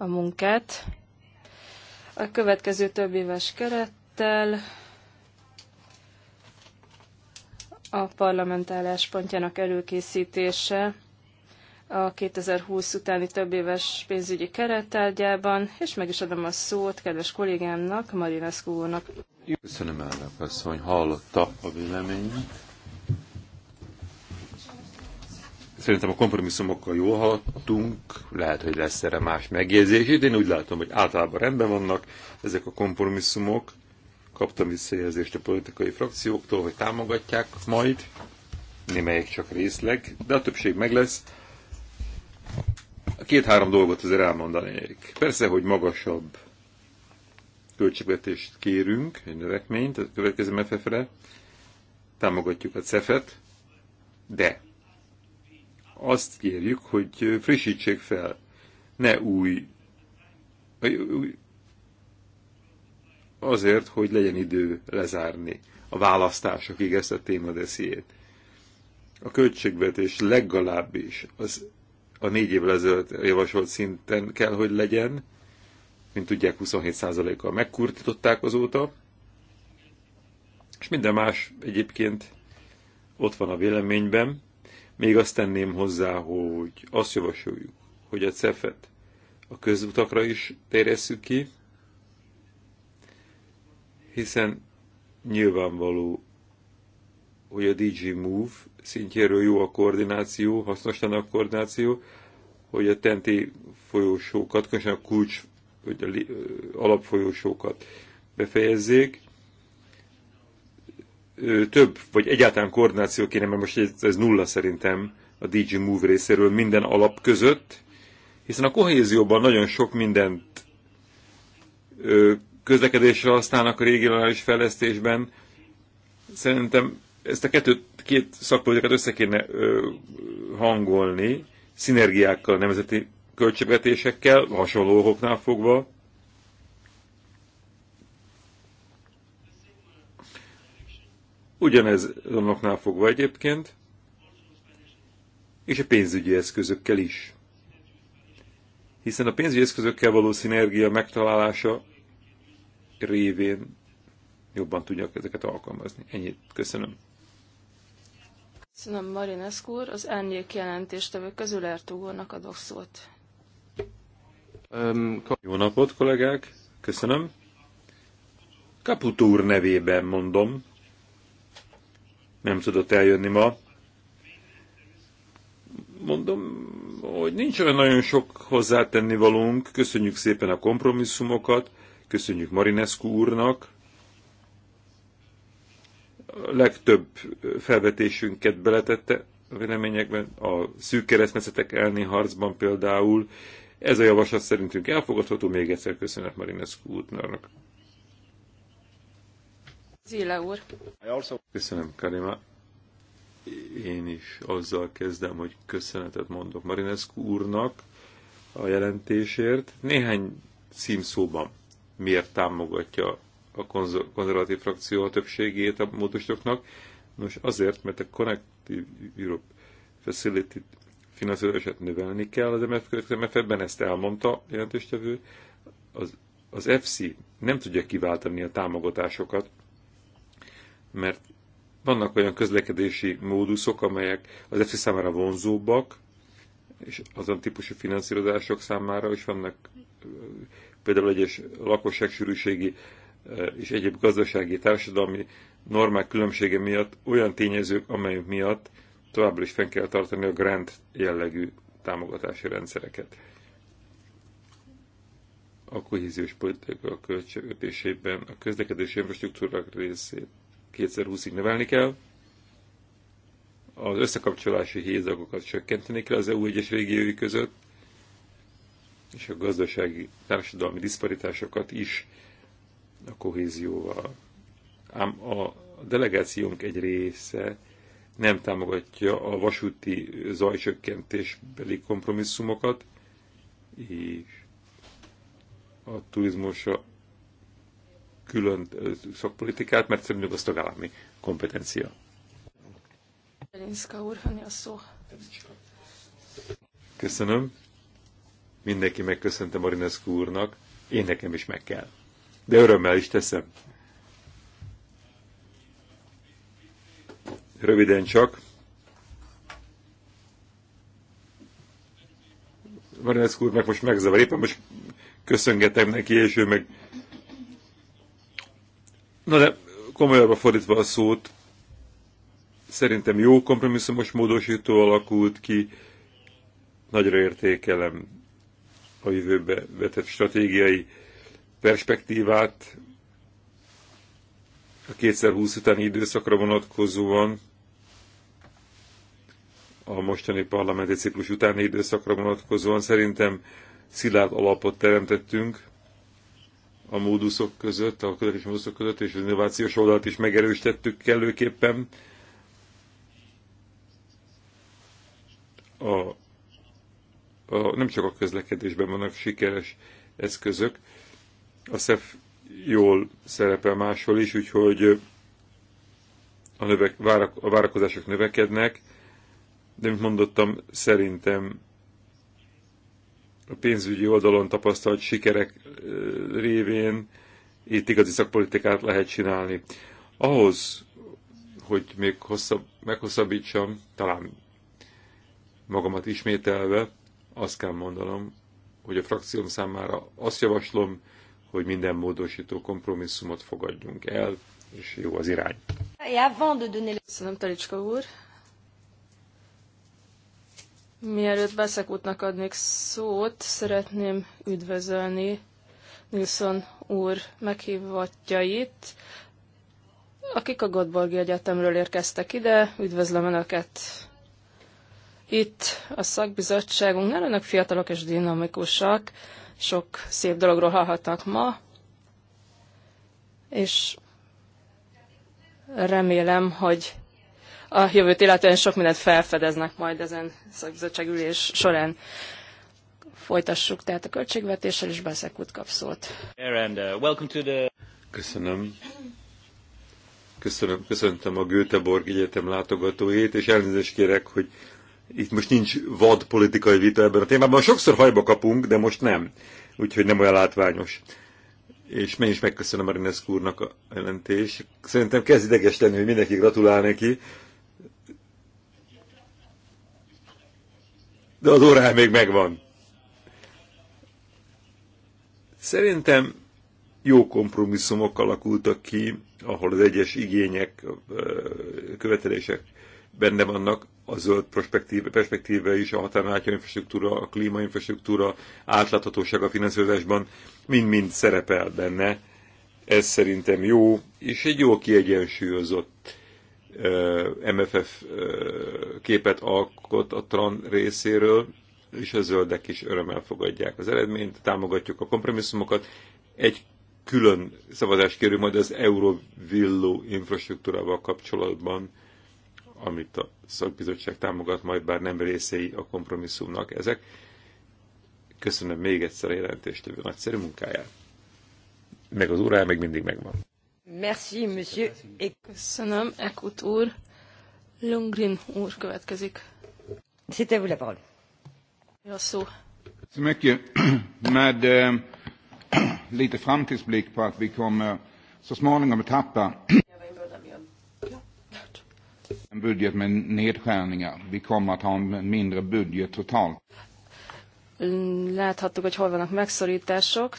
a munkát. A következő több éves kerettel a parlament álláspontjának előkészítése a 2020 utáni több éves pénzügyi kerettárgyában, és meg is adom a szót kedves kollégámnak, Marina úrnak. Köszönöm elnök asszony, hallotta a véleményt Szerintem a kompromisszumokkal jól haladtunk, lehet, hogy lesz erre más megjegyzés. Én úgy látom, hogy általában rendben vannak ezek a kompromisszumok. Kaptam visszajelzést a politikai frakcióktól, hogy támogatják majd, némelyik csak részleg, de a többség meg lesz. A Két-három dolgot azért elmondanék. Persze, hogy magasabb költségvetést kérünk, egy növekményt a következő MFF-re, támogatjuk a CEF-et, de azt kérjük, hogy frissítsék fel, ne új, azért, hogy legyen idő lezárni a választásokig ezt a témadesziét. A költségvetés legalábbis az a négy évvel ezelőtt javasolt szinten kell, hogy legyen, mint tudják, 27%-kal megkurtították azóta, és minden más egyébként ott van a véleményben, még azt tenném hozzá, hogy azt javasoljuk, hogy a CEFET a közutakra is terjesszük ki, hiszen nyilvánvaló, hogy a DG Move szintjéről jó a koordináció, hasznos lenne a koordináció, hogy a tenti folyósókat, különösen a kulcs, vagy a alapfolyósókat befejezzék, több, vagy egyáltalán koordináció kéne, mert most ez, ez nulla szerintem a DG Move részéről minden alap között, hiszen a kohézióban nagyon sok mindent ö, közlekedésre használnak a regionális fejlesztésben. Szerintem ezt a kettőt, két szakpolitikát össze kéne ö, hangolni, szinergiákkal, nemzeti költségvetésekkel, hasonló okoknál fogva, ugyanez annaknál fogva egyébként, és a pénzügyi eszközökkel is. Hiszen a pénzügyi eszközökkel való szinergia megtalálása révén jobban tudjak ezeket alkalmazni. Ennyit köszönöm. Köszönöm Marinesz úr, az árnyék jelentéstevő közül Ertugónak adok szót. Jó napot, kollégák! Köszönöm. Kaput úr nevében mondom, nem tudott eljönni ma. Mondom, hogy nincs olyan nagyon sok hozzátenni valunk. Köszönjük szépen a kompromisszumokat, köszönjük Marinescu úrnak. A legtöbb felvetésünket beletette a véleményekben, a szűk keresztmetszetek elni harcban például. Ez a javaslat szerintünk elfogadható, még egyszer köszönet Marinescu útnak úr. Köszönöm, Karima. Én is azzal kezdem, hogy köszönetet mondok Marinescu úrnak a jelentésért. Néhány címszóban miért támogatja a konzervatív frakció a többségét a módosoknak. Nos, azért, mert a Connective Europe Facility finanszírozását növelni kell az mert ben ezt elmondta jelentéstevő. Az, az FC nem tudja kiváltani a támogatásokat mert vannak olyan közlekedési móduszok, amelyek az EFSI számára vonzóbbak, és azon típusú finanszírozások számára is vannak például egyes lakosságsűrűségi és egyéb gazdasági társadalmi normák különbsége miatt olyan tényezők, amelyek miatt továbbra is fenn kell tartani a grant jellegű támogatási rendszereket. A kohéziós politika költségvetésében a közlekedési infrastruktúrák részét 2020-ig növelni kell, az összekapcsolási hézagokat csökkenteni kell az EU egyes régiói között, és a gazdasági, társadalmi diszparitásokat is a kohézióval. Ám a delegációnk egy része nem támogatja a vasúti zajcsökkentésbeli kompromisszumokat, és a turizmusra külön szakpolitikát, mert szerintem az tagállami kompetencia. a szó. Köszönöm. Mindenki megköszönte Marinescu úrnak. Én nekem is meg kell. De örömmel is teszem. Röviden csak. Marinescu úrnak meg most megzavar. Éppen most köszöngetem neki, és ő meg Na de komolyabbra fordítva a szót, szerintem jó kompromisszumos módosító alakult ki, nagyra értékelem a jövőbe vetett stratégiai perspektívát a 2020 utáni időszakra vonatkozóan, a mostani parlamenti ciklus utáni időszakra vonatkozóan szerintem szilárd alapot teremtettünk a móduszok között, a közlekedési móduszok között, és az innovációs oldalt is megerősítettük kellőképpen. A, a, nem csak a közlekedésben vannak sikeres eszközök, a SZEF jól szerepel máshol is, úgyhogy a, növek, várak, a várakozások növekednek, de mint mondottam, szerintem a pénzügyi oldalon tapasztalt sikerek révén itt igazi szakpolitikát lehet csinálni. Ahhoz, hogy még hosszabb, meghosszabbítsam, talán magamat ismételve, azt kell mondanom, hogy a frakcióm számára azt javaslom, hogy minden módosító kompromisszumot fogadjunk el, és jó az irány. Szerintem Talicska úr. Mielőtt Beszek útnak adnék szót, szeretném üdvözölni Nilsson úr meghívatjait, akik a Gottborgi Egyetemről érkeztek ide. Üdvözlöm Önöket! Itt a szakbizottságunknál önök fiatalok és dinamikusak, sok szép dologról hallhatnak ma, és remélem, hogy a jövőt illetően sok mindent felfedeznek majd ezen szakbizottság ülés során. Folytassuk tehát a költségvetéssel, és Beszek út kap szót. Uh, Köszönöm. Köszönöm, köszöntöm a Göteborg Egyetem látogatóit, és elnézést kérek, hogy itt most nincs vad politikai vita ebben a témában. Sokszor hajba kapunk, de most nem. Úgyhogy nem olyan látványos. És meg is megköszönöm a Rinesz úrnak a jelentés. Szerintem kezd ideges lenni, hogy mindenki gratulál neki, de az órája még megvan. Szerintem jó kompromisszumok alakultak ki, ahol az egyes igények, követelések benne vannak, a zöld perspektíve, is, a határon infrastruktúra, a klímainfrastruktúra, átláthatóság a finanszírozásban, mind-mind szerepel benne. Ez szerintem jó, és egy jó kiegyensúlyozott MFF képet alkot a TRAN részéről, és a zöldek is örömmel fogadják az eredményt, támogatjuk a kompromisszumokat. Egy külön szavazást kérünk majd az Eurovillo infrastruktúrával kapcsolatban, amit a szakbizottság támogat, majd bár nem részei a kompromisszumnak ezek. Köszönöm még egyszer a jelentéstevő nagyszerű munkáját. Meg az órája még mindig megvan. Merci, monsieur. Köszönöm, Ekut úr. Lundgren úr következik. C'est à vous la parole. Jó szó. Så mycket med eh, lite framtidsblick på att vi kommer eh, så småningom att tappa en budget med nedskärningar. Vi kommer att ha en mindre budget totalt. Láthattuk, hogy hol vannak megszorítások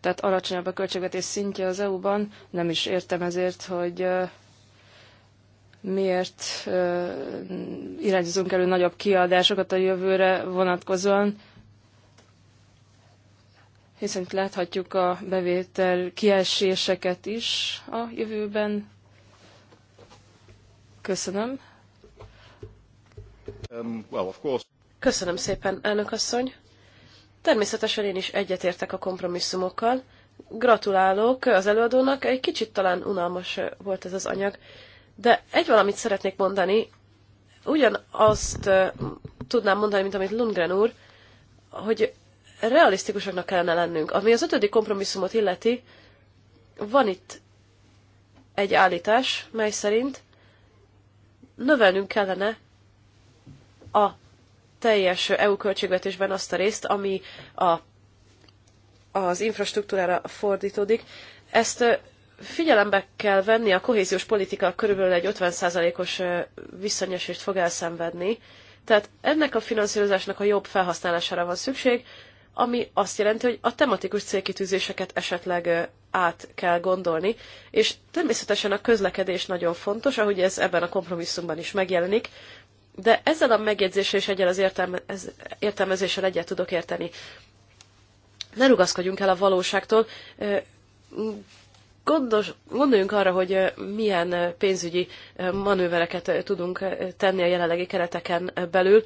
tehát alacsonyabb a költségvetés szintje az EU-ban. Nem is értem ezért, hogy miért irányozunk elő nagyobb kiadásokat a jövőre vonatkozóan, hiszen itt láthatjuk a bevétel kieséseket is a jövőben. Köszönöm. Um, Köszönöm szépen, elnök asszony. Természetesen én is egyetértek a kompromisszumokkal. Gratulálok az előadónak, egy kicsit talán unalmas volt ez az anyag, de egy valamit szeretnék mondani, ugyanazt tudnám mondani, mint amit Lundgren úr, hogy realisztikusaknak kellene lennünk. Ami az ötödik kompromisszumot illeti, van itt egy állítás, mely szerint növelnünk kellene a teljes EU költségvetésben azt a részt, ami a, az infrastruktúrára fordítódik. Ezt figyelembe kell venni, a kohéziós politika körülbelül egy 50%-os visszanyesést fog elszenvedni, tehát ennek a finanszírozásnak a jobb felhasználására van szükség, ami azt jelenti, hogy a tematikus célkitűzéseket esetleg át kell gondolni, és természetesen a közlekedés nagyon fontos, ahogy ez ebben a kompromisszumban is megjelenik, de ezzel a megjegyzéssel és egyel az értelme, ez, értelmezéssel egyet tudok érteni. Ne rugaszkodjunk el a valóságtól. Gondos, gondoljunk arra, hogy milyen pénzügyi manővereket tudunk tenni a jelenlegi kereteken belül,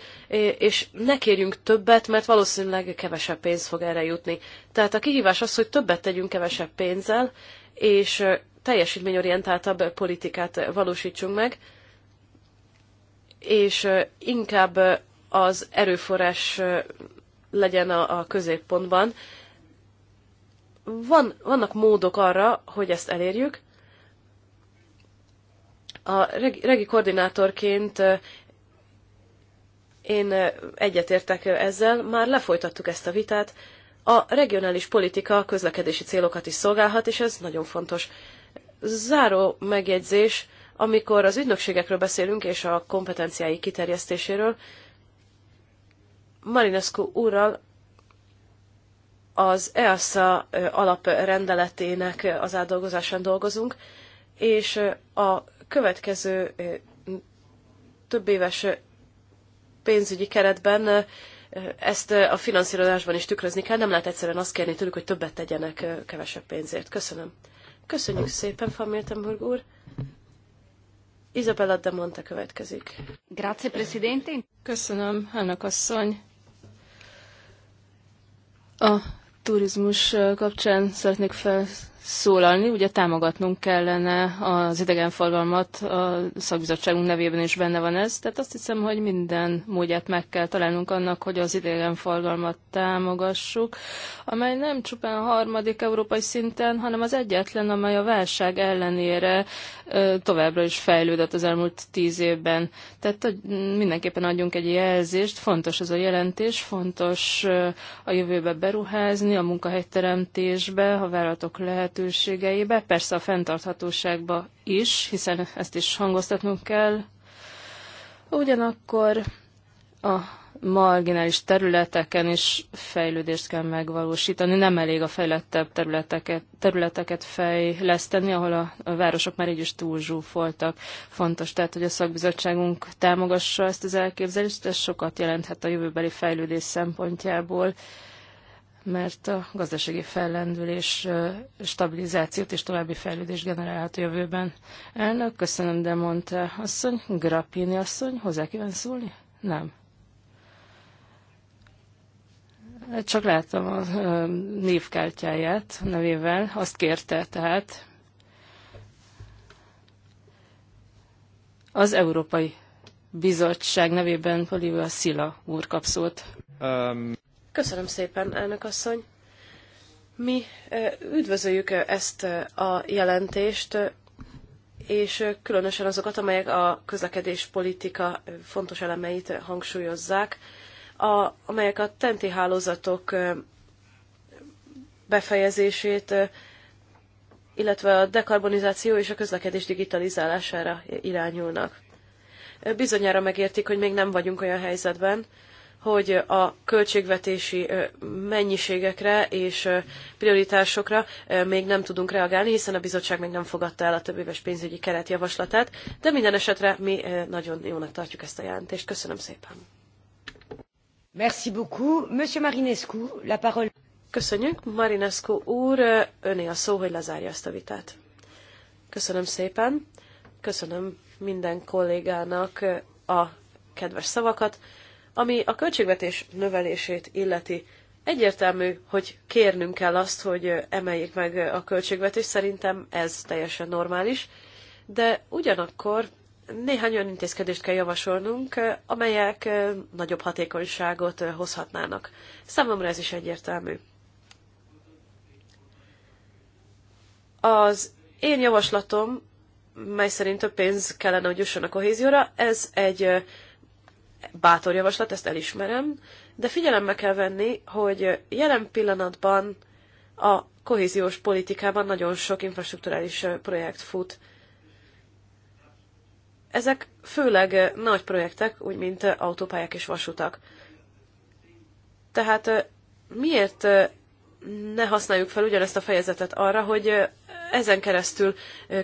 és ne kérjünk többet, mert valószínűleg kevesebb pénz fog erre jutni. Tehát a kihívás az, hogy többet tegyünk kevesebb pénzzel, és teljesítményorientáltabb politikát valósítsunk meg, és inkább az erőforrás legyen a, a középpontban. Van, vannak módok arra, hogy ezt elérjük. A regi, regi koordinátorként én egyetértek ezzel, már lefolytattuk ezt a vitát. A regionális politika közlekedési célokat is szolgálhat, és ez nagyon fontos. Záró megjegyzés, amikor az ügynökségekről beszélünk és a kompetenciái kiterjesztéséről, Marinescu úrral az EASA alaprendeletének az átdolgozásán dolgozunk, és a következő több éves pénzügyi keretben ezt a finanszírozásban is tükrözni kell, nem lehet egyszerűen azt kérni tőlük, hogy többet tegyenek kevesebb pénzért. Köszönöm. Köszönjük szépen, Van Miltenburg úr. Isabella de Monte következik. Grazie, Presidente. Köszönöm, elnök asszony. A turizmus kapcsán szeretnék fel szólalni, ugye támogatnunk kellene az idegenforgalmat, a szakbizottságunk nevében is benne van ez, tehát azt hiszem, hogy minden módját meg kell találnunk annak, hogy az idegenforgalmat támogassuk, amely nem csupán a harmadik európai szinten, hanem az egyetlen, amely a válság ellenére továbbra is fejlődött az elmúlt tíz évben. Tehát mindenképpen adjunk egy jelzést, fontos ez a jelentés, fontos a jövőbe beruházni, a munkahelyteremtésbe, ha vállalatok lehet lehetőségeibe, persze a fenntarthatóságba is, hiszen ezt is hangoztatnunk kell. Ugyanakkor a marginális területeken is fejlődést kell megvalósítani. Nem elég a fejlettebb területeket, területeket fejleszteni, ahol a, a városok már így is túlzsúfoltak. Fontos tehát, hogy a szakbizottságunk támogassa ezt az elképzelést, ez sokat jelenthet a jövőbeli fejlődés szempontjából mert a gazdasági fellendülés stabilizációt és további fejlődést generálhat a jövőben. Elnök, köszönöm, de mondta asszony, Grappini asszony, hozzá kíván szólni? Nem. Csak láttam a névkártyáját nevével, azt kérte tehát. Az Európai Bizottság nevében Polivia Szila úr kap szót. Um. Köszönöm szépen, elnök asszony. Mi üdvözöljük ezt a jelentést, és különösen azokat, amelyek a közlekedés politika fontos elemeit hangsúlyozzák, a, amelyek a tenti hálózatok befejezését, illetve a dekarbonizáció és a közlekedés digitalizálására irányulnak. Bizonyára megértik, hogy még nem vagyunk olyan helyzetben, hogy a költségvetési mennyiségekre és prioritásokra még nem tudunk reagálni, hiszen a bizottság még nem fogadta el a éves pénzügyi keret javaslatát, de minden esetre mi nagyon jónak tartjuk ezt a jelentést. Köszönöm szépen. Merci beaucoup. Monsieur Marinescu, la parole. Köszönjük. Marinescu úr, öné a szó, hogy lezárja ezt a vitát. Köszönöm szépen. Köszönöm minden kollégának a kedves szavakat. Ami a költségvetés növelését illeti, egyértelmű, hogy kérnünk kell azt, hogy emeljék meg a költségvetést, szerintem ez teljesen normális, de ugyanakkor néhány olyan intézkedést kell javasolnunk, amelyek nagyobb hatékonyságot hozhatnának. Számomra ez is egyértelmű. Az én javaslatom, mely szerint több pénz kellene, hogy jusson a kohézióra, ez egy bátor javaslat, ezt elismerem, de figyelembe kell venni, hogy jelen pillanatban a kohéziós politikában nagyon sok infrastruktúrális projekt fut. Ezek főleg nagy projektek, úgy mint autópályák és vasutak. Tehát miért ne használjuk fel ugyanezt a fejezetet arra, hogy ezen keresztül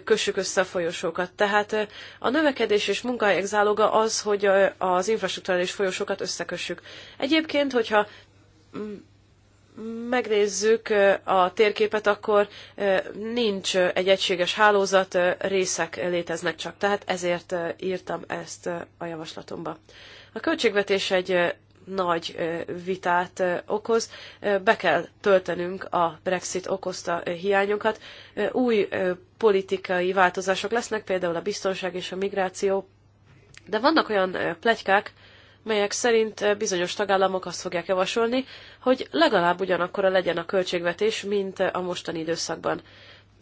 kössük össze a folyosókat. Tehát a növekedés és munkahelyek záloga az, hogy az infrastruktúrális folyosókat összekössük. Egyébként, hogyha mm, megnézzük a térképet, akkor nincs egy egységes hálózat, részek léteznek csak. Tehát ezért írtam ezt a javaslatomba. A költségvetés egy nagy vitát okoz. Be kell töltenünk a Brexit okozta hiányokat. Új politikai változások lesznek, például a biztonság és a migráció. De vannak olyan plegykák, melyek szerint bizonyos tagállamok azt fogják javasolni, hogy legalább ugyanakkora legyen a költségvetés, mint a mostani időszakban.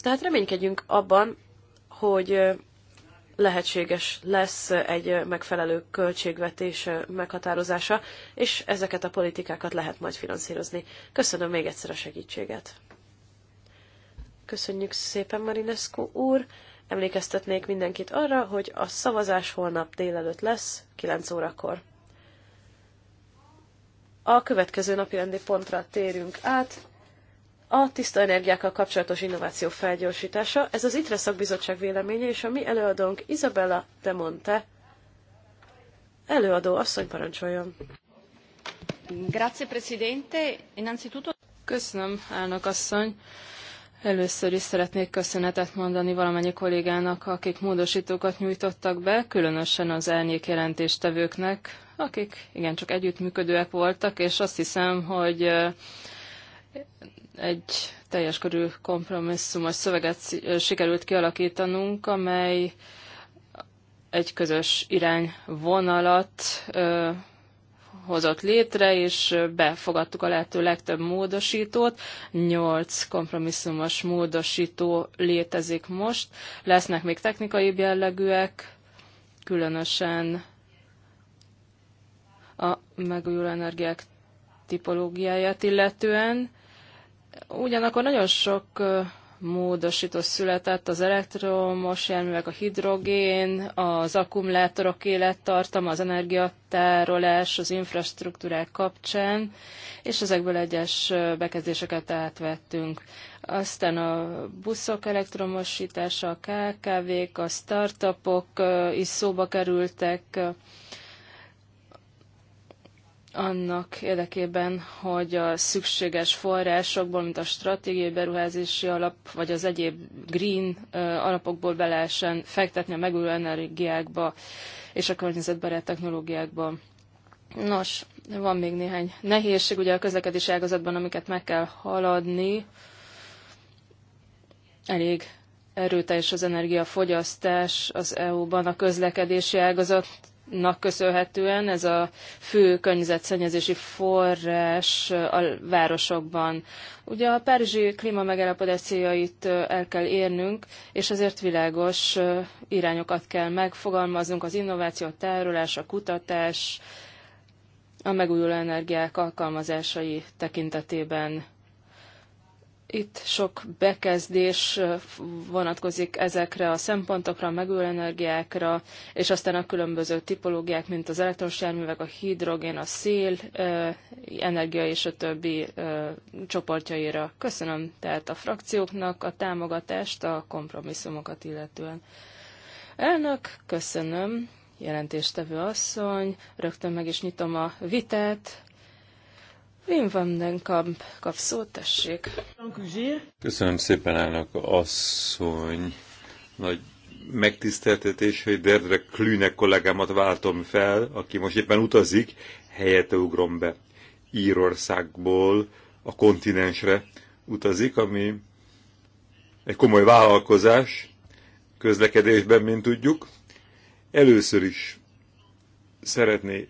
Tehát reménykedjünk abban, hogy lehetséges lesz egy megfelelő költségvetés meghatározása, és ezeket a politikákat lehet majd finanszírozni. Köszönöm még egyszer a segítséget. Köszönjük szépen, Marinescu úr! Emlékeztetnék mindenkit arra, hogy a szavazás holnap délelőtt lesz, 9 órakor. A következő napi rendi pontra térünk át a tiszta energiákkal kapcsolatos innováció felgyorsítása. Ez az ITRE szakbizottság véleménye, és a mi előadónk Isabella de Monte. Előadó asszony parancsoljon. Grazie, Presidente. Innanzitutto... Köszönöm, elnök asszony. Először is szeretnék köszönetet mondani valamennyi kollégának, akik módosítókat nyújtottak be, különösen az elnyék jelentéstevőknek, akik igencsak együttműködőek voltak, és azt hiszem, hogy egy teljes körű kompromisszumos szöveget sikerült kialakítanunk, amely egy közös irányvonalat hozott létre, és befogadtuk a lehető legtöbb módosítót. Nyolc kompromisszumos módosító létezik most. Lesznek még technikai jellegűek, különösen a megújuló energiák tipológiáját illetően, Ugyanakkor nagyon sok módosító született az elektromos járművek, a hidrogén, az akkumulátorok élettartama, az energiatárolás, az infrastruktúrák kapcsán, és ezekből egyes bekezdéseket átvettünk. Aztán a buszok elektromosítása, a KKV-k, a startupok is szóba kerültek, annak érdekében, hogy a szükséges forrásokból, mint a stratégiai beruházási alap, vagy az egyéb green alapokból be lehessen fektetni a megújuló energiákba és a környezetbarát technológiákba. Nos, van még néhány nehézség ugye a közlekedési ágazatban, amiket meg kell haladni. Elég erőteljes az energiafogyasztás az EU-ban a közlekedési ágazat nak köszönhetően ez a fő környezetszennyezési forrás a városokban. Ugye a párizsi klíma megállapodás céljait el kell érnünk, és ezért világos irányokat kell megfogalmaznunk az innováció, a tárolás, a kutatás, a megújuló energiák alkalmazásai tekintetében. Itt sok bekezdés vonatkozik ezekre a szempontokra, a megújuló energiákra, és aztán a különböző tipológiák, mint az elektromos járművek, a hidrogén, a szél, energia és a többi csoportjaira. Köszönöm tehát a frakcióknak a támogatást, a kompromisszumokat illetően. Elnök, köszönöm, jelentéstevő asszony, rögtön meg is nyitom a vitát, Wim van den Kamp kap szót, tessék. Köszönöm szépen, állnak asszony. Nagy megtiszteltetés, hogy Derdre Klüne kollégámat váltom fel, aki most éppen utazik, helyette ugrom be. Írországból a kontinensre utazik, ami egy komoly vállalkozás közlekedésben, mint tudjuk. Először is szeretné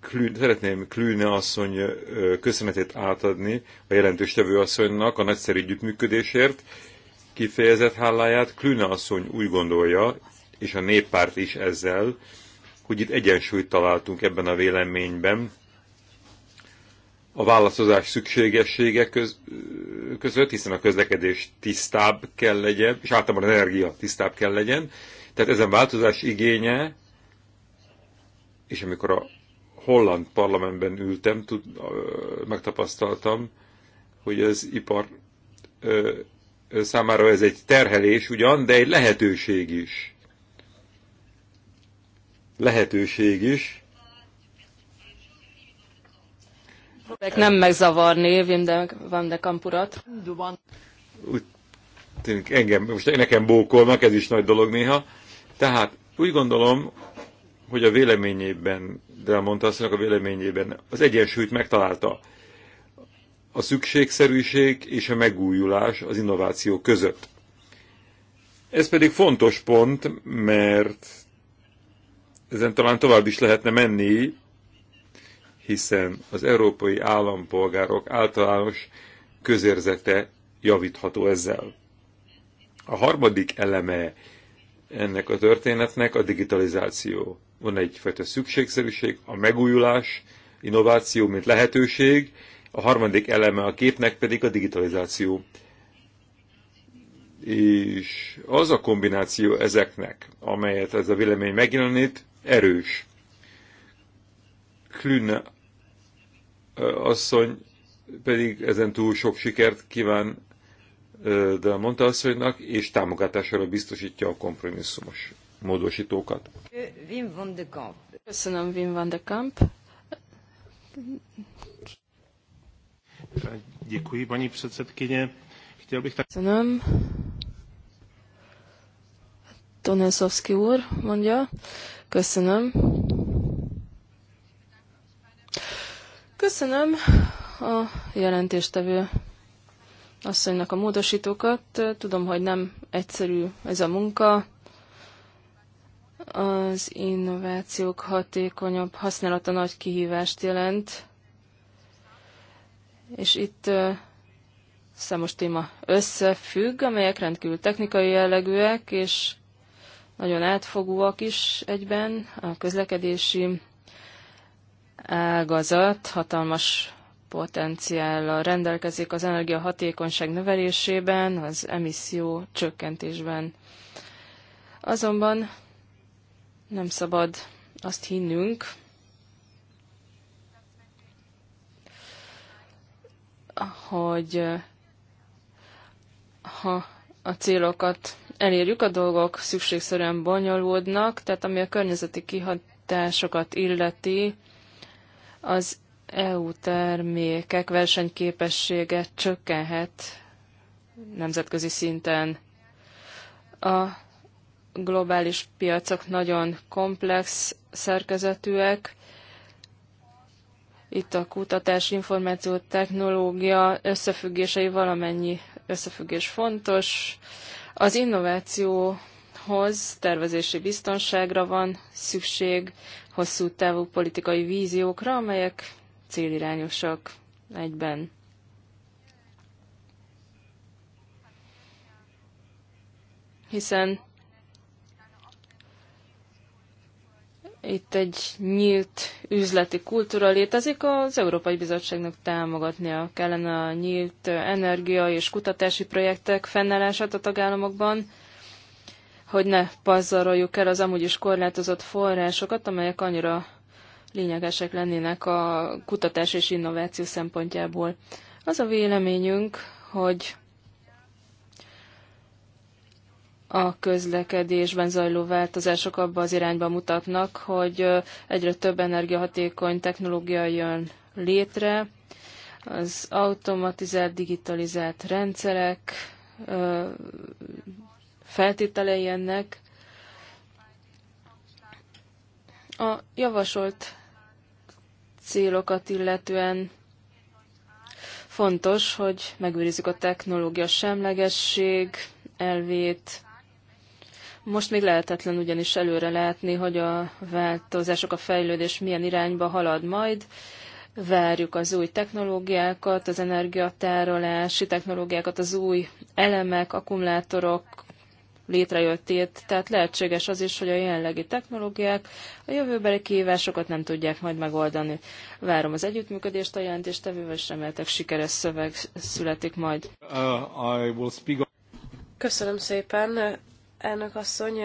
Klün, szeretném Klüne asszony köszönetét átadni a jelentős tevő asszonynak a nagyszerű együttműködésért, kifejezett háláját. Klüne asszony úgy gondolja, és a néppárt is ezzel, hogy itt egyensúlyt találtunk ebben a véleményben, a válaszozás szükségessége köz, között, hiszen a közlekedés tisztább kell legyen, és általában az energia tisztább kell legyen. Tehát ezen változás igénye, és amikor a holland parlamentben ültem, tud, megtapasztaltam, hogy az ipar ö, számára ez egy terhelés ugyan, de egy lehetőség is. Lehetőség is. Próbálok nem megzavarni Vimde, Van de Kampurat. Úgy tűnik engem, most nekem bókolnak, ez is nagy dolog néha. Tehát úgy gondolom, hogy a véleményében, de mondta azt, a véleményében az egyensúlyt megtalálta a szükségszerűség és a megújulás az innováció között. Ez pedig fontos pont, mert ezen talán tovább is lehetne menni, hiszen az európai állampolgárok általános közérzete javítható ezzel. A harmadik eleme ennek a történetnek a digitalizáció van egyfajta szükségszerűség, a megújulás, innováció, mint lehetőség, a harmadik eleme a képnek pedig a digitalizáció. És az a kombináció ezeknek, amelyet ez a vélemény megjelenít, erős. Klüne asszony pedig ezen túl sok sikert kíván de mondta asszonynak, és támogatására biztosítja a kompromisszumos módosítókat. Wim van de Kamp. Köszönöm, Wim van de Kamp. Děkuji, paní předsedkyně. Chtěl bych tak... Köszönöm. Toneszowski úr mondja. Köszönöm. Köszönöm a jelentéstevő asszonynak a módosítókat. Tudom, hogy nem egyszerű ez a munka. Az innovációk hatékonyabb használata nagy kihívást jelent, és itt számos téma összefügg, amelyek rendkívül technikai jellegűek, és nagyon átfogóak is egyben. A közlekedési ágazat hatalmas potenciállal rendelkezik az energiahatékonyság növelésében, az emisszió csökkentésben. Azonban nem szabad azt hinnünk, hogy eh, ha a célokat elérjük, a dolgok szükségszerűen bonyolódnak, tehát ami a környezeti kihatásokat illeti, az EU termékek versenyképessége csökkenhet nemzetközi szinten. A globális piacok nagyon komplex szerkezetűek. Itt a kutatás, információ, technológia összefüggései valamennyi összefüggés fontos. Az innovációhoz tervezési biztonságra van szükség, hosszú távú politikai víziókra, amelyek célirányosak egyben. Hiszen Itt egy nyílt üzleti kultúra létezik, az Európai Bizottságnak támogatnia kellene a nyílt energia és kutatási projektek fennállását a tagállamokban, hogy ne pazaroljuk el az amúgy is korlátozott forrásokat, amelyek annyira lényegesek lennének a kutatás és innováció szempontjából. Az a véleményünk, hogy a közlekedésben zajló változások abba az irányba mutatnak, hogy egyre több energiahatékony technológia jön létre, az automatizált, digitalizált rendszerek feltételei ennek. A javasolt célokat illetően fontos, hogy megőrizzük a technológia semlegesség elvét, most még lehetetlen ugyanis előre látni, hogy a változások, a fejlődés milyen irányba halad majd. Várjuk az új technológiákat, az energiatárolási technológiákat, az új elemek, akkumulátorok létrejöttét, tehát lehetséges az is, hogy a jelenlegi technológiák a jövőbeli kihívásokat nem tudják majd megoldani. Várom az együttműködést a jelentéstevővel, és reméltek sikeres szöveg születik majd. Uh, Köszönöm szépen. Elnök asszony,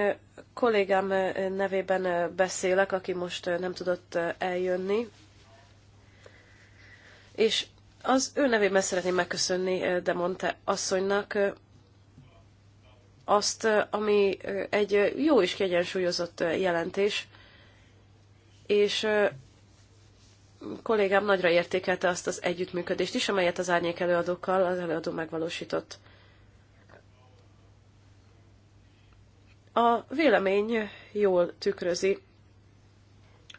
kollégám nevében beszélek, aki most nem tudott eljönni. És az ő nevében szeretném megköszönni de mondta asszonynak azt, ami egy jó és kiegyensúlyozott jelentés, és kollégám nagyra értékelte azt az együttműködést is, amelyet az árnyék előadókkal az előadó megvalósított. A vélemény jól tükrözi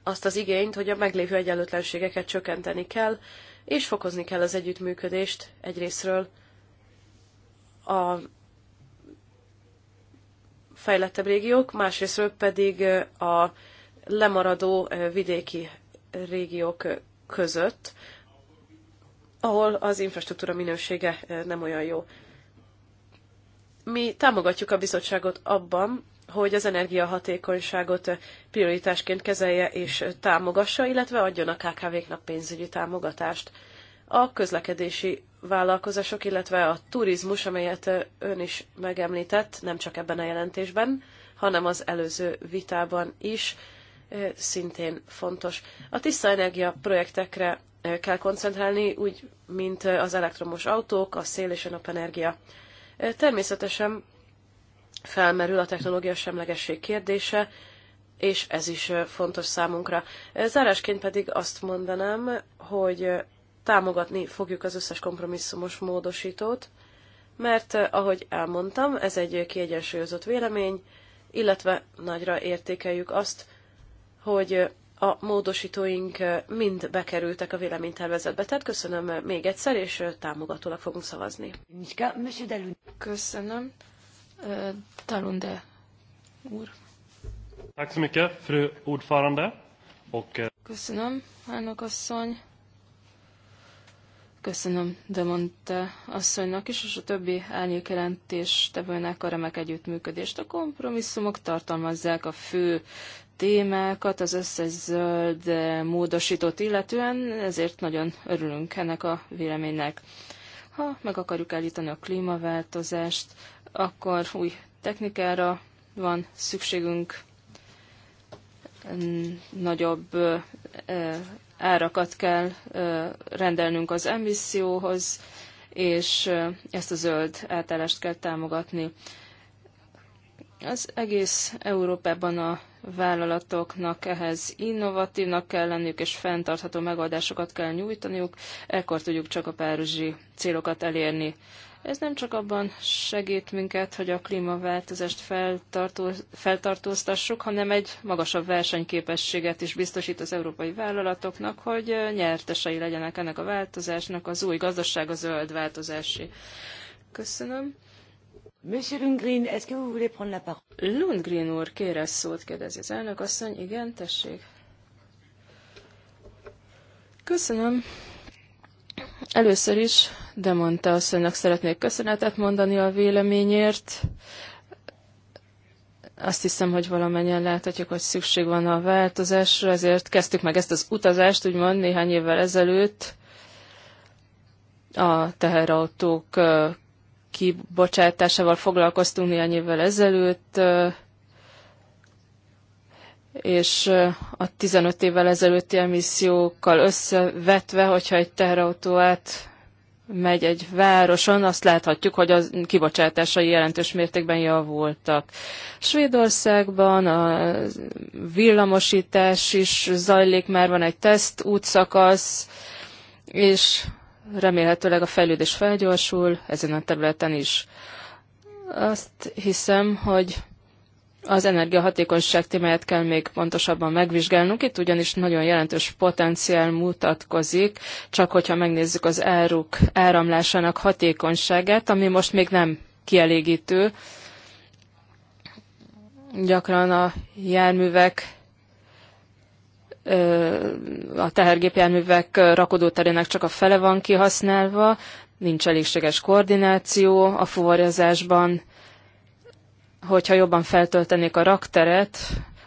azt az igényt, hogy a meglévő egyenlőtlenségeket csökkenteni kell, és fokozni kell az együttműködést egyrésztről a fejlettebb régiók, másrésztről pedig a lemaradó vidéki régiók között, ahol az infrastruktúra minősége nem olyan jó. Mi támogatjuk a bizottságot abban, hogy az energiahatékonyságot prioritásként kezelje és támogassa, illetve adjon a KKV-knak pénzügyi támogatást. A közlekedési vállalkozások, illetve a turizmus, amelyet ön is megemlített, nem csak ebben a jelentésben, hanem az előző vitában is, szintén fontos. A tiszta energia projektekre kell koncentrálni, úgy, mint az elektromos autók, a szél és a napenergia. Természetesen felmerül a technológia semlegesség kérdése, és ez is fontos számunkra. Zárásként pedig azt mondanám, hogy támogatni fogjuk az összes kompromisszumos módosítót, mert ahogy elmondtam, ez egy kiegyensúlyozott vélemény, illetve nagyra értékeljük azt, hogy a módosítóink mind bekerültek a véleménytervezetbe, tehát köszönöm még egyszer, és támogatólag fogunk szavazni. Köszönöm. Talunde úr. fru ordförande. Eh, köszönöm, elnök asszony. Köszönöm mondta, asszonynak is, és a többi jelentés tevőnek a remek együttműködést. A kompromisszumok tartalmazzák a fő témákat az összes zöld módosított illetően, ezért nagyon örülünk ennek a véleménynek. Ha meg akarjuk állítani a klímaváltozást, akkor új technikára van szükségünk, nagyobb árakat kell rendelnünk az emisszióhoz, és ezt a zöld átállást kell támogatni. Az egész Európában a vállalatoknak ehhez innovatívnak kell lenniük, és fenntartható megoldásokat kell nyújtaniuk, ekkor tudjuk csak a párizsi célokat elérni. Ez nem csak abban segít minket, hogy a klímaváltozást feltartó, feltartóztassuk, hanem egy magasabb versenyképességet is biztosít az európai vállalatoknak, hogy nyertesei legyenek ennek a változásnak, az új gazdaság a zöld változási. Köszönöm. Monsieur Lundgren, est-ce que vous voulez prendre la parole? Lundgren úr, kérez szót, kérdezi az elnök asszony. Igen, tessék. Köszönöm. Először is de Demonte asszonynak szeretnék köszönetet mondani a véleményért. Azt hiszem, hogy valamennyien láthatjuk, hogy szükség van a változásra, ezért kezdtük meg ezt az utazást, úgymond néhány évvel ezelőtt a teherautók kibocsátásával foglalkoztunk néhány évvel ezelőtt, és a 15 évvel ezelőtti emissziókkal összevetve, hogyha egy teherautó át megy egy városon, azt láthatjuk, hogy a kibocsátásai jelentős mértékben javultak. Svédországban a villamosítás is zajlik, már van egy teszt útszakasz, és remélhetőleg a fejlődés felgyorsul ezen a területen is. Azt hiszem, hogy az energiahatékonyság témáját kell még pontosabban megvizsgálnunk. Itt ugyanis nagyon jelentős potenciál mutatkozik, csak hogyha megnézzük az áruk áramlásának hatékonyságát, ami most még nem kielégítő. Gyakran a járművek a tehergépjárművek rakodóterének csak a fele van kihasználva, nincs elégséges koordináció a fuvarozásban. Hogyha jobban feltöltenék a rakteret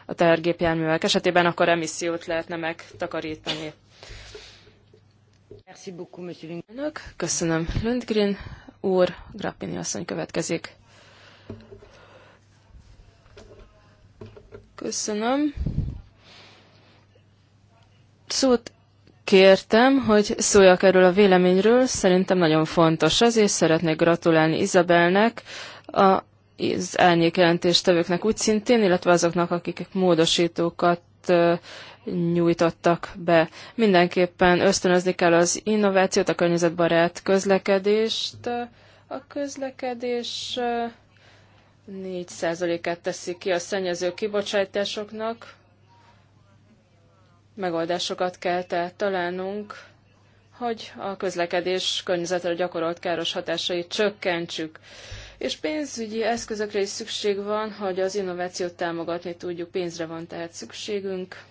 a tehergépjárművek esetében, akkor emissziót lehetne megtakarítani. köszönöm. Lundgren úr, Grappini asszony következik. Köszönöm szót kértem, hogy szóljak erről a véleményről, szerintem nagyon fontos az, és szeretnék gratulálni Izabelnek, a az árnyékjelentéstevőknek úgy szintén, illetve azoknak, akik módosítókat nyújtottak be. Mindenképpen ösztönözni kell az innovációt, a környezetbarát közlekedést. A közlekedés 4%-át teszi ki a szennyező kibocsátásoknak, Megoldásokat kell tehát találnunk, hogy a közlekedés környezetre gyakorolt káros hatásait csökkentsük. És pénzügyi eszközökre is szükség van, hogy az innovációt támogatni tudjuk, pénzre van tehát szükségünk.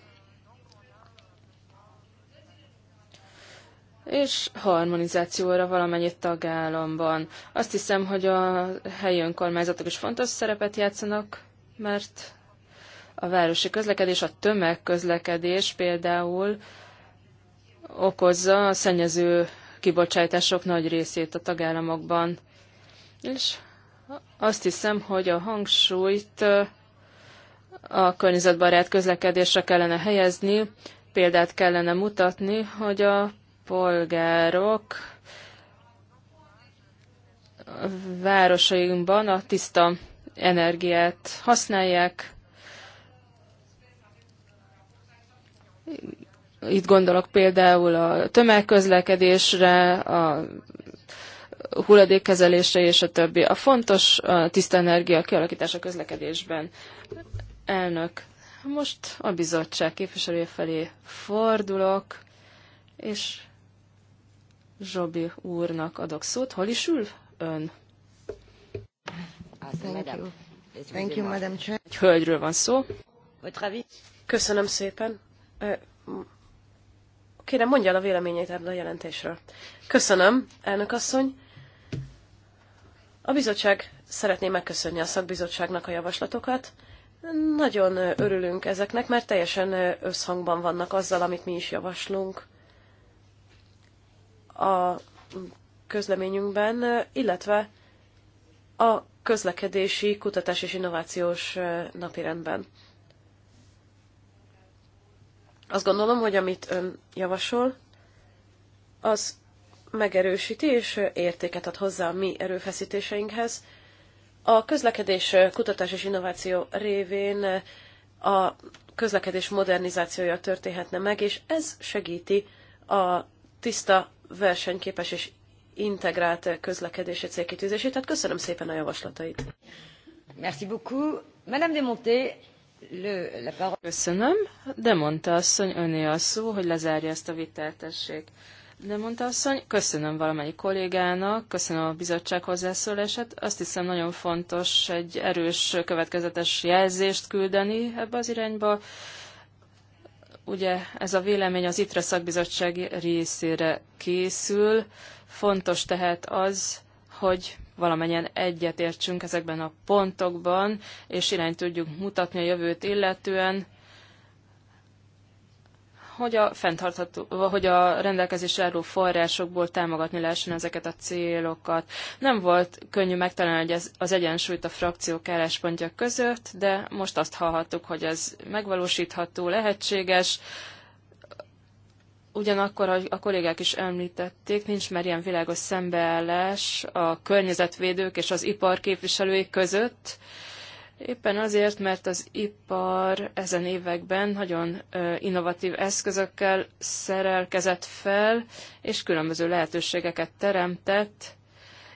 és harmonizációra valamennyi tagállamban. Azt hiszem, hogy a helyi önkormányzatok is fontos szerepet játszanak, mert a városi közlekedés, a tömegközlekedés például okozza a szennyező kibocsátások nagy részét a tagállamokban. És azt hiszem, hogy a hangsúlyt a környezetbarát közlekedésre kellene helyezni, példát kellene mutatni, hogy a polgárok városainkban a tiszta energiát használják, Itt gondolok például a tömegközlekedésre, a hulladékkezelésre és a többi. A fontos a tiszta energia kialakítása közlekedésben. Elnök, most a bizottság képviselője felé fordulok, és Zsobi úrnak adok szót. Hol is ül ön? Ah, Thank you. Thank you, Madam Chair. Egy hölgyről van szó. Köszönöm szépen. Kérem, mondja el a véleményét erről a jelentésről. Köszönöm, elnök asszony. A bizottság szeretné megköszönni a szakbizottságnak a javaslatokat. Nagyon örülünk ezeknek, mert teljesen összhangban vannak azzal, amit mi is javaslunk a közleményünkben, illetve a közlekedési, kutatás és innovációs napirendben. Azt gondolom, hogy amit ön javasol, az megerősíti és értéket ad hozzá a mi erőfeszítéseinkhez. A közlekedés kutatás és innováció révén a közlekedés modernizációja történhetne meg, és ez segíti a tiszta, versenyképes és integrált közlekedési célkitűzését. Tehát köszönöm szépen a javaslatait. Merci beaucoup. Madame de Monté, Köszönöm, de mondta asszony, öné a szó, hogy lezárja ezt a vitát, De mondta asszony, köszönöm valamelyik kollégának, köszönöm a bizottság hozzászólását. Azt hiszem nagyon fontos egy erős, következetes jelzést küldeni ebbe az irányba. Ugye ez a vélemény az ITRE szakbizottság részére készül. Fontos tehát az, hogy valamennyien egyetértsünk ezekben a pontokban, és irány tudjuk mutatni a jövőt illetően, hogy a, fenntartható, hogy a rendelkezésre álló forrásokból támogatni lehessen ezeket a célokat. Nem volt könnyű megtalálni az, az egyensúlyt a frakciók álláspontja között, de most azt hallhattuk, hogy ez megvalósítható, lehetséges. Ugyanakkor, ahogy a kollégák is említették, nincs már ilyen világos szembeállás a környezetvédők és az ipar képviselői között. Éppen azért, mert az ipar ezen években nagyon innovatív eszközökkel szerelkezett fel, és különböző lehetőségeket teremtett,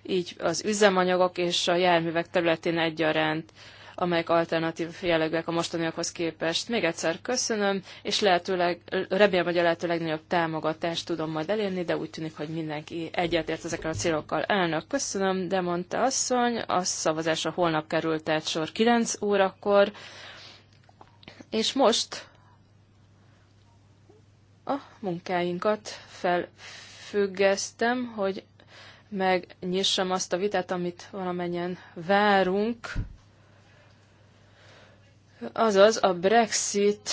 így az üzemanyagok és a járművek területén egyaránt amelyek alternatív jellegűek a mostaniakhoz képest. Még egyszer köszönöm, és lehetőleg, remélem, hogy a lehető legnagyobb támogatást tudom majd elérni, de úgy tűnik, hogy mindenki egyetért ezekkel a célokkal. Elnök, köszönöm, de mondta asszony, a szavazásra holnap került, tehát sor 9 órakor. És most a munkáinkat felfüggesztem, hogy megnyissam azt a vitát, amit valamennyien várunk. Azaz a Brexit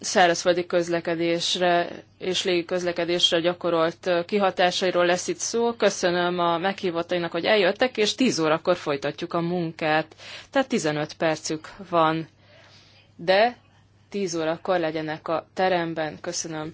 szárazföldi közlekedésre és légi közlekedésre gyakorolt kihatásairól lesz itt szó. Köszönöm a meghívottainak, hogy eljöttek, és 10 órakor folytatjuk a munkát. Tehát 15 percük van, de 10 órakor legyenek a teremben. Köszönöm.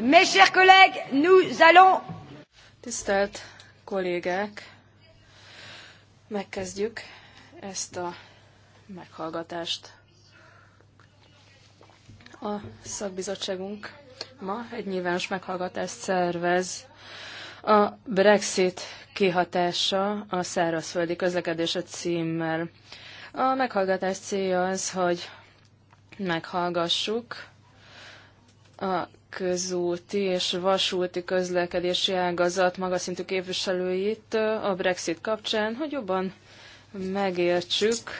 Mes chers collègues, nous allons... Tisztelt kollégák, megkezdjük ezt a meghallgatást. A szakbizottságunk ma egy nyilvános meghallgatást szervez a Brexit kihatása a szárazföldi közlekedése címmel. A meghallgatás célja az, hogy meghallgassuk a közúti és vasúti közlekedési ágazat magaszintű képviselőit a Brexit kapcsán, hogy jobban megértsük,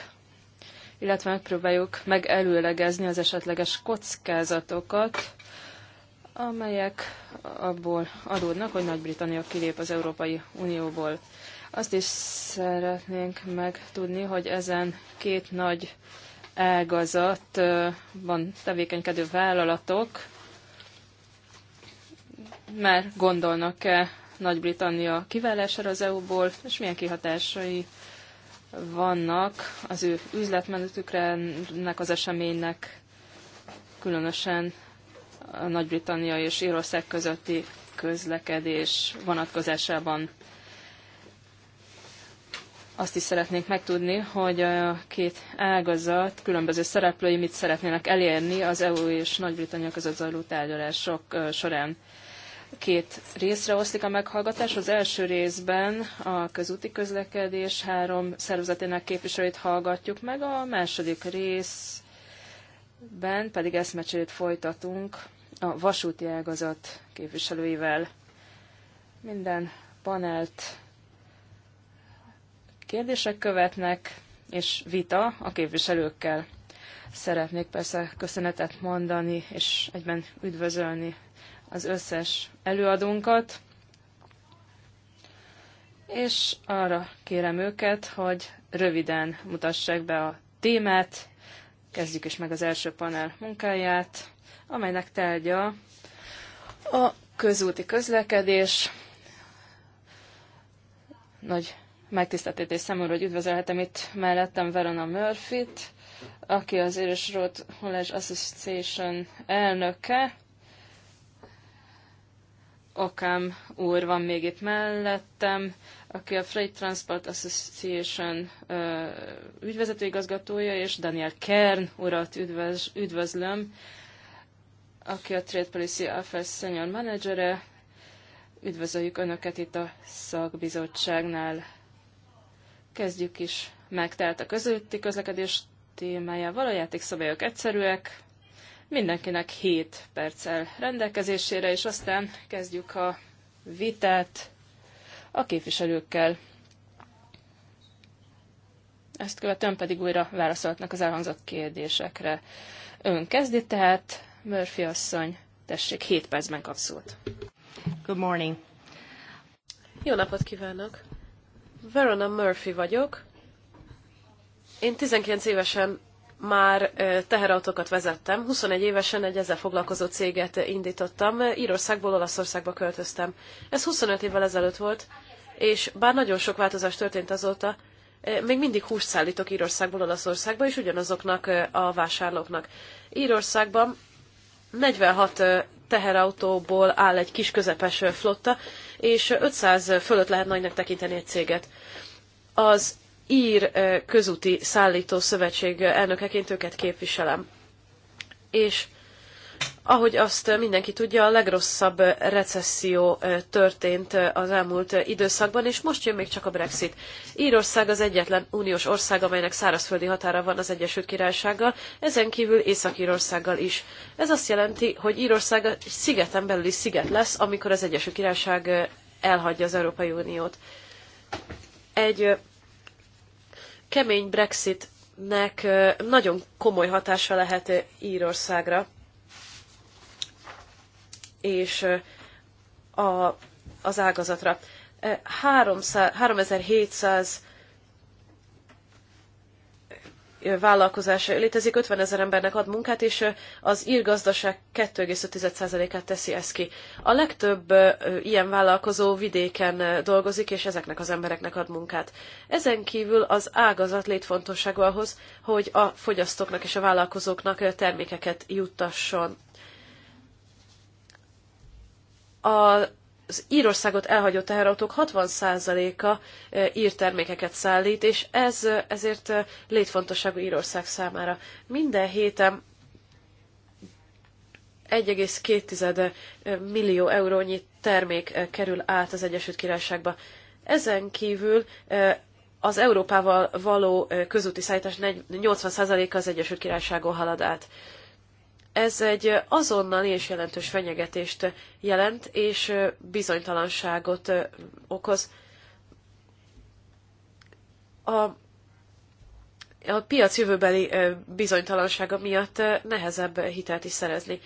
illetve megpróbáljuk megelőlegezni az esetleges kockázatokat, amelyek abból adódnak, hogy Nagy-Britannia kilép az Európai Unióból. Azt is szeretnénk megtudni, hogy ezen két nagy ágazatban tevékenykedő vállalatok már gondolnak-e Nagy-Britannia kiválására az EU-ból, és milyen kihatásai vannak az ő üzletmenetükre, ennek az eseménynek, különösen a Nagy-Britannia és Írország közötti közlekedés vonatkozásában azt is szeretnénk megtudni, hogy a két ágazat különböző szereplői mit szeretnének elérni az EU és Nagy-Britannia között zajló tárgyalások során. Két részre oszlik a meghallgatás. Az első részben a közúti közlekedés három szervezetének képviselőit hallgatjuk meg, a második részben pedig eszmecsét folytatunk a vasúti ágazat képviselőivel. Minden panelt kérdések követnek, és vita a képviselőkkel. Szeretnék persze köszönetet mondani, és egyben üdvözölni az összes előadónkat, és arra kérem őket, hogy röviden mutassák be a témát, kezdjük is meg az első panel munkáját, amelynek tárgya a közúti közlekedés. Nagy megtiszteltetés számomra, hogy üdvözölhetem itt mellettem Verona Murphy-t, aki az Irish Road College Association elnöke. Okám úr van még itt mellettem, aki a Freight Transport Association ö, ügyvezető igazgatója, és Daniel Kern urat üdvöz, üdvözlöm, aki a Trade Policy Affairs Senior Managere. Üdvözöljük Önöket itt a szakbizottságnál. Kezdjük is meg, tehát a közötti közlekedés témájával. A játékszabályok egyszerűek, mindenkinek 7 perccel rendelkezésére, és aztán kezdjük a vitát a képviselőkkel. Ezt követően pedig újra válaszolhatnak az elhangzott kérdésekre. Ön kezdi, tehát Murphy asszony, tessék, 7 percben kap szót. Good morning. Jó napot kívánok! Verona Murphy vagyok. Én 19 évesen már teherautókat vezettem, 21 évesen egy ezzel foglalkozó céget indítottam, Írországból Olaszországba költöztem. Ez 25 évvel ezelőtt volt, és bár nagyon sok változás történt azóta, még mindig húst szállítok Írországból Olaszországba, és ugyanazoknak a vásárlóknak. Írországban 46 teherautóból áll egy kis közepes flotta, és 500 fölött lehet nagynak tekinteni egy céget. Az ír közúti szállító szövetség elnökeként őket képviselem. És ahogy azt mindenki tudja, a legrosszabb recesszió történt az elmúlt időszakban, és most jön még csak a Brexit. Írország az egyetlen uniós ország, amelynek szárazföldi határa van az Egyesült Királysággal, ezen kívül Észak-Írországgal is. Ez azt jelenti, hogy Írország egy szigeten belüli sziget lesz, amikor az Egyesült Királyság elhagyja az Európai Uniót. Egy kemény Brexitnek nagyon komoly hatása lehet Írországra és a, az ágazatra. 3700 vállalkozás létezik, 50 ezer embernek ad munkát, és az írgazdaság 2,5%-át teszi ezt ki. A legtöbb ilyen vállalkozó vidéken dolgozik, és ezeknek az embereknek ad munkát. Ezen kívül az ágazat létfontosságú ahhoz, hogy a fogyasztóknak és a vállalkozóknak termékeket juttasson az Írországot elhagyó teherautók 60%-a e, ír termékeket szállít, és ez e, ezért e, létfontosságú Írország számára. Minden héten 1,2 millió eurónyi termék kerül át az Egyesült Királyságba. Ezen kívül az Európával való közúti szállítás 80%-a az Egyesült Királyságon halad át. Ez egy azonnal és jelentős fenyegetést jelent, és bizonytalanságot okoz. A, a piac jövőbeli bizonytalansága miatt nehezebb hitelt is szerezni.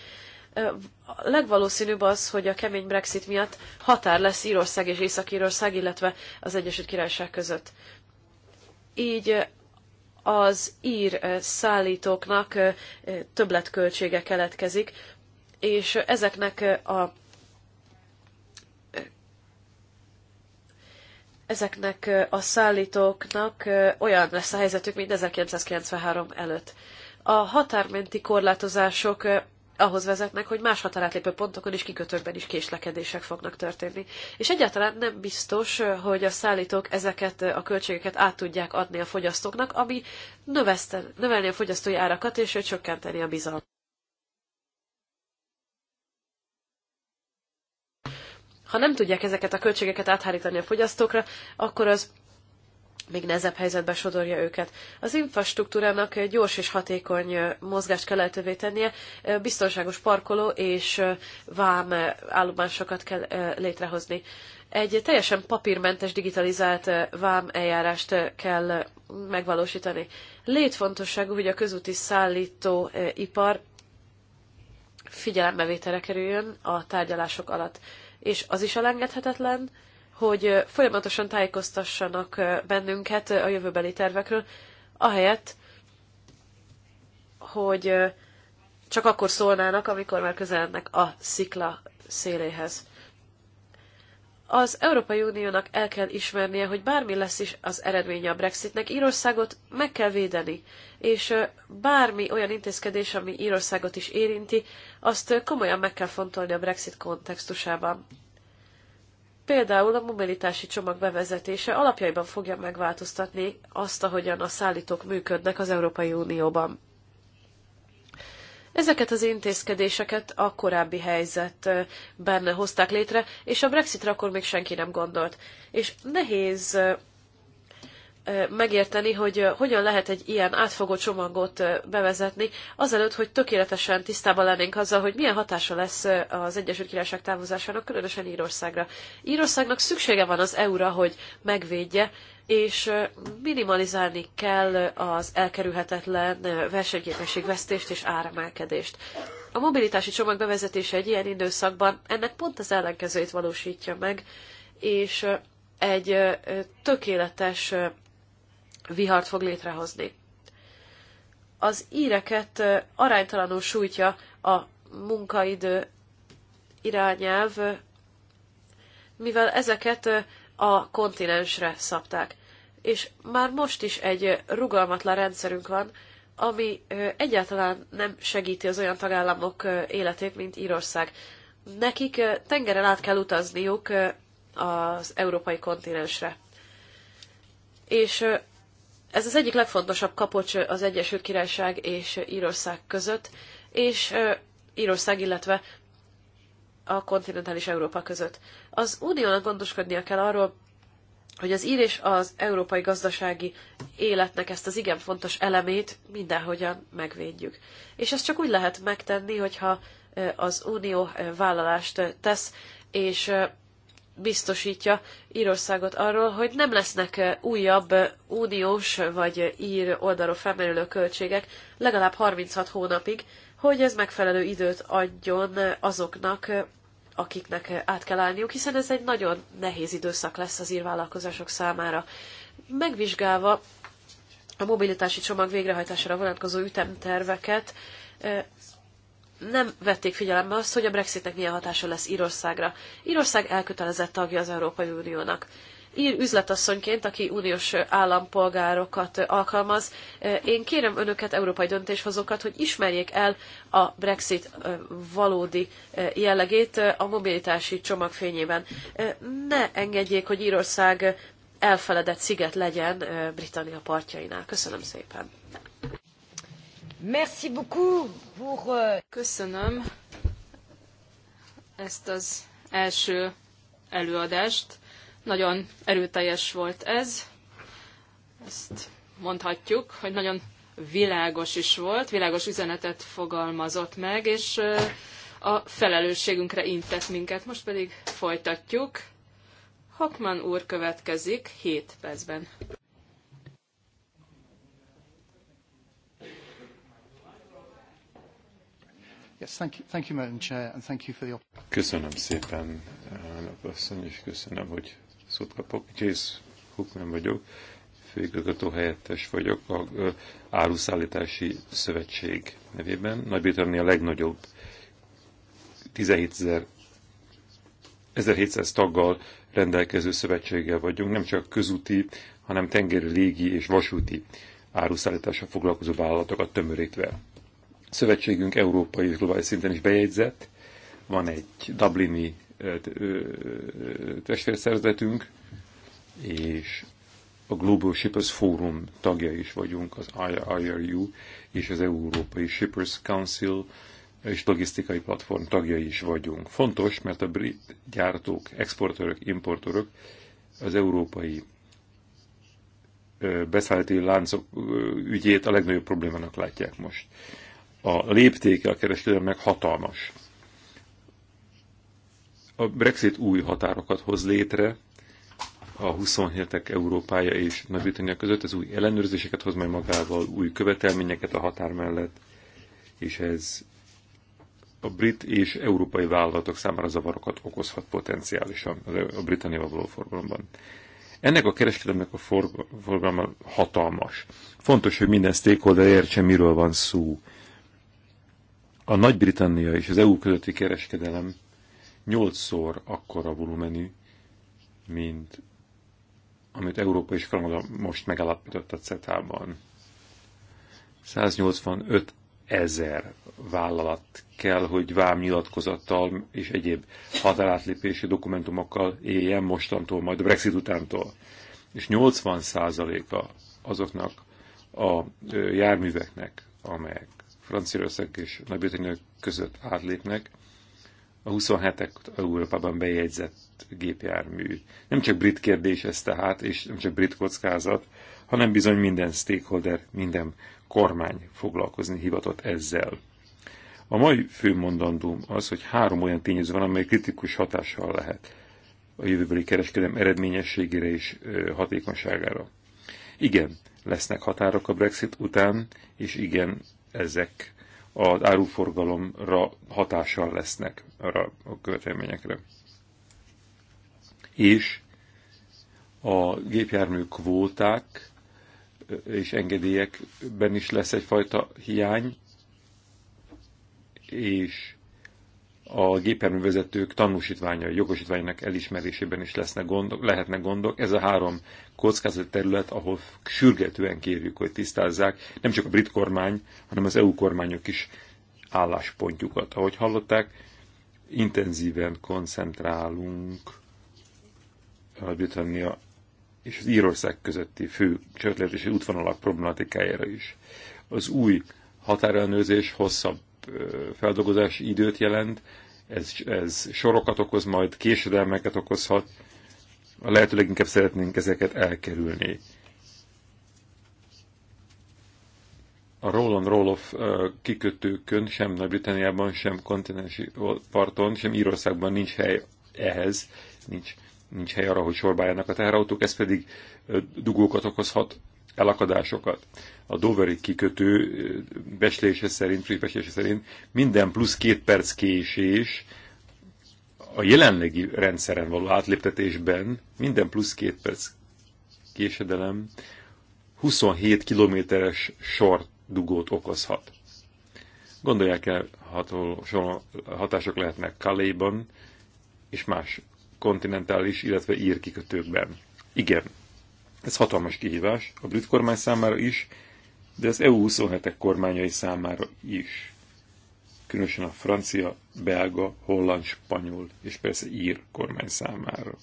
A legvalószínűbb az, hogy a kemény Brexit miatt határ lesz Írország és Észak-Írország, illetve az Egyesült Királyság között. Így az ír szállítóknak többletköltsége keletkezik, és ezeknek a ezeknek a szállítóknak olyan lesz a helyzetük, mint 1993 előtt. A határmenti korlátozások ahhoz vezetnek, hogy más határátlépő pontokon és kikötőkben is késlekedések fognak történni. És egyáltalán nem biztos, hogy a szállítók ezeket a költségeket át tudják adni a fogyasztóknak, ami növeszten, növelni a fogyasztói árakat és csökkenteni a bizalmat. Ha nem tudják ezeket a költségeket áthárítani a fogyasztókra, akkor az még nehezebb helyzetbe sodorja őket. Az infrastruktúrának gyors és hatékony mozgást kell lehetővé tennie, biztonságos parkoló és vám állomásokat kell létrehozni. Egy teljesen papírmentes digitalizált vám eljárást kell megvalósítani. Létfontosságú, hogy a közúti szállító ipar figyelembevételre kerüljön a tárgyalások alatt. És az is elengedhetetlen, hogy folyamatosan tájékoztassanak bennünket a jövőbeli tervekről, ahelyett, hogy csak akkor szólnának, amikor már közelnek a szikla széléhez. Az Európai Uniónak el kell ismernie, hogy bármi lesz is az eredménye a Brexitnek, Írországot meg kell védeni, és bármi olyan intézkedés, ami Írországot is érinti, azt komolyan meg kell fontolni a Brexit kontextusában. Például a mobilitási csomag bevezetése alapjaiban fogja megváltoztatni azt, ahogyan a szállítók működnek az Európai Unióban. Ezeket az intézkedéseket a korábbi helyzetben hozták létre, és a Brexitre akkor még senki nem gondolt. És nehéz megérteni, hogy hogyan lehet egy ilyen átfogó csomagot bevezetni, azelőtt, hogy tökéletesen tisztában lennénk azzal, hogy milyen hatása lesz az Egyesült Királyság távozásának, különösen Írországra. Írországnak szüksége van az EU-ra, hogy megvédje, és minimalizálni kell az elkerülhetetlen versenyképességvesztést és áremelkedést. A mobilitási csomag bevezetése egy ilyen időszakban ennek pont az ellenkezőjét valósítja meg, és egy tökéletes vihart fog létrehozni. Az íreket aránytalanul sújtja a munkaidő irányelv, mivel ezeket a kontinensre szabták. És már most is egy rugalmatlan rendszerünk van, ami egyáltalán nem segíti az olyan tagállamok életét, mint Írország. Nekik tengeren át kell utazniuk az európai kontinensre. És ez az egyik legfontosabb kapocs az Egyesült Királyság és Írország között, és Írország, illetve a kontinentális Európa között. Az uniónak gondoskodnia kell arról, hogy az ír és az európai gazdasági életnek ezt az igen fontos elemét mindenhogyan megvédjük. És ezt csak úgy lehet megtenni, hogyha az unió vállalást tesz, és biztosítja Írországot arról, hogy nem lesznek újabb uniós vagy ír oldalról felmerülő költségek legalább 36 hónapig, hogy ez megfelelő időt adjon azoknak, akiknek át kell állniuk, hiszen ez egy nagyon nehéz időszak lesz az írvállalkozások számára. Megvizsgálva a mobilitási csomag végrehajtására vonatkozó ütemterveket, nem vették figyelembe azt, hogy a Brexitnek milyen hatása lesz Írországra. Írország elkötelezett tagja az Európai Uniónak. Ír üzletasszonyként, aki uniós állampolgárokat alkalmaz, eh, én kérem önöket, európai döntéshozókat, hogy ismerjék el a Brexit eh, valódi eh, jellegét a mobilitási csomag fényében. Ne engedjék, hogy Írország elfeledett sziget legyen Britannia partjainál. Köszönöm szépen. Merci beaucoup pour... Euh, Köszönöm ezt az első előadást. Nagyon erőteljes volt ez. Ezt mondhatjuk, hogy nagyon világos is volt, világos üzenetet fogalmazott meg, és a felelősségünkre intett minket. Most pedig folytatjuk. Hockman úr következik 7 percben. Köszönöm szépen, elnök asszony, és köszönöm, hogy szót kapok. Kész Hukman vagyok, főigazgató helyettes vagyok a Áruszállítási Szövetség nevében. nagy a legnagyobb 17 1700 taggal rendelkező szövetséggel vagyunk, nem csak közúti, hanem tengeri, légi és vasúti áruszállítással foglalkozó vállalatokat tömörítve. Szövetségünk európai és globális szinten is bejegyzett, van egy Dublini testvérszerzetünk, és a Global Shippers Forum tagja is vagyunk, az IRU és az Európai Shippers Council és logisztikai platform tagja is vagyunk. Fontos, mert a brit gyártók, exportőrök, importőrök az európai beszállítói láncok ügyét a legnagyobb problémának látják most a léptéke a kereskedelemnek hatalmas. A Brexit új határokat hoz létre, a 27-ek Európája és Nagy-Britannia között, ez új ellenőrzéseket hoz majd magával, új követelményeket a határ mellett, és ez a brit és európai vállalatok számára zavarokat okozhat potenciálisan a Britanniával való forgalomban. Ennek a kereskedelemnek a forgalma hatalmas. Fontos, hogy minden stakeholder értse, miről van szó. A Nagy-Britannia és az EU közötti kereskedelem nyolcszor akkora volumenű, mint amit Európa és Kanada most megállapított a CETA-ban. 185 ezer vállalat kell, hogy vámnyilatkozattal és egyéb határátlépési dokumentumokkal éljen mostantól, majd a Brexit utántól. És 80 a azoknak a járműveknek, amelyek Franciaország és Nagy-Britannia között átlépnek a 27-ek Európában bejegyzett gépjármű. Nem csak brit kérdés ez tehát, és nem csak brit kockázat, hanem bizony minden stakeholder, minden kormány foglalkozni hivatott ezzel. A mai fő mondandóm az, hogy három olyan tényező van, amely kritikus hatással lehet a jövőbeli kereskedelem eredményességére és hatékonyságára. Igen, lesznek határok a Brexit után, és igen, ezek az áruforgalomra hatással lesznek arra a követelményekre. És a gépjármű kvóták és engedélyekben is lesz egyfajta hiány, és a gépjárművezetők tanúsítványai, jogosítványnak elismerésében is lesznek gondok, lehetnek gondok. Ez a három kockázat terület, ahol sürgetően kérjük, hogy tisztázzák nem csak a brit kormány, hanem az EU kormányok is álláspontjukat. Ahogy hallották, intenzíven koncentrálunk a Britannia és az Írország közötti fő csatlakozási útvonalak problematikájára is. Az új határelnőzés hosszabb feldolgozási időt jelent, ez, ez sorokat okoz, majd késedelmeket okozhat. A lehető leginkább szeretnénk ezeket elkerülni. A roll-on, roll-off kikötőkön, sem Nagy-Britanniában, sem kontinensi parton, sem Írországban nincs hely ehhez, nincs, nincs hely arra, hogy sorbáljanak a teherautók, ez pedig dugókat okozhat elakadásokat. A Doveri kikötő beslése szerint, beslése szerint minden plusz két perc késés a jelenlegi rendszeren való átléptetésben minden plusz két perc késedelem 27 kilométeres sor dugót okozhat. Gondolják el, hatások lehetnek Kaléban és más kontinentális, illetve ír kikötőkben. Igen, ez hatalmas kihívás a brit kormány számára is, de az EU27-ek kormányai számára is. Különösen a francia, belga, holland, spanyol és persze ír kormány számára.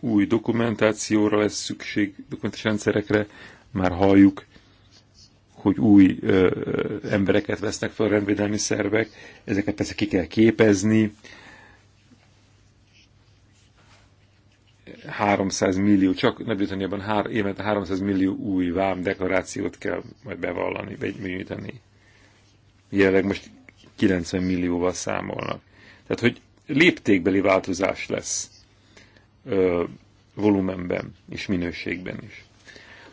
Új dokumentációra lesz szükség, dokumentációs rendszerekre, már halljuk, hogy új ö, ö, embereket vesznek fel a rendvédelmi szervek, ezeket persze ki kell képezni, 300 millió, csak Nagy-Britanniában hár, évente 300 millió új vám deklarációt kell majd bevallani, begyűjteni. Jelenleg most 90 millióval számolnak. Tehát, hogy léptékbeli változás lesz ö, volumenben és minőségben is.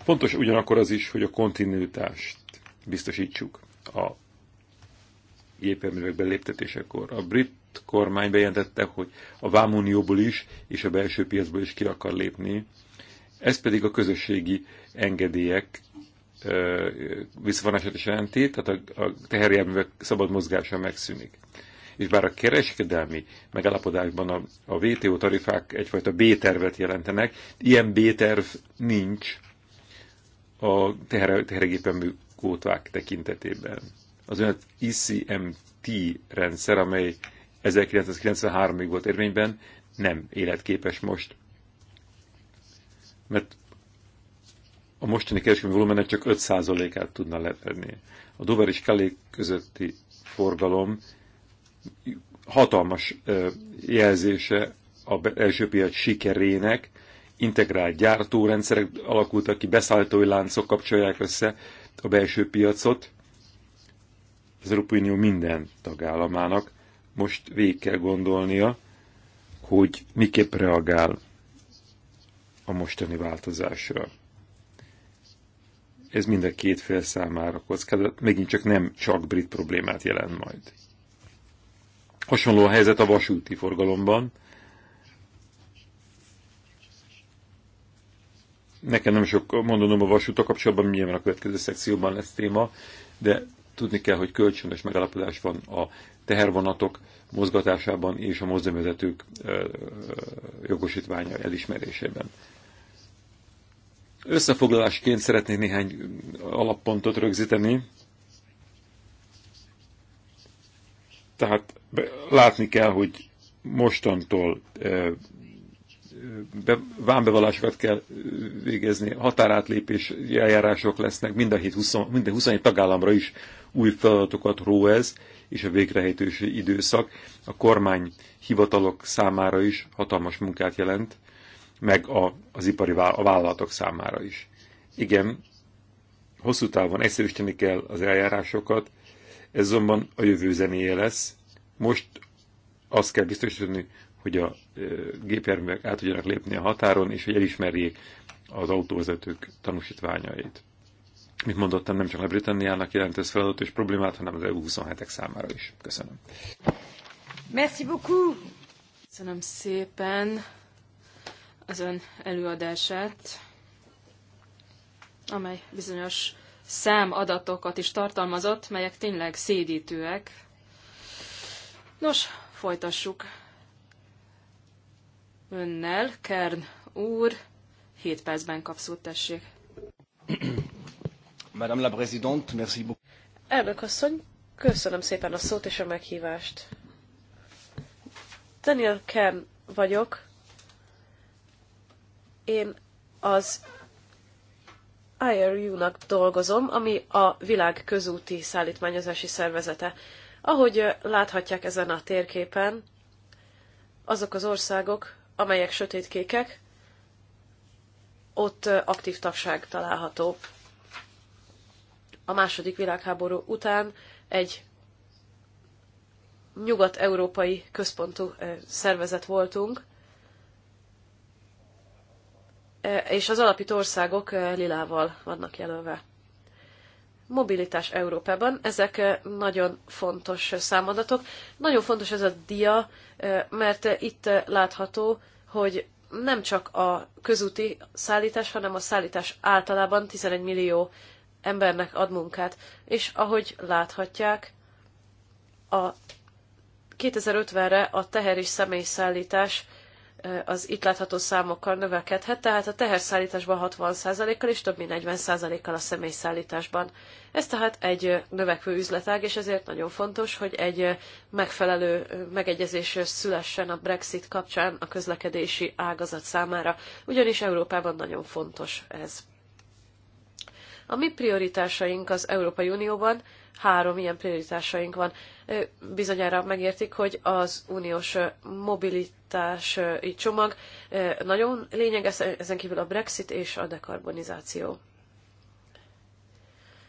Fontos ugyanakkor az is, hogy a kontinuitást biztosítsuk a gépjárművek beléptetésekor. A brit kormány bejelentette, hogy a Vámunióból is és a belső piacból is ki akar lépni. Ez pedig a közösségi engedélyek visszavonását is jelenti, tehát a, a teherjárművek szabad mozgása megszűnik. És bár a kereskedelmi megállapodásban a, a WTO tarifák egyfajta B-tervet jelentenek, ilyen B-terv nincs a teher, tehergépemű kóták tekintetében. Az olyan ICMT rendszer, amely 1993-ig volt érvényben, nem életképes most. Mert a mostani kereskedelmi volumenek csak 5%-át tudna lefedni. A Dover és Kelly közötti forgalom hatalmas jelzése a első piac sikerének, integrált gyártórendszerek alakultak ki, beszállítói láncok kapcsolják össze a belső piacot. Az Európai Unió minden tagállamának most végig kell gondolnia, hogy miképp reagál a mostani változásra. Ez mind a két fél számára kockázat, megint csak nem csak brit problémát jelent majd. Hasonló a helyzet a vasúti forgalomban. Nekem nem sok mondanom a vasúta kapcsolatban, nyilván a következő szekcióban lesz téma, de tudni kell, hogy kölcsönös megállapodás van a tehervonatok mozgatásában és a mozdonyvezetők jogosítványa elismerésében. Összefoglalásként szeretnék néhány alappontot rögzíteni. Tehát látni kell, hogy mostantól vámbevallásokat kell végezni, határátlépés eljárások lesznek, mind a, 20, mind a 27 tagállamra is új feladatokat ró ez, és a végrehajtási időszak a kormány hivatalok számára is hatalmas munkát jelent, meg a, az ipari a vállalatok számára is. Igen, hosszú távon egyszerűsíteni kell az eljárásokat, ez azonban a jövő zenéje lesz. Most azt kell biztosítani, hogy a gépjárművek át tudjanak lépni a határon, és hogy elismerjék az autóvezetők tanúsítványait. Mint mondottam, nem csak a Britanniának jelent ez feladat és problémát, hanem az EU27-ek számára is. Köszönöm. Merci beaucoup. Köszönöm szépen az ön előadását, amely bizonyos számadatokat is tartalmazott, melyek tényleg szédítőek. Nos, folytassuk önnel. Kern úr, 7 percben kapszót tessék. Madame la Présidente, merci beaucoup. Elnök asszony, köszönöm szépen a szót és a meghívást. Daniel Kern vagyok. Én az IRU-nak dolgozom, ami a világ közúti szállítmányozási szervezete. Ahogy láthatják ezen a térképen, azok az országok, amelyek sötétkékek, ott aktív tagság található a második világháború után egy nyugat-európai központú szervezet voltunk, és az alapító országok lilával vannak jelölve. Mobilitás Európában, ezek nagyon fontos számadatok. Nagyon fontos ez a dia, mert itt látható, hogy nem csak a közúti szállítás, hanem a szállítás általában 11 millió embernek ad munkát, és ahogy láthatják, a 2050-re a teher és személyszállítás az itt látható számokkal növekedhet, tehát a teherszállításban 60%-kal és több mint 40%-kal a személyszállításban. Ez tehát egy növekvő üzletág, és ezért nagyon fontos, hogy egy megfelelő megegyezés szülessen a Brexit kapcsán a közlekedési ágazat számára, ugyanis Európában nagyon fontos ez. A mi prioritásaink az Európai Unióban, három ilyen prioritásaink van. Bizonyára megértik, hogy az uniós mobilitási csomag nagyon lényeges, e, ezen kívül a Brexit és a dekarbonizáció.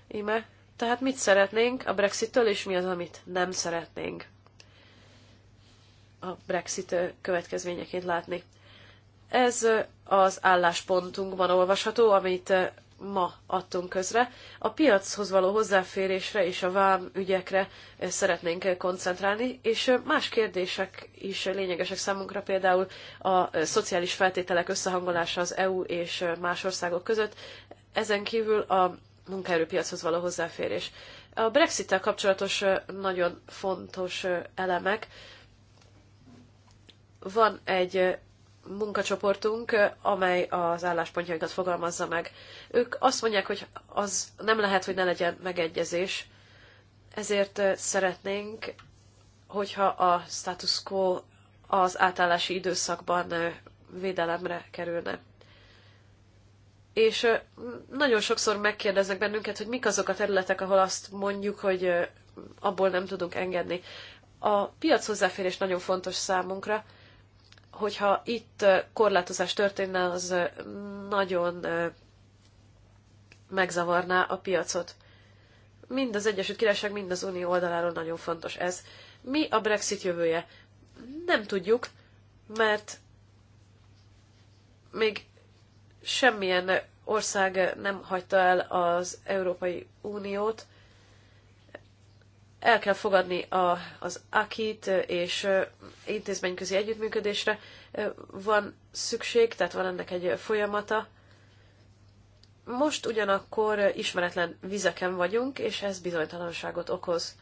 Íme, tehát mit szeretnénk a Brexittől, és mi az, amit nem szeretnénk a Brexit következményeként látni. Ez az álláspontunkban olvasható, amit ma adtunk közre. A piachoz való hozzáférésre és a vám ügyekre eh, szeretnénk eh, koncentrálni, és eh, más kérdések is lényegesek számunkra, például a szociális feltételek összehangolása az EU és más országok között, ezen kívül a munkaerőpiachoz való hozzáférés. A brexit kapcsolatos nagyon fontos elemek. Van egy munkacsoportunk, amely az álláspontjaikat fogalmazza meg. Ők azt mondják, hogy az nem lehet, hogy ne legyen megegyezés, ezért szeretnénk, hogyha a status quo az átállási időszakban védelemre kerülne. És nagyon sokszor megkérdeznek bennünket, hogy mik azok a területek, ahol azt mondjuk, hogy abból nem tudunk engedni. A piac hozzáférés nagyon fontos számunkra, hogyha itt korlátozás történne, az nagyon megzavarná a piacot. Mind az Egyesült Királyság, mind az Unió oldaláról nagyon fontos ez. Mi a Brexit jövője? Nem tudjuk, mert még semmilyen ország nem hagyta el az Európai Uniót, el kell fogadni a, az akit és intézményközi együttműködésre van szükség, tehát van ennek egy folyamata. Most ugyanakkor ismeretlen vizeken vagyunk, és ez bizonytalanságot okoz.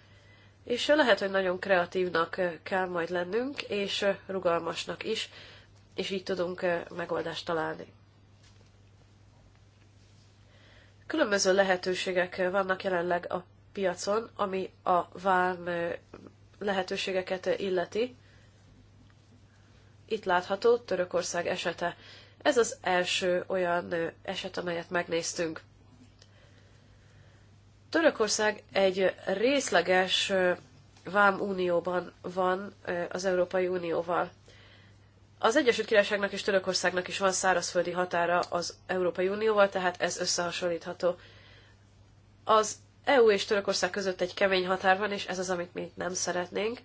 És lehet, hogy nagyon kreatívnak kell majd lennünk, és rugalmasnak is, és így tudunk megoldást találni. Különböző lehetőségek vannak jelenleg a piacon, ami a vám lehetőségeket illeti. Itt látható Törökország esete. Ez az első olyan eset, amelyet megnéztünk. Törökország egy részleges vámunióban van az Európai Unióval. Az Egyesült Királyságnak és Törökországnak is van szárazföldi határa az Európai Unióval, tehát ez összehasonlítható. Az EU és Törökország között egy kemény határ van, és ez az, amit mi nem szeretnénk,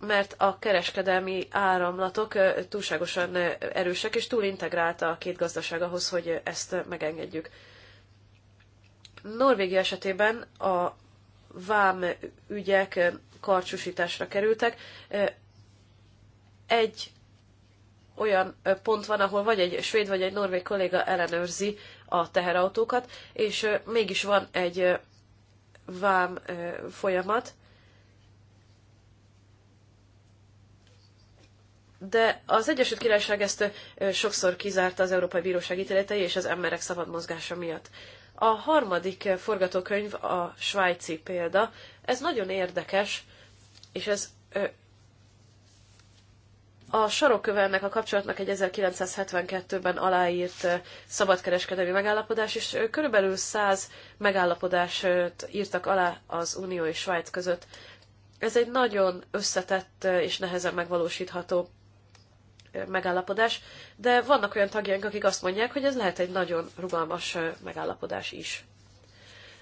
mert a kereskedelmi áramlatok túlságosan erősek, és túl integrált a két gazdaság ahhoz, hogy ezt megengedjük. Norvégia esetében a vám ügyek karcsúsításra kerültek. Egy olyan pont van, ahol vagy egy svéd, vagy egy norvég kolléga ellenőrzi a teherautókat, és mégis van egy vám folyamat, de az Egyesült Királyság ezt sokszor kizárta az Európai Bíróság ítéletei és az emberek szabad mozgása miatt. A harmadik forgatókönyv a svájci példa. Ez nagyon érdekes, és ez a sarokkövelnek a kapcsolatnak egy 1972-ben aláírt szabadkereskedelmi megállapodás, és körülbelül 100 megállapodást írtak alá az Unió és Svájc között. Ez egy nagyon összetett és nehezen megvalósítható megállapodás, de vannak olyan tagjaink, akik azt mondják, hogy ez lehet egy nagyon rugalmas megállapodás is.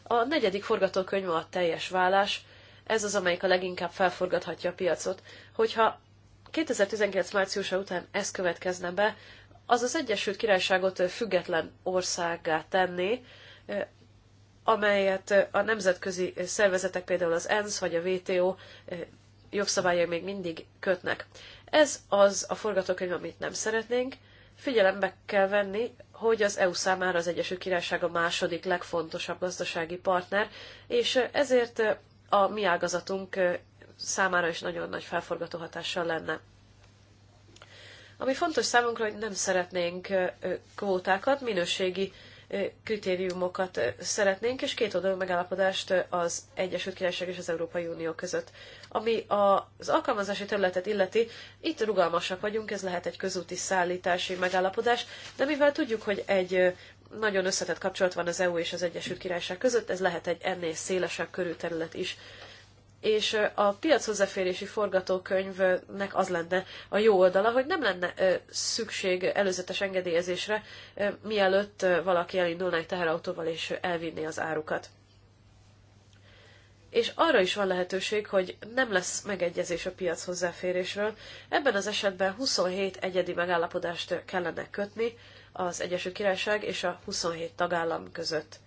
A negyedik forgatókönyv a teljes vállás, ez az, amelyik a leginkább felforgathatja a piacot. Hogyha 2019 márciusa után ez következne be, az az Egyesült Királyságot független országá tenné, amelyet a nemzetközi szervezetek, például az ENSZ vagy a WTO jogszabályai még mindig kötnek. Ez az a forgatókönyv, amit nem szeretnénk. Figyelembe kell venni, hogy az EU számára az Egyesült Királyság a második legfontosabb gazdasági partner, és ezért a mi ágazatunk számára is nagyon nagy felforgató hatással lenne. Ami fontos számunkra, hogy nem szeretnénk kvótákat, minőségi kritériumokat szeretnénk, és két oldalú megállapodást az Egyesült Királyság és az Európai Unió között. Ami az alkalmazási területet illeti, itt rugalmasak vagyunk, ez lehet egy közúti szállítási megállapodás, de mivel tudjuk, hogy egy nagyon összetett kapcsolat van az EU és az Egyesült Királyság között, ez lehet egy ennél szélesebb körű terület is és a piac hozzáférési forgatókönyvnek az lenne a jó oldala, hogy nem lenne szükség előzetes engedélyezésre, mielőtt valaki elindulna egy teherautóval és elvinné az árukat. És arra is van lehetőség, hogy nem lesz megegyezés a piac hozzáférésről. Ebben az esetben 27 egyedi megállapodást kellene kötni az Egyesült Királyság és a 27 tagállam között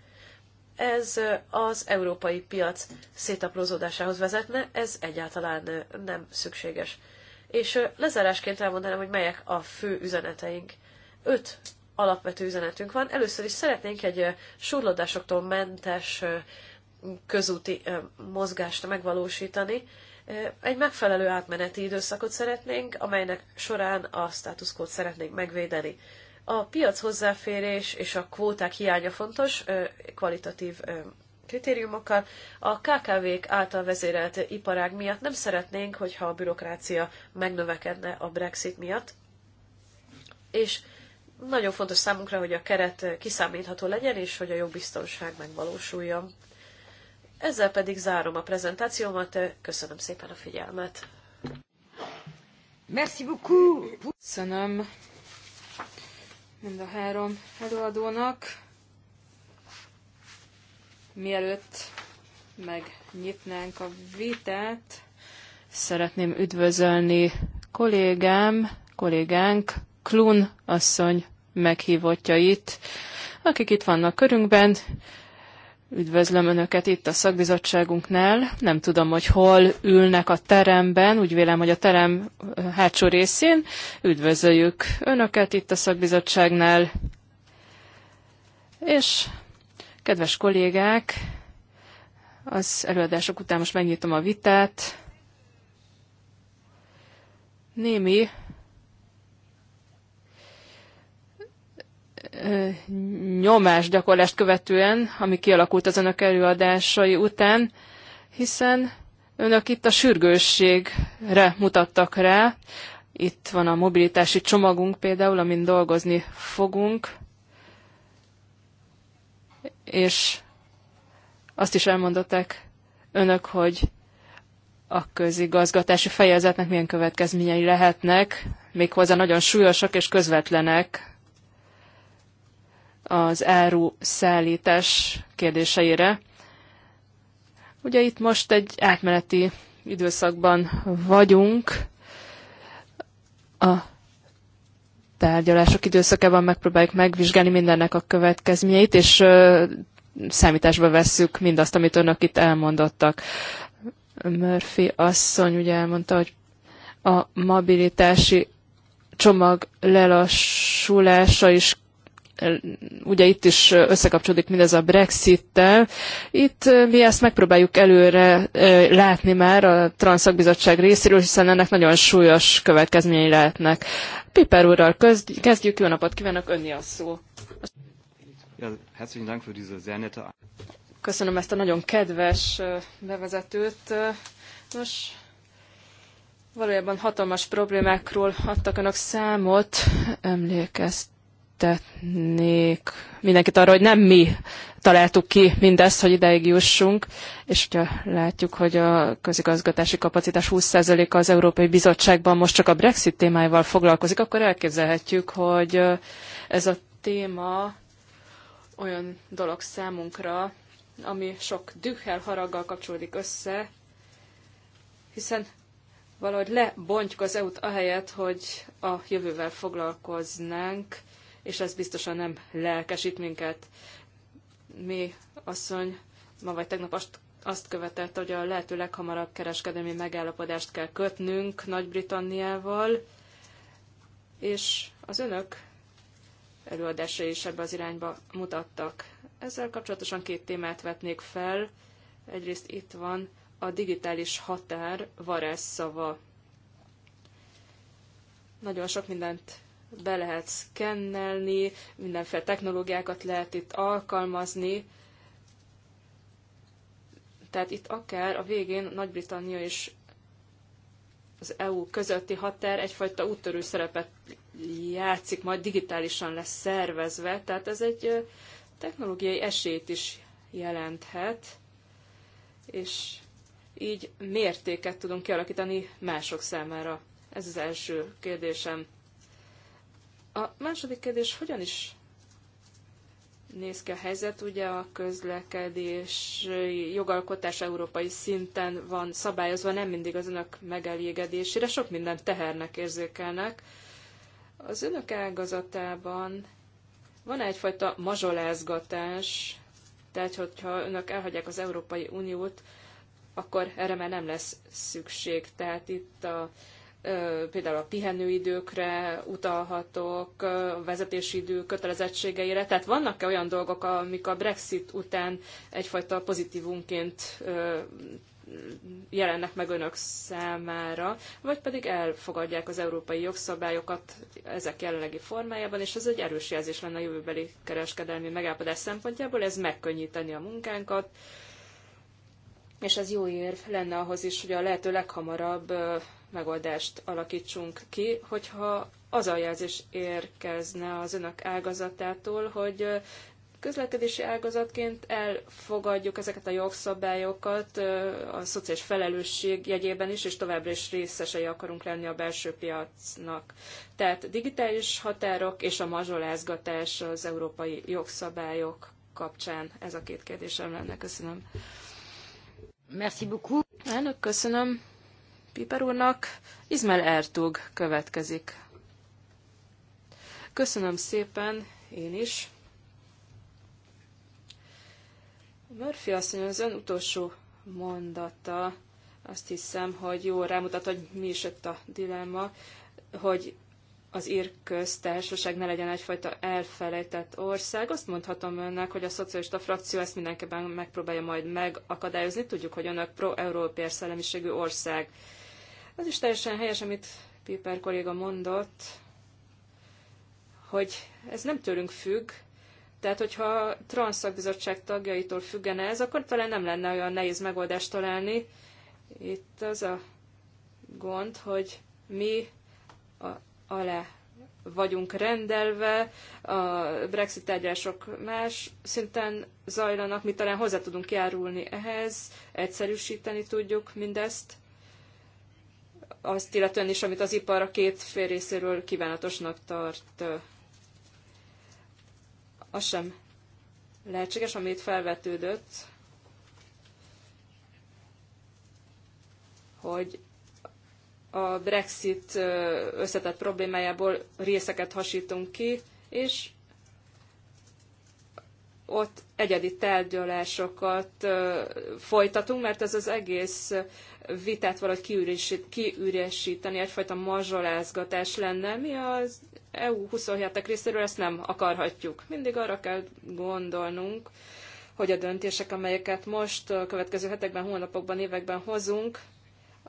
ez az európai piac szétaprózódásához vezetne, ez egyáltalán nem szükséges. És lezárásként elmondanám, hogy melyek a fő üzeneteink. Öt alapvető üzenetünk van. Először is szeretnénk egy surlódásoktól mentes közúti mozgást megvalósítani. Egy megfelelő átmeneti időszakot szeretnénk, amelynek során a státuszkót szeretnénk megvédeni. A piac hozzáférés és a kvóták hiánya fontos, kvalitatív kritériumokkal. A KKV-k által vezérelt iparág miatt nem szeretnénk, hogyha a bürokrácia megnövekedne a Brexit miatt. És nagyon fontos számunkra, hogy a keret kiszámítható legyen, és hogy a jogbiztonság megvalósuljon. Ezzel pedig zárom a prezentációmat. Köszönöm szépen a figyelmet. Merci beaucoup. Köszönöm mind a három előadónak. Mielőtt megnyitnánk a vitát, szeretném üdvözölni kollégám, kollégánk Klun asszony meghívottjait, akik itt vannak körünkben, Üdvözlöm Önöket itt a szakbizottságunknál. Nem tudom, hogy hol ülnek a teremben, úgy vélem, hogy a terem hátsó részén. Üdvözöljük Önöket itt a szakbizottságnál. És kedves kollégák, az előadások után most megnyitom a vitát. Némi nyomás gyakorlást követően, ami kialakult az önök előadásai után, hiszen önök itt a sürgősségre mutattak rá. Itt van a mobilitási csomagunk például, amin dolgozni fogunk, és azt is elmondották önök, hogy a közigazgatási fejezetnek milyen következményei lehetnek, méghozzá nagyon súlyosak és közvetlenek az áru szállítás kérdéseire. Ugye itt most egy átmeneti időszakban vagyunk. A tárgyalások időszakában megpróbáljuk megvizsgálni mindennek a következményeit, és számításba vesszük mindazt, amit önök itt elmondottak. Murphy asszony ugye elmondta, hogy a mobilitási csomag lelassulása is ugye itt is összekapcsolódik mindez a Brexit-tel. Itt mi ezt megpróbáljuk előre látni már a Transzakbizottság részéről, hiszen ennek nagyon súlyos következményei lehetnek. Piper úrral kezdjük, jó napot kívánok, önni a szó. Köszönöm ezt a nagyon kedves bevezetőt. Nos, valójában hatalmas problémákról adtak önök számot, emlékeztem emlékeztetnék mindenkit arra, hogy nem mi találtuk ki mindezt, hogy ideig jussunk, és látjuk, hogy a közigazgatási kapacitás 20%-a az Európai Bizottságban most csak a Brexit témáival foglalkozik, akkor elképzelhetjük, hogy ez a téma olyan dolog számunkra, ami sok dühel haraggal kapcsolódik össze, hiszen valahogy lebontjuk az EU-t ahelyett, hogy a jövővel foglalkoznánk, és ez biztosan nem lelkesít minket. Mi, asszony, ma vagy tegnap azt, azt követett, hogy a lehető leghamarabb kereskedelmi megállapodást kell kötnünk Nagy-Britanniával, és az önök előadása is ebbe az irányba mutattak. Ezzel kapcsolatosan két témát vetnék fel. Egyrészt itt van a digitális határ varázsszava. Nagyon sok mindent be lehet szkennelni, mindenféle technológiákat lehet itt alkalmazni. Tehát itt akár a végén Nagy-Britannia és az EU közötti határ egyfajta úttörő szerepet játszik, majd digitálisan lesz szervezve, tehát ez egy technológiai esélyt is jelenthet, és így mértéket tudunk kialakítani mások számára. Ez az első kérdésem. A második kérdés, hogyan is néz ki a helyzet? Ugye a közlekedés jogalkotás európai szinten van szabályozva, nem mindig az önök megelégedésére, sok minden tehernek érzékelnek. Az önök ágazatában van -e egyfajta mazsolázgatás, tehát hogyha önök elhagyják az Európai Uniót, akkor erre már nem lesz szükség. Tehát itt a például a pihenőidőkre utalhatok, a vezetési idő kötelezettségeire. Tehát vannak-e olyan dolgok, amik a Brexit után egyfajta pozitívunként jelennek meg önök számára, vagy pedig elfogadják az európai jogszabályokat ezek jelenlegi formájában, és ez egy erős jelzés lenne a jövőbeli kereskedelmi megállapodás szempontjából, ez megkönnyíteni a munkánkat, és ez jó érv lenne ahhoz is, hogy a lehető leghamarabb megoldást alakítsunk ki, hogyha az a jelzés érkezne az önök ágazatától, hogy közlekedési ágazatként elfogadjuk ezeket a jogszabályokat a szociális felelősség jegyében is, és továbbra is részesei akarunk lenni a belső piacnak. Tehát digitális határok és a mazsolázgatás az európai jogszabályok kapcsán. Ez a két kérdésem lenne. Köszönöm. Merci beaucoup. Elnök, köszönöm. Piper úrnak. Izmel Ertug következik. Köszönöm szépen, én is. Murphy azt mondja, az ön utolsó mondata azt hiszem, hogy jó rámutat, hogy mi is ott a dilemma, hogy az ír köztársaság ne legyen egyfajta elfelejtett ország. Azt mondhatom önnek, hogy a szocialista frakció ezt mindenképpen megpróbálja majd megakadályozni. Tudjuk, hogy önök pro-európai szellemiségű ország. Az is teljesen helyes, amit Piper kolléga mondott, hogy ez nem tőlünk függ, tehát, hogyha transzakbizottság tagjaitól függene ez, akkor talán nem lenne olyan nehéz megoldást találni. Itt az a gond, hogy mi a, alá vagyunk rendelve, a Brexit tárgyások más szinten zajlanak, mi talán hozzá tudunk járulni ehhez, egyszerűsíteni tudjuk mindezt azt illetően is, amit az ipar a két fél részéről kívánatosnak tart. Az sem lehetséges, amit felvetődött, hogy a Brexit összetett problémájából részeket hasítunk ki, és ott egyedi tárgyalásokat folytatunk, mert ez az egész vitát valahogy kiüresíteni, egyfajta mazsolázgatás lenne. Mi az EU 27-ek részéről ezt nem akarhatjuk. Mindig arra kell gondolnunk, hogy a döntések, amelyeket most a következő hetekben, hónapokban, években hozunk,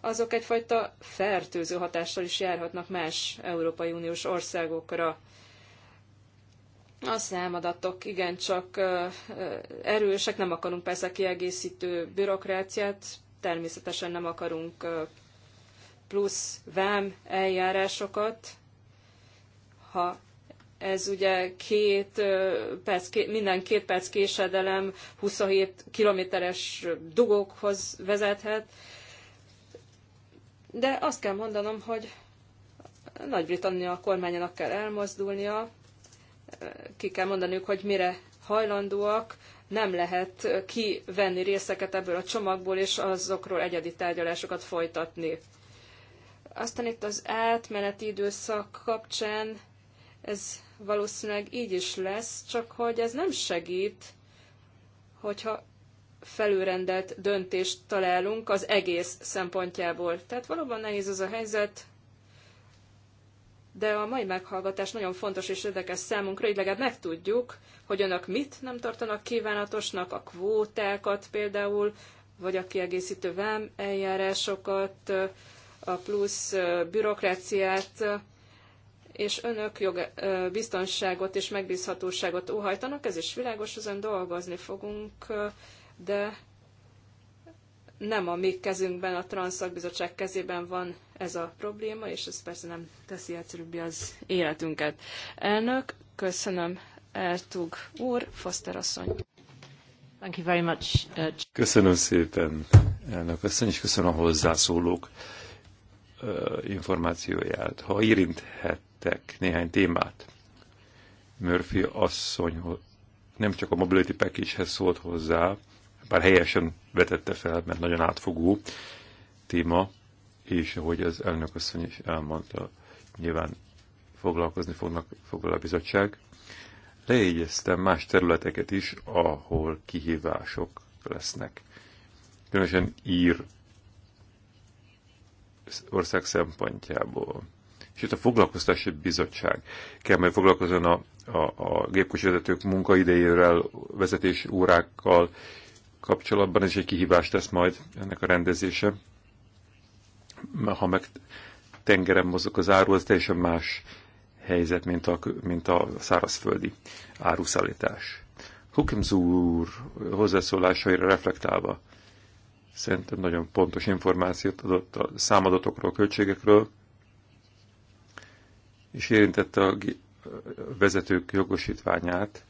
azok egyfajta fertőző hatással is járhatnak más Európai Uniós országokra. A számadatok csak erősek, nem akarunk persze kiegészítő bürokráciát, természetesen nem akarunk plusz vám eljárásokat, ha ez ugye két perc, minden két perc késedelem 27 kilométeres dugókhoz vezethet, de azt kell mondanom, hogy Nagy-Britannia kormányának kell elmozdulnia, ki kell mondaniuk, hogy mire hajlandóak, nem lehet kivenni részeket ebből a csomagból, és azokról egyedi tárgyalásokat folytatni. Aztán itt az átmeneti időszak kapcsán ez valószínűleg így is lesz, csak hogy ez nem segít, hogyha felülrendelt döntést találunk az egész szempontjából. Tehát valóban nehéz ez a helyzet, de a mai meghallgatás nagyon fontos és érdekes számunkra, így legalább megtudjuk, hogy önök mit nem tartanak kívánatosnak, a kvótákat például, vagy a kiegészítő vám eljárásokat, a plusz bürokráciát, és önök jog, biztonságot és megbízhatóságot óhajtanak, ez is világos, ezen dolgozni fogunk, de nem a mi kezünkben, a Transzakbizottság kezében van ez a probléma, és ez persze nem teszi egyszerűbbé az életünket. Elnök, köszönöm Ertug úr, Foster asszony. Thank you very much. Uh, köszönöm szépen, elnök asszony, és köszönöm a hozzászólók uh, információját. Ha érinthettek néhány témát, Murphy asszony nem csak a Mobility Package-hez szólt hozzá, bár helyesen vetette fel, mert nagyon átfogó téma, és ahogy az elnök asszony is elmondta, nyilván foglalkozni fognak, foglal a bizottság. Lejegyeztem más területeket is, ahol kihívások lesznek. Különösen ír ország szempontjából. És itt a foglalkoztási bizottság kell majd foglalkozni a, a, a vezetők munkaidejével, vezetés órákkal, kapcsolatban, ez is egy kihívást tesz majd ennek a rendezése. Ha meg tengeren mozog az áru, az teljesen más helyzet, mint a, mint a szárazföldi áruszállítás. Hukemz úr hozzászólásaira reflektálva szerintem nagyon pontos információt adott a számadatokról, a költségekről, és érintette a vezetők jogosítványát,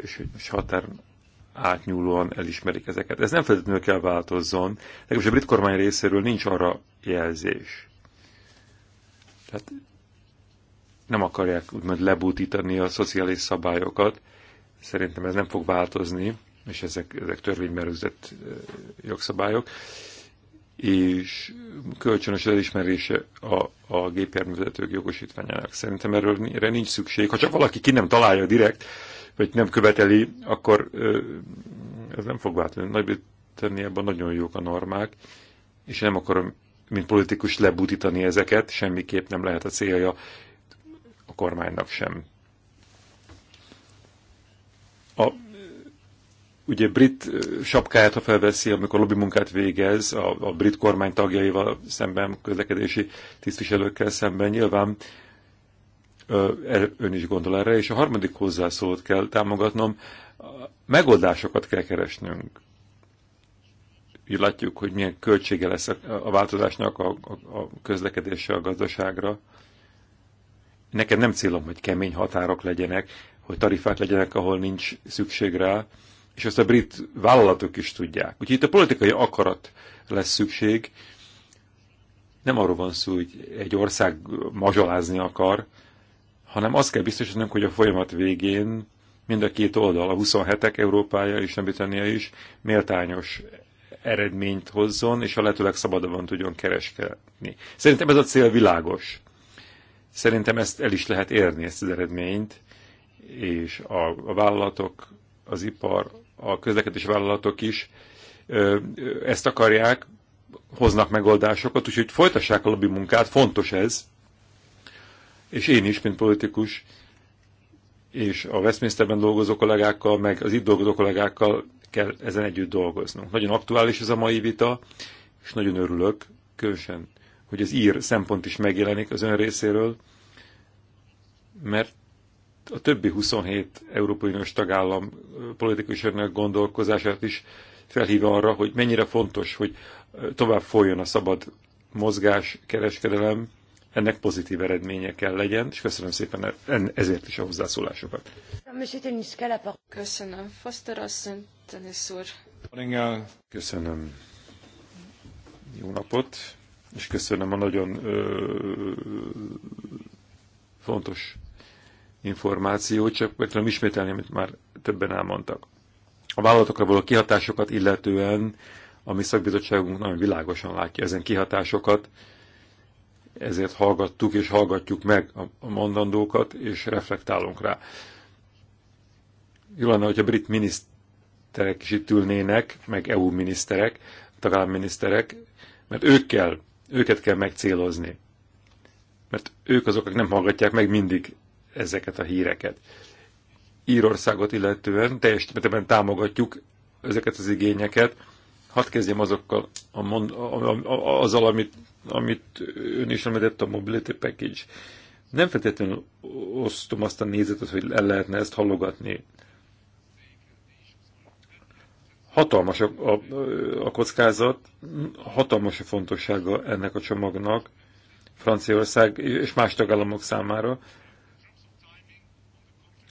és határ átnyúlóan elismerik ezeket. Ez nem feltétlenül kell változzon, legalábbis a brit kormány részéről nincs arra jelzés. Tehát nem akarják úgymond lebutítani a szociális szabályokat. Szerintem ez nem fog változni, és ezek, ezek törvényben rögzített jogszabályok. És kölcsönös elismerése a, a gépjárművezetők jogosítványának. Szerintem erről erre nincs szükség. Ha csak valaki ki nem találja direkt, vagy nem követeli, akkor ez nem fog változni. nagy ebben nagyon jók a normák, és nem akarom, mint politikus lebutítani ezeket, semmiképp nem lehet a célja a kormánynak sem. A, ugye brit sapkáját, ha felveszi, amikor lobby munkát végez a, a brit kormány tagjaival szemben, közlekedési tisztviselőkkel szemben, nyilván ön is gondol erre, és a harmadik hozzászólót kell támogatnom, megoldásokat kell keresnünk. Így látjuk, hogy milyen költsége lesz a változásnak a, a, a közlekedésre, a gazdaságra. Nekem nem célom, hogy kemény határok legyenek, hogy tarifák legyenek, ahol nincs szükség rá, és ezt a brit vállalatok is tudják. Úgyhogy itt a politikai akarat lesz szükség. Nem arról van szó, hogy egy ország mazsolázni akar, hanem azt kell biztosítanunk, hogy a folyamat végén mind a két oldal, a 27-ek Európája és Britannia is méltányos eredményt hozzon, és a lehetőleg szabadabban tudjon kereskedni. Szerintem ez a cél világos. Szerintem ezt el is lehet érni, ezt az eredményt, és a, a vállalatok, az ipar, a közlekedés vállalatok is ö, ö, ezt akarják, hoznak megoldásokat, úgyhogy folytassák a lobby munkát, fontos ez, és én is, mint politikus, és a Westminsterben dolgozó kollégákkal, meg az itt dolgozó kollégákkal kell ezen együtt dolgoznunk. Nagyon aktuális ez a mai vita, és nagyon örülök, különösen, hogy az ír szempont is megjelenik az ön részéről, mert a többi 27 Európai Uniós tagállam politikusának gondolkozását is felhívja arra, hogy mennyire fontos, hogy tovább folyjon a szabad mozgás, kereskedelem, ennek pozitív eredménye kell legyen, és köszönöm szépen ezért is a hozzászólásokat. Köszönöm, Foster asszony, Tenis úr. Köszönöm. Jó napot, és köszönöm a nagyon ö, fontos információt, csak meg tudom ismételni, amit már többen elmondtak. A vállalatokra való kihatásokat illetően a mi szakbizottságunk nagyon világosan látja ezen kihatásokat, ezért hallgattuk és hallgatjuk meg a mondandókat, és reflektálunk rá. Jó lenne, hogyha brit miniszterek is itt ülnének, meg EU miniszterek, tagállami miniszterek, mert ők kell, őket kell megcélozni. Mert ők azok, akik nem hallgatják meg mindig ezeket a híreket. Írországot illetően teljesen támogatjuk ezeket az igényeket, Hadd kezdjem azokkal, a mond, a, a, a, azzal, amit, amit ön is említett, a Mobility Package. Nem feltétlenül osztom azt a nézetet, hogy el lehetne ezt hallogatni. Hatalmas a, a, a kockázat, hatalmas a fontossága ennek a csomagnak Franciaország és más tagállamok számára.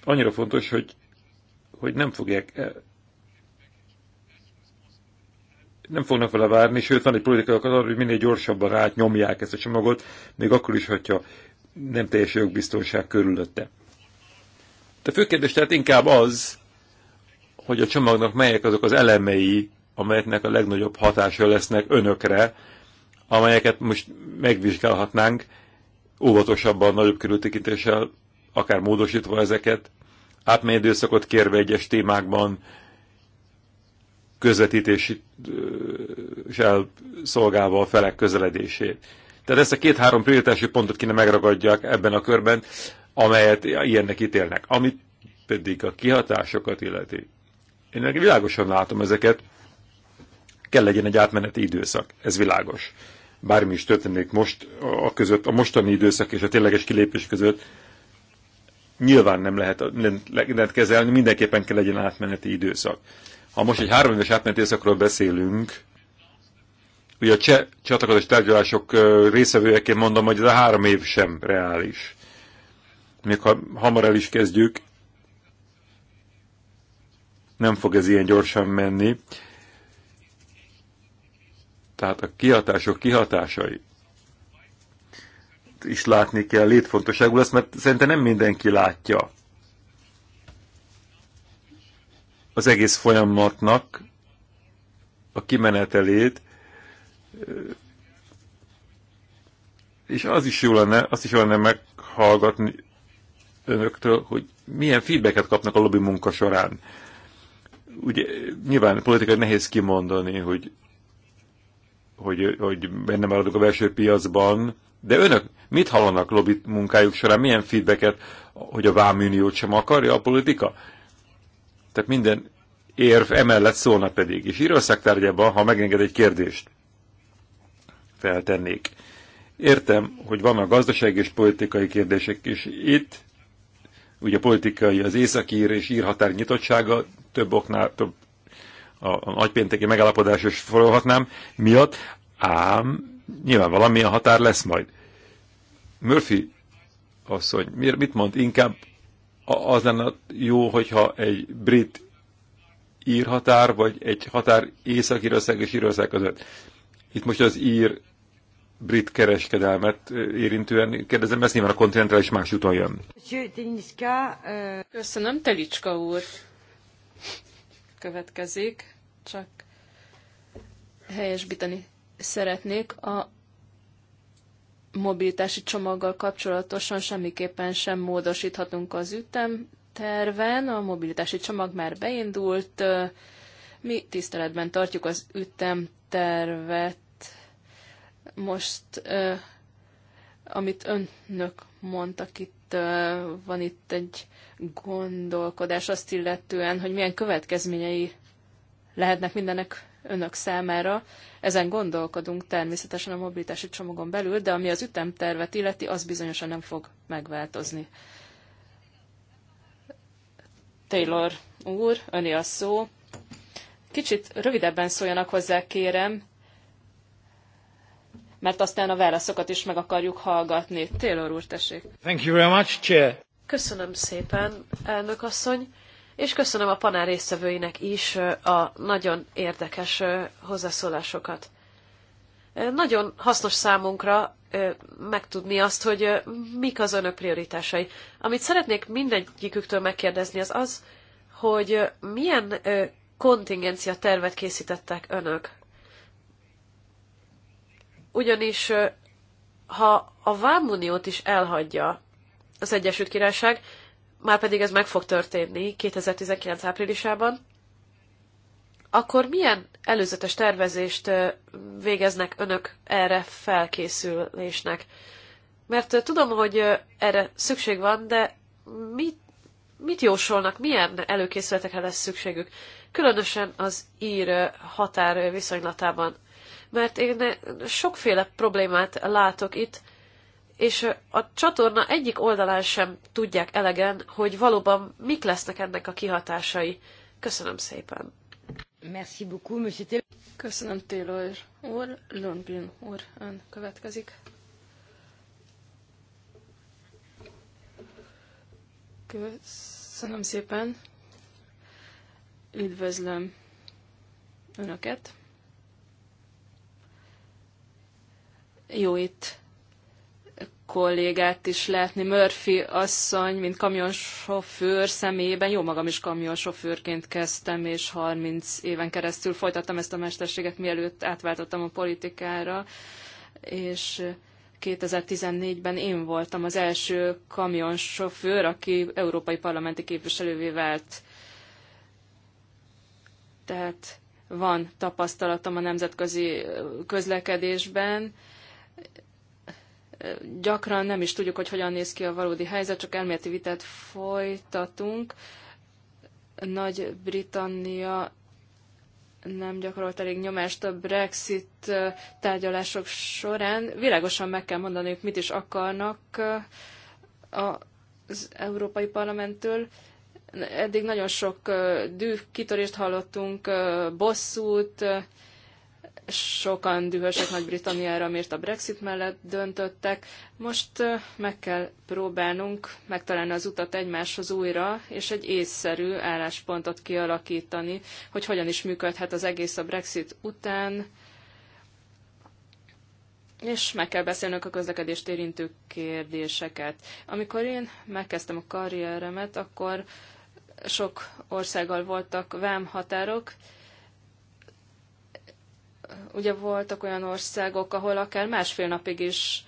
Annyira fontos, hogy, hogy nem fogják e- nem fognak vele várni, sőt van egy politikai akarat, hogy minél gyorsabban átnyomják ezt a csomagot, még akkor is, hogyha nem teljes jogbiztonság körülötte. De fő kérdés tehát inkább az, hogy a csomagnak melyek azok az elemei, amelyeknek a legnagyobb hatása lesznek önökre, amelyeket most megvizsgálhatnánk óvatosabban, nagyobb körültekintéssel, akár módosítva ezeket, átmenő időszakot kérve egyes témákban, közvetítési szolgálva a felek közeledését. Tehát ezt a két-három prioritási pontot kéne megragadják ebben a körben, amelyet ilyennek ítélnek. Amit pedig a kihatásokat illeti. Én meg világosan látom ezeket, kell legyen egy átmeneti időszak, ez világos. Bármi is történik most, a, között, a mostani időszak és a tényleges kilépés között, nyilván nem lehet mindent kezelni, mindenképpen kell legyen átmeneti időszak. Ha most egy három éves átmeneti éjszakról beszélünk, ugye a cseh csatlakozás tárgyalások részevőjeként mondom, hogy ez a három év sem reális. Még ha hamar el is kezdjük, nem fog ez ilyen gyorsan menni. Tehát a kihatások kihatásai is látni kell, létfontosságú lesz, mert szerintem nem mindenki látja az egész folyamatnak a kimenetelét, és az is jó lenne, azt is jó lenne meghallgatni önöktől, hogy milyen feedbacket kapnak a lobby munka során. Ugye nyilván politikai nehéz kimondani, hogy, hogy, hogy benne maradok a belső piacban, de önök mit hallanak lobby munkájuk során? Milyen feedbacket, hogy a vámuniót sem akarja a politika? Tehát minden érv emellett szólna pedig. És Írország tárgyában, ha megenged egy kérdést, feltennék. Értem, hogy van a gazdasági és politikai kérdések is itt, ugye a politikai, az északír és írhatár nyitottsága több oknál, több a, a nagypénteki megállapodás is forolhatnám miatt, ám nyilván valamilyen határ lesz majd. Murphy asszony, mit mond, inkább az lenne jó, hogyha egy brit ír határ, vagy egy határ Észak-Írország és Írország között. Itt most az ír brit kereskedelmet érintően kérdezem, ez nyilván a kontinentális más úton jön. Köszönöm, Telicska úr. Következik, csak helyesbíteni szeretnék. A mobilitási csomaggal kapcsolatosan semmiképpen sem módosíthatunk az terven. A mobilitási csomag már beindult. Mi tiszteletben tartjuk az ütemtervet. Most, amit önök mondtak itt, van itt egy gondolkodás azt illetően, hogy milyen következményei lehetnek mindennek önök számára. Ezen gondolkodunk természetesen a mobilitási csomagon belül, de ami az ütemtervet illeti, az bizonyosan nem fog megváltozni. Taylor úr, öné a szó. Kicsit rövidebben szóljanak hozzá, kérem, mert aztán a válaszokat is meg akarjuk hallgatni. Taylor úr, tessék. Thank you very much, Chair. Köszönöm szépen, elnök asszony és köszönöm a panel résztvevőinek is a nagyon érdekes hozzászólásokat. Nagyon hasznos számunkra megtudni azt, hogy mik az önök prioritásai. Amit szeretnék mindegyiküktől megkérdezni, az az, hogy milyen kontingencia tervet készítettek önök. Ugyanis ha a Vámuniót is elhagyja az Egyesült Királyság, már pedig ez meg fog történni 2019 áprilisában, akkor milyen előzetes tervezést végeznek önök erre felkészülésnek? Mert tudom, hogy erre szükség van, de mit, mit jósolnak, milyen előkészületekre lesz szükségük? Különösen az ír határ viszonylatában. Mert én sokféle problémát látok itt, és a csatorna egyik oldalán sem tudják elegen, hogy valóban mik lesznek ennek a kihatásai. Köszönöm szépen. Merci beaucoup, monsieur Taylor. Köszönöm, Taylor úr. Lundgren úr, ön következik. Köszönöm szépen. Üdvözlöm Önöket. Jó itt kollégát is látni, Murphy asszony, mint kamionsofőr személyében, jó magam is kamionsofőrként kezdtem, és 30 éven keresztül folytattam ezt a mesterséget, mielőtt átváltottam a politikára, és 2014-ben én voltam az első kamionsofőr, aki európai parlamenti képviselővé vált. Tehát van tapasztalatom a nemzetközi közlekedésben, gyakran nem is tudjuk, hogy hogyan néz ki a valódi helyzet, csak elméleti vitát folytatunk. Nagy-Britannia nem gyakorolt elég nyomást a Brexit tárgyalások során. Világosan meg kell mondani, hogy mit is akarnak az Európai Parlamenttől. Eddig nagyon sok dű kitörést hallottunk, bosszút, sokan dühösek Nagy-Britanniára, miért a Brexit mellett döntöttek. Most meg kell próbálnunk megtalálni az utat egymáshoz újra, és egy észszerű álláspontot kialakítani, hogy hogyan is működhet az egész a Brexit után, és meg kell beszélnünk a közlekedést érintő kérdéseket. Amikor én megkezdtem a karrieremet, akkor sok országgal voltak vámhatárok, határok, ugye voltak olyan országok, ahol akár másfél napig is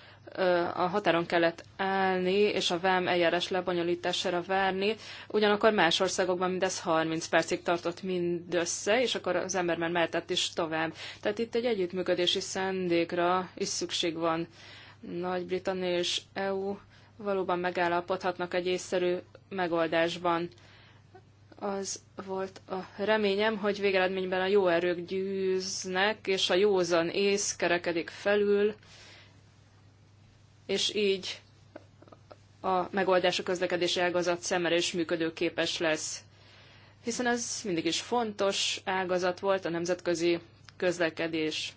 a határon kellett állni, és a vám eljárás lebonyolítására várni. Ugyanakkor más országokban mindez 30 percig tartott mindössze, és akkor az ember már mehetett is tovább. Tehát itt egy együttműködési szándékra is szükség van. Nagy-Britannia és EU valóban megállapodhatnak egy észszerű megoldásban az volt a reményem, hogy végeredményben a jó erők győznek, és a józan ész kerekedik felül, és így a megoldás a közlekedési ágazat szemre is működőképes lesz. Hiszen ez mindig is fontos ágazat volt a nemzetközi közlekedés.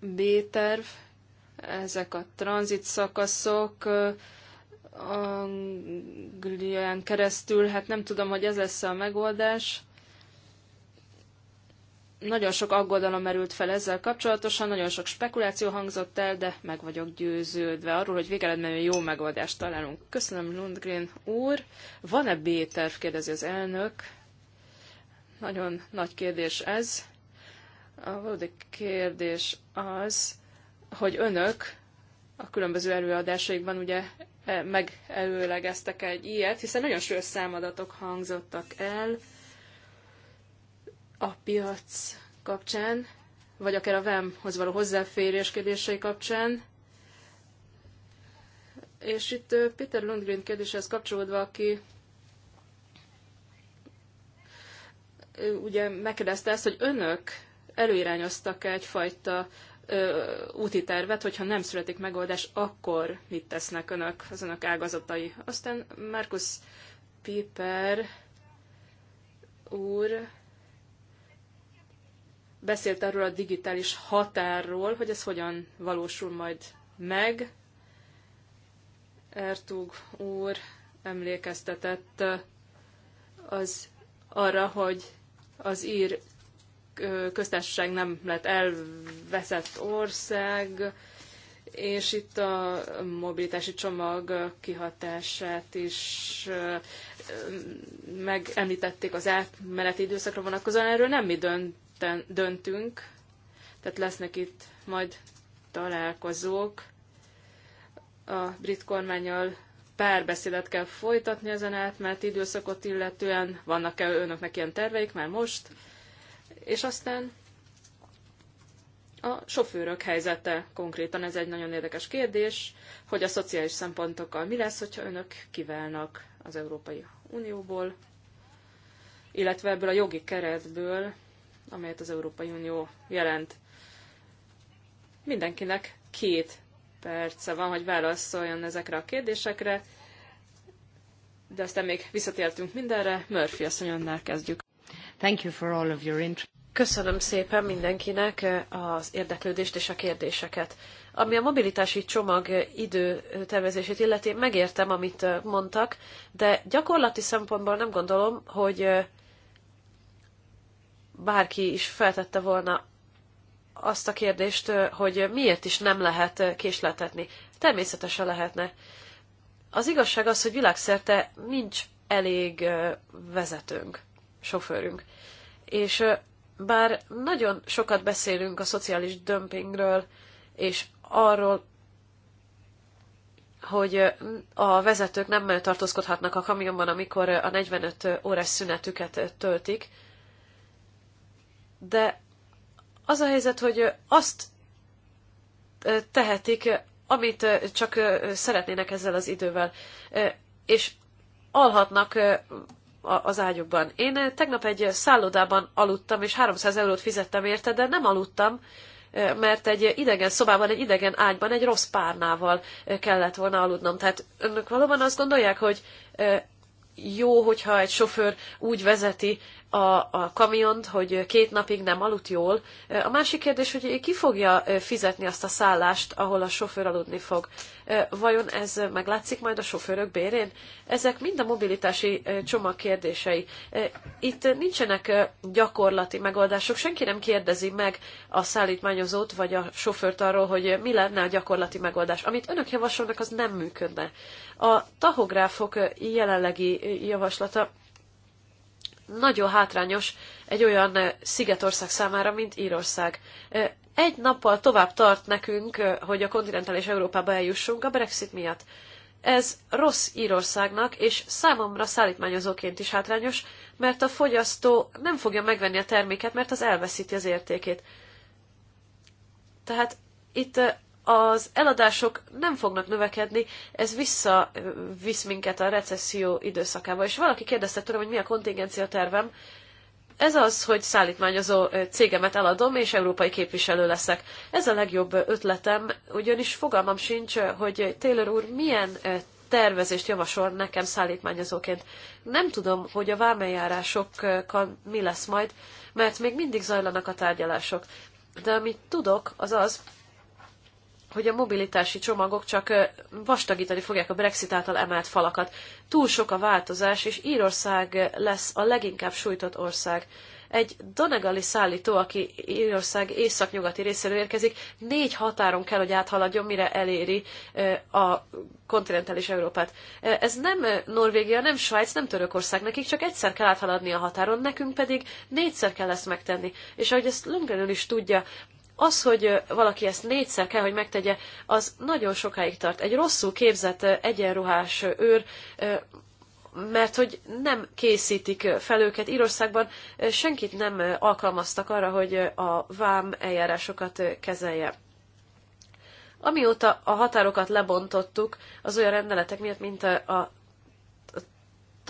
B-terv, ezek a tranzit szakaszok, Anglián keresztül, hát nem tudom, hogy ez lesz a megoldás. Nagyon sok aggodalom merült fel ezzel kapcsolatosan, nagyon sok spekuláció hangzott el, de meg vagyok győződve arról, hogy végeredményben jó megoldást találunk. Köszönöm, Lundgren úr. Van-e B-terv, kérdezi az elnök. Nagyon nagy kérdés ez. A valódi kérdés az, hogy önök a különböző előadásaikban ugye E, megelőlegeztek egy ilyet, hiszen nagyon súlyos számadatok hangzottak el a piac kapcsán, vagy akár a VEM-hoz való hozzáférés kérdései kapcsán. És itt Peter Lundgren kérdéshez kapcsolódva, aki ugye megkérdezte ezt, hogy önök előirányoztak -e egyfajta úti tervet, hogyha nem születik megoldás, akkor mit tesznek önök, az önök ágazatai. Aztán Markus Piper úr beszélt arról a digitális határról, hogy ez hogyan valósul majd meg. Ertug úr emlékeztetett az arra, hogy az ír köztársaság nem lett elveszett ország, és itt a mobilitási csomag kihatását is megemlítették az átmeneti időszakra vonatkozóan. Erről nem mi dönten, döntünk, tehát lesznek itt majd találkozók. A brit kormányjal párbeszédet kell folytatni ezen átmeneti időszakot illetően. Vannak-e önöknek ilyen terveik már most? És aztán a sofőrök helyzete konkrétan, ez egy nagyon érdekes kérdés, hogy a szociális szempontokkal mi lesz, hogyha önök kiválnak az Európai Unióból, illetve ebből a jogi keretből, amelyet az Európai Unió jelent. Mindenkinek két perce van, hogy válaszoljon ezekre a kérdésekre, de aztán még visszatértünk mindenre. Murphy asszonyonnál kezdjük. Thank you for all of your interest. Köszönöm szépen mindenkinek eh, az érdeklődést és a kérdéseket. Ami a mobilitási csomag időtervezését illeti, megértem, amit eh, mondtak, de gyakorlati szempontból nem gondolom, hogy eh, bárki is feltette volna azt a kérdést, hogy miért is nem lehet késleltetni. Természetesen lehetne. Az igazság az, hogy világszerte nincs elég vezetőnk sofőrünk. És bár nagyon sokat beszélünk a szociális dömpingről, és arról, hogy a vezetők nem tartózkodhatnak a kamionban, amikor a 45 órás szünetüket töltik, de az a helyzet, hogy azt tehetik, amit csak szeretnének ezzel az idővel, és alhatnak az ágyukban. Én eh, tegnap egy eh, szállodában aludtam, és 300 eurót fizettem érte, de nem aludtam, eh, mert egy idegen szobában, egy idegen ágyban, egy rossz párnával kellett volna aludnom. Tehát önök valóban azt gondolják, hogy jó, hogyha egy sofőr úgy vezeti a, a kamiont, hogy két napig nem aludt jól. A másik kérdés, hogy ki fogja fizetni azt a szállást, ahol a sofőr aludni fog. Vajon ez meglátszik majd a sofőrök bérén? Ezek mind a mobilitási csomag kérdései. Itt nincsenek gyakorlati megoldások. Senki nem kérdezi meg a szállítmányozót vagy a sofőrt arról, hogy mi lenne a gyakorlati megoldás. Amit önök javasolnak, az nem működne. A tahográfok jelenlegi javaslata nagyon hátrányos egy olyan eh, szigetország számára, mint Írország. Eh, egy nappal tovább tart nekünk, eh, hogy a kontinentális Európába eljussunk a Brexit miatt. Ez rossz Írországnak, és számomra szállítmányozóként is hátrányos, mert a fogyasztó nem fogja megvenni a terméket, mert az elveszíti az értékét. Tehát itt az eladások nem fognak növekedni, ez visszavisz minket a recesszió időszakába. És valaki kérdezte tőlem, hogy mi a kontingencia tervem. Ez az, hogy szállítmányozó cégemet eladom, és európai képviselő leszek. Ez a legjobb ötletem, ugyanis fogalmam sincs, hogy Taylor úr milyen tervezést javasol nekem szállítmányozóként. Nem tudom, hogy a vámeljárásokkal mi lesz majd, mert még mindig zajlanak a tárgyalások. De amit tudok, az az, hogy a mobilitási csomagok csak vastagítani fogják a Brexit által emelt falakat. Túl sok a változás, és Írország lesz a leginkább sújtott ország. Egy Donegali szállító, aki Írország északnyugati részéről érkezik, négy határon kell, hogy áthaladjon, mire eléri a kontinentális Európát. Ez nem Norvégia, nem Svájc, nem Törökország, nekik csak egyszer kell áthaladni a határon, nekünk pedig négyszer kell ezt megtenni. És ahogy ezt Lungenül is tudja, az, hogy valaki ezt négyszer kell, hogy megtegye, az nagyon sokáig tart. Egy rosszul képzett egyenruhás őr mert hogy nem készítik fel őket. Írországban senkit nem alkalmaztak arra, hogy a vám eljárásokat kezelje. Amióta a határokat lebontottuk az olyan rendeletek miatt, mint a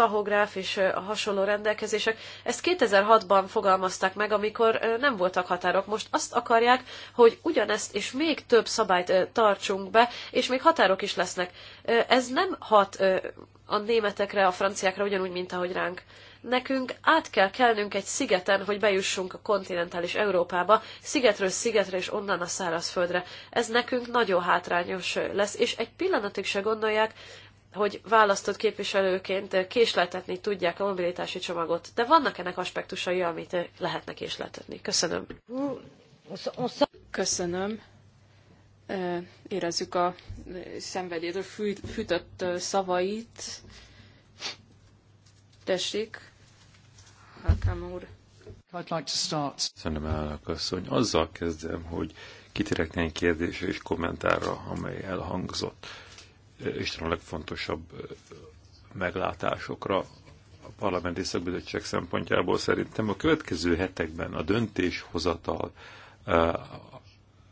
tahográf és a hasonló rendelkezések, ezt 2006-ban fogalmazták meg, amikor nem voltak határok. Most azt akarják, hogy ugyanezt és még több szabályt tartsunk be, és még határok is lesznek. Ez nem hat a németekre, a franciákra ugyanúgy, mint ahogy ránk. Nekünk át kell kelnünk egy szigeten, hogy bejussunk a kontinentális Európába, szigetről szigetre és onnan a szárazföldre. Ez nekünk nagyon hátrányos lesz, és egy pillanatig se gondolják, hogy választott képviselőként késletetni tudják a mobilitási csomagot, de vannak ennek aspektusai, amit lehetne késletetni. Köszönöm. Köszönöm. Érezzük a szenvedélytől fűtött szavait. Tessék, Halkám úr. Szerintem elnök asszony, azzal kezdem, hogy kitérek néhány kérdésre és kommentárra, amely elhangzott Isten a legfontosabb meglátásokra a parlamenti szakbizottság szempontjából szerintem a következő hetekben a döntéshozatal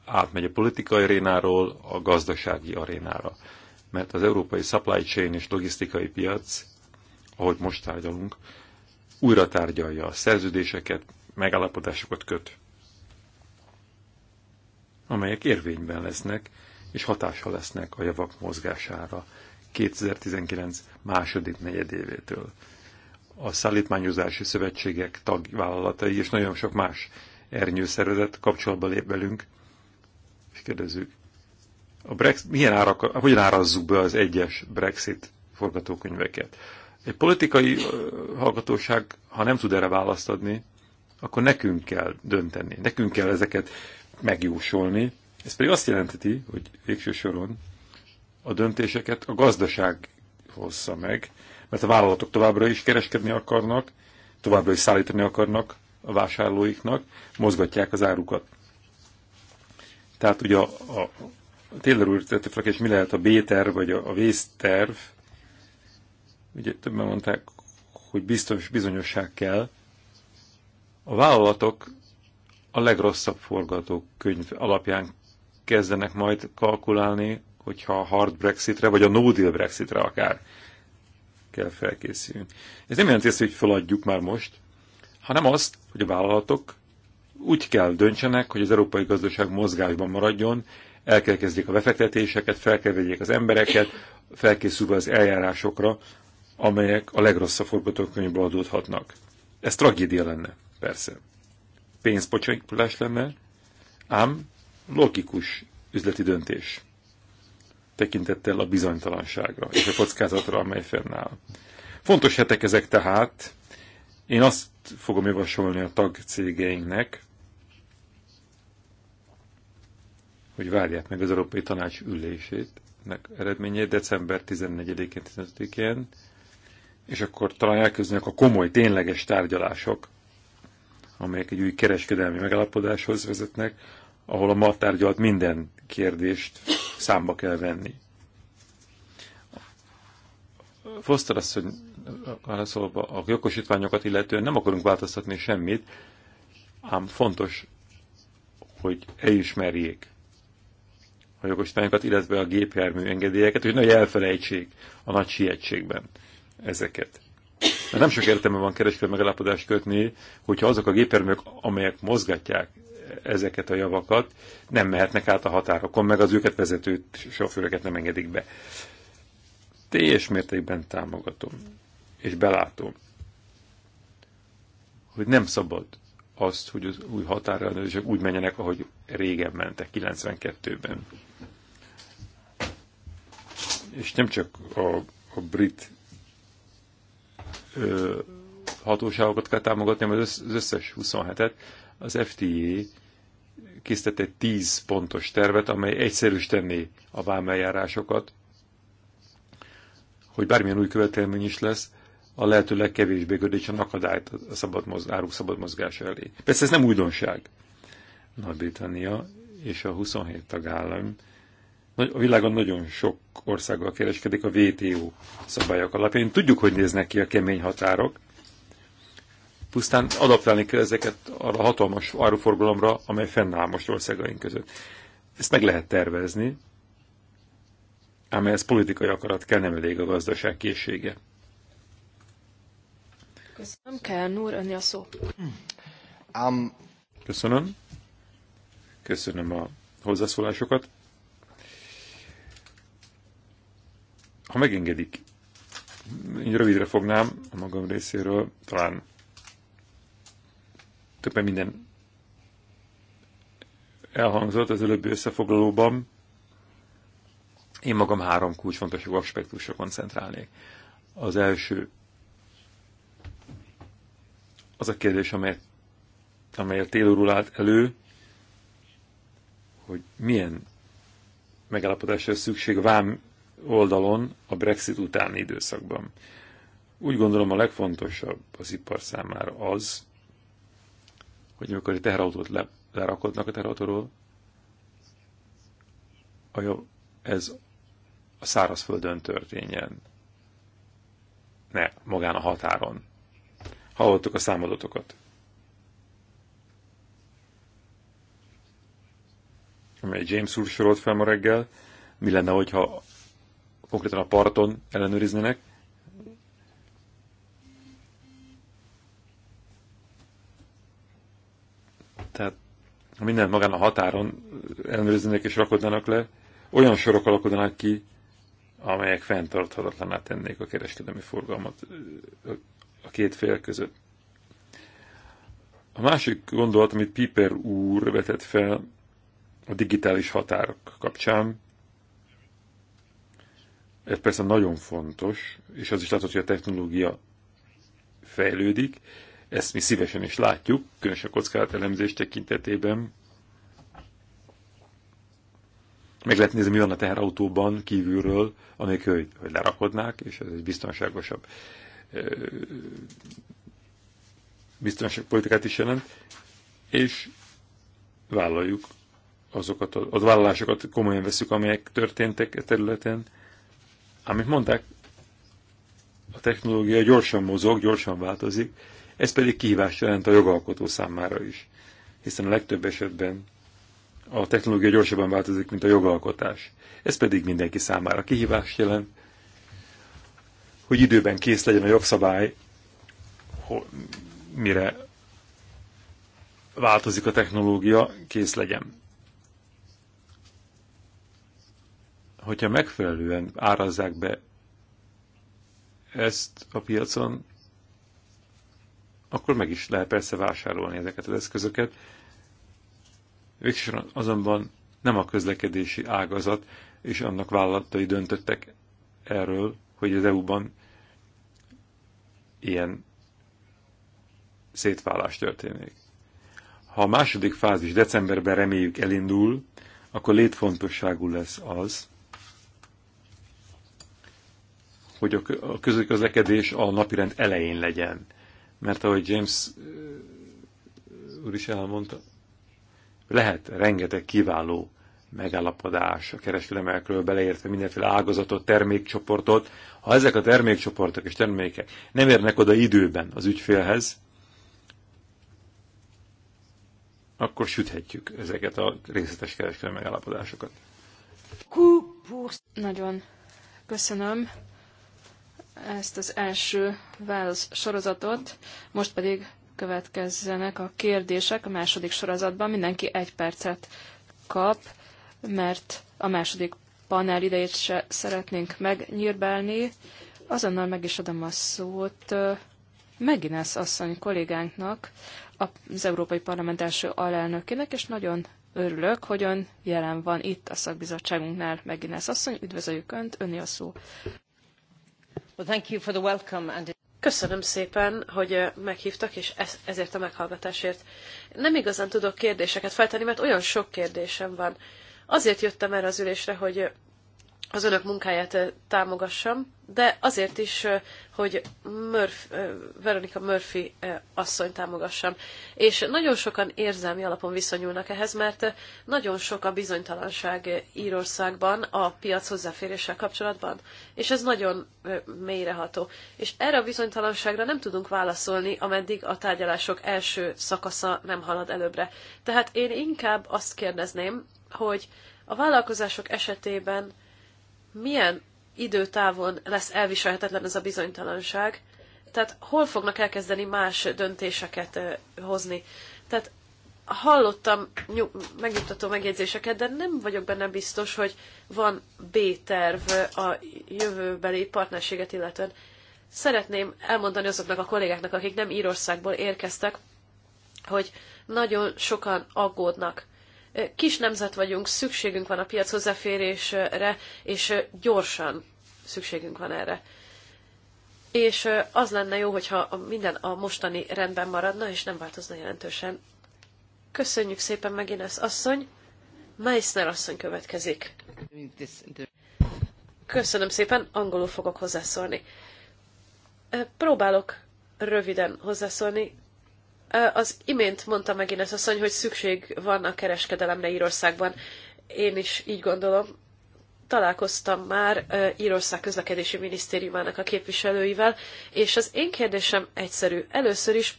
átmegy a politikai arénáról a gazdasági arénára. Mert az európai supply chain és logisztikai piac, ahogy most tárgyalunk, újra tárgyalja a szerződéseket, megállapodásokat köt, amelyek érvényben lesznek és hatással lesznek a javak mozgására 2019 második negyedévétől. A szállítmányozási szövetségek tagvállalatai és nagyon sok más ernyőszervezet kapcsolatba lép velünk, és kérdezzük, a Brexit, milyen árak, hogyan árazzuk be az egyes Brexit forgatókönyveket? Egy politikai hallgatóság, ha nem tud erre választ adni, akkor nekünk kell dönteni, nekünk kell ezeket megjósolni, ez pedig azt jelenteti, hogy végső soron a döntéseket a gazdaság hozza meg, mert a vállalatok továbbra is kereskedni akarnak, továbbra is szállítani akarnak a vásárlóiknak, mozgatják az árukat. Tehát ugye a, a Taylor úr tette fel, és mi lehet a B-terv, vagy a, a vészterv, ugye többen mondták, hogy biztos bizonyosság kell. A vállalatok a legrosszabb forgatókönyv alapján kezdenek majd kalkulálni, hogyha a hard Brexitre, vagy a no deal Brexitre akár kell felkészülni. Ez nem jelenti ezt, hogy feladjuk már most, hanem azt, hogy a vállalatok úgy kell döntsenek, hogy az európai gazdaság mozgásban maradjon, el kell kezdjék a befektetéseket, fel kell vegyék az embereket, felkészülve az eljárásokra, amelyek a legrosszabb forgatókönyvből adódhatnak. Ez tragédia lenne, persze. Pénzpocsolás lenne, ám logikus üzleti döntés tekintettel a bizonytalanságra és a kockázatra, amely fennáll. Fontos hetek ezek tehát. Én azt fogom javasolni a tagcégeinknek, hogy várják meg az Európai Tanács ülését, ennek eredményét december 14-én, 15-én, és akkor talán elkezdenek a komoly, tényleges tárgyalások, amelyek egy új kereskedelmi megállapodáshoz vezetnek, ahol a ma tárgyalt minden kérdést számba kell venni. Foster asszony, szólva a jogosítványokat illetően nem akarunk változtatni semmit, ám fontos, hogy elismerjék a jogosítványokat, illetve a gépjármű engedélyeket, hogy nagy elfelejtsék a nagy sietségben ezeket. Mert nem sok értelme van kereskedelmi megállapodást kötni, hogyha azok a gépjárműek, amelyek mozgatják ezeket a javakat, nem mehetnek át a határokon, meg az őket vezető sofőröket nem engedik be. Teljes mértékben támogatom, és belátom, hogy nem szabad azt, hogy az új határellenőrzések úgy menjenek, ahogy régen mentek, 92-ben. És nem csak a, a brit ö, hatóságokat kell támogatni, hanem az összes 27-et, az FTA készített egy tíz pontos tervet, amely egyszerűsítené a vámeljárásokat, hogy bármilyen új követelmény is lesz, a lehető legkevésbé gödítsen akadályt a szabad mozg, áruk szabad mozgása elé. Persze ez nem újdonság. Nagy-Britannia és a 27 tagállam a világon nagyon sok országgal kereskedik a WTO szabályok alapján. Tudjuk, hogy néznek ki a kemény határok, pusztán adaptálni kell ezeket arra hatalmas áruforgalomra, amely fennáll most országaink között. Ezt meg lehet tervezni, ám ez politikai akarat kell, nem elég a gazdaság készsége. Köszönöm, kell Núr, önni a szó. Um. Köszönöm. Köszönöm a hozzászólásokat. Ha megengedik, én rövidre fognám a magam részéről, talán többen minden elhangzott az előbbi összefoglalóban. Én magam három kulcsfontosú aspektusra koncentrálnék. Az első az a kérdés, amelyet, a Taylor állt elő, hogy milyen megállapodásra szükség vám oldalon a Brexit utáni időszakban. Úgy gondolom a legfontosabb az ipar számára az, hogy amikor egy teherautót le, lerakodnak a teherautóról, a jó ez a szárazföldön történjen, ne magán a határon. Hallottuk a számadatokat. amely James úr sorolt fel ma reggel, mi lenne, hogyha konkrétan a parton ellenőriznének. ha mindent magán a határon ellenőriznének és rakodnának le, olyan sorok alakodnának ki, amelyek fenntarthatatlaná tennék a kereskedelmi forgalmat a két fél között. A másik gondolat, amit Piper úr vetett fel a digitális határok kapcsán, ez persze nagyon fontos, és az is látható, hogy a technológia fejlődik, ezt mi szívesen is látjuk, különösen a elemzés tekintetében. Meg lehet nézni, mi van a teherautóban kívülről, anélkül, hogy, hogy lerakodnák, és ez egy biztonságosabb biztonságpolitikát is jelent, és vállaljuk azokat a, az vállalásokat, komolyan veszük, amelyek történtek a e területen. Amit mondták, a technológia gyorsan mozog, gyorsan változik, ez pedig kihívást jelent a jogalkotó számára is, hiszen a legtöbb esetben a technológia gyorsabban változik, mint a jogalkotás. Ez pedig mindenki számára kihívást jelent, hogy időben kész legyen a jogszabály, mire változik a technológia, kész legyen. Hogyha megfelelően árazzák be ezt a piacon, akkor meg is lehet persze vásárolni ezeket az eszközöket. Végsősorban azonban nem a közlekedési ágazat és annak vállalatai döntöttek erről, hogy az EU-ban ilyen szétválás történik. Ha a második fázis decemberben reméljük elindul, akkor létfontosságú lesz az, hogy a közlekedés a napirend elején legyen mert ahogy James eh, úr is elmondta, lehet rengeteg kiváló megállapodás a kereskedelmekről beleértve mindenféle ágazatot, termékcsoportot. Ha ezek a termékcsoportok és termékek nem érnek oda időben az ügyfélhez, akkor süthetjük ezeket a részletes kereskedelmi megállapodásokat. Nagyon köszönöm ezt az első válasz sorozatot, most pedig következzenek a kérdések a második sorozatban. Mindenki egy percet kap, mert a második panel idejét se szeretnénk megnyírbálni. Azonnal meg is adom a szót Meginesz asszony kollégánknak, az Európai Parlament első alelnökének, és nagyon örülök, hogy ön jelen van itt a szakbizottságunknál. Meginesz asszony, üdvözöljük Önt, öné a szó. Köszönöm szépen, hogy meghívtak, és ezért a meghallgatásért. Nem igazán tudok kérdéseket feltenni, mert olyan sok kérdésem van. Azért jöttem erre az ülésre, hogy az önök munkáját támogassam, de azért is, hogy Murphy, Veronika Murphy asszony támogassam. És nagyon sokan érzelmi alapon viszonyulnak ehhez, mert nagyon sok a bizonytalanság Írországban a piac hozzáféréssel kapcsolatban, és ez nagyon mélyreható. És erre a bizonytalanságra nem tudunk válaszolni, ameddig a tárgyalások első szakasza nem halad előbbre. Tehát én inkább azt kérdezném, hogy a vállalkozások esetében milyen időtávon lesz elviselhetetlen ez a bizonytalanság, tehát hol fognak elkezdeni más döntéseket hozni. Tehát hallottam nyug- megnyugtató megjegyzéseket, de nem vagyok benne biztos, hogy van B-terv a jövőbeli partnerséget illetően. Szeretném elmondani azoknak a kollégáknak, akik nem Írországból érkeztek, hogy nagyon sokan aggódnak. Kis nemzet vagyunk, szükségünk van a piac hozzáférésre, és gyorsan szükségünk van erre. És az lenne jó, hogyha minden a mostani rendben maradna, és nem változna jelentősen. Köszönjük szépen megint az asszony. Meissner asszony következik. Köszönöm szépen, angolul fogok hozzászólni. Próbálok röviden hozzászólni, az imént mondta megint ez asszony, hogy szükség van a kereskedelemre Írországban. Én is így gondolom. Találkoztam már Írország közlekedési minisztériumának a képviselőivel, és az én kérdésem egyszerű. Először is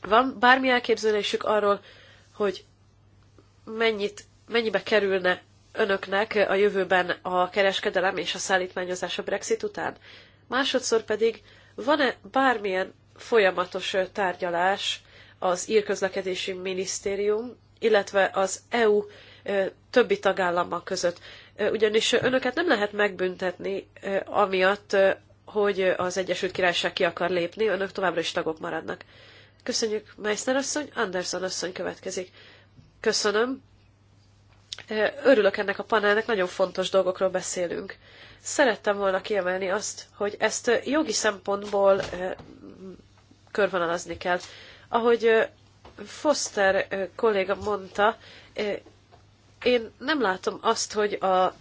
van bármi elképzelésük arról, hogy mennyit, mennyibe kerülne önöknek a jövőben a kereskedelem és a szállítmányozás a Brexit után? Másodszor pedig van-e bármilyen folyamatos tárgyalás az írközlekedési minisztérium, illetve az EU többi tagállama között. Ugyanis önöket nem lehet megbüntetni amiatt, hogy az Egyesült Királyság ki akar lépni, önök továbbra is tagok maradnak. Köszönjük, Meissner asszony, Anderson asszony következik. Köszönöm. Örülök ennek a panelnek, nagyon fontos dolgokról beszélünk. Szerettem volna kiemelni azt, hogy ezt jogi szempontból körvonalazni kell. Ahogy Foster kolléga mondta, én nem látom azt, hogy a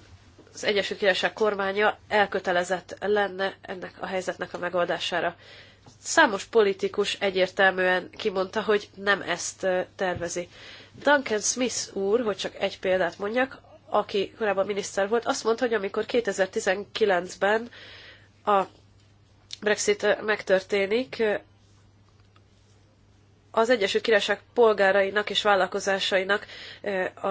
az Egyesült Királyság kormánya elkötelezett lenne ennek a helyzetnek a megoldására. Számos politikus egyértelműen kimondta, hogy nem ezt tervezi. Duncan Smith úr, hogy csak egy példát mondjak, aki korábban miniszter volt, azt mondta, hogy amikor 2019-ben a Brexit megtörténik, az Egyesült Királyság polgárainak és vállalkozásainak a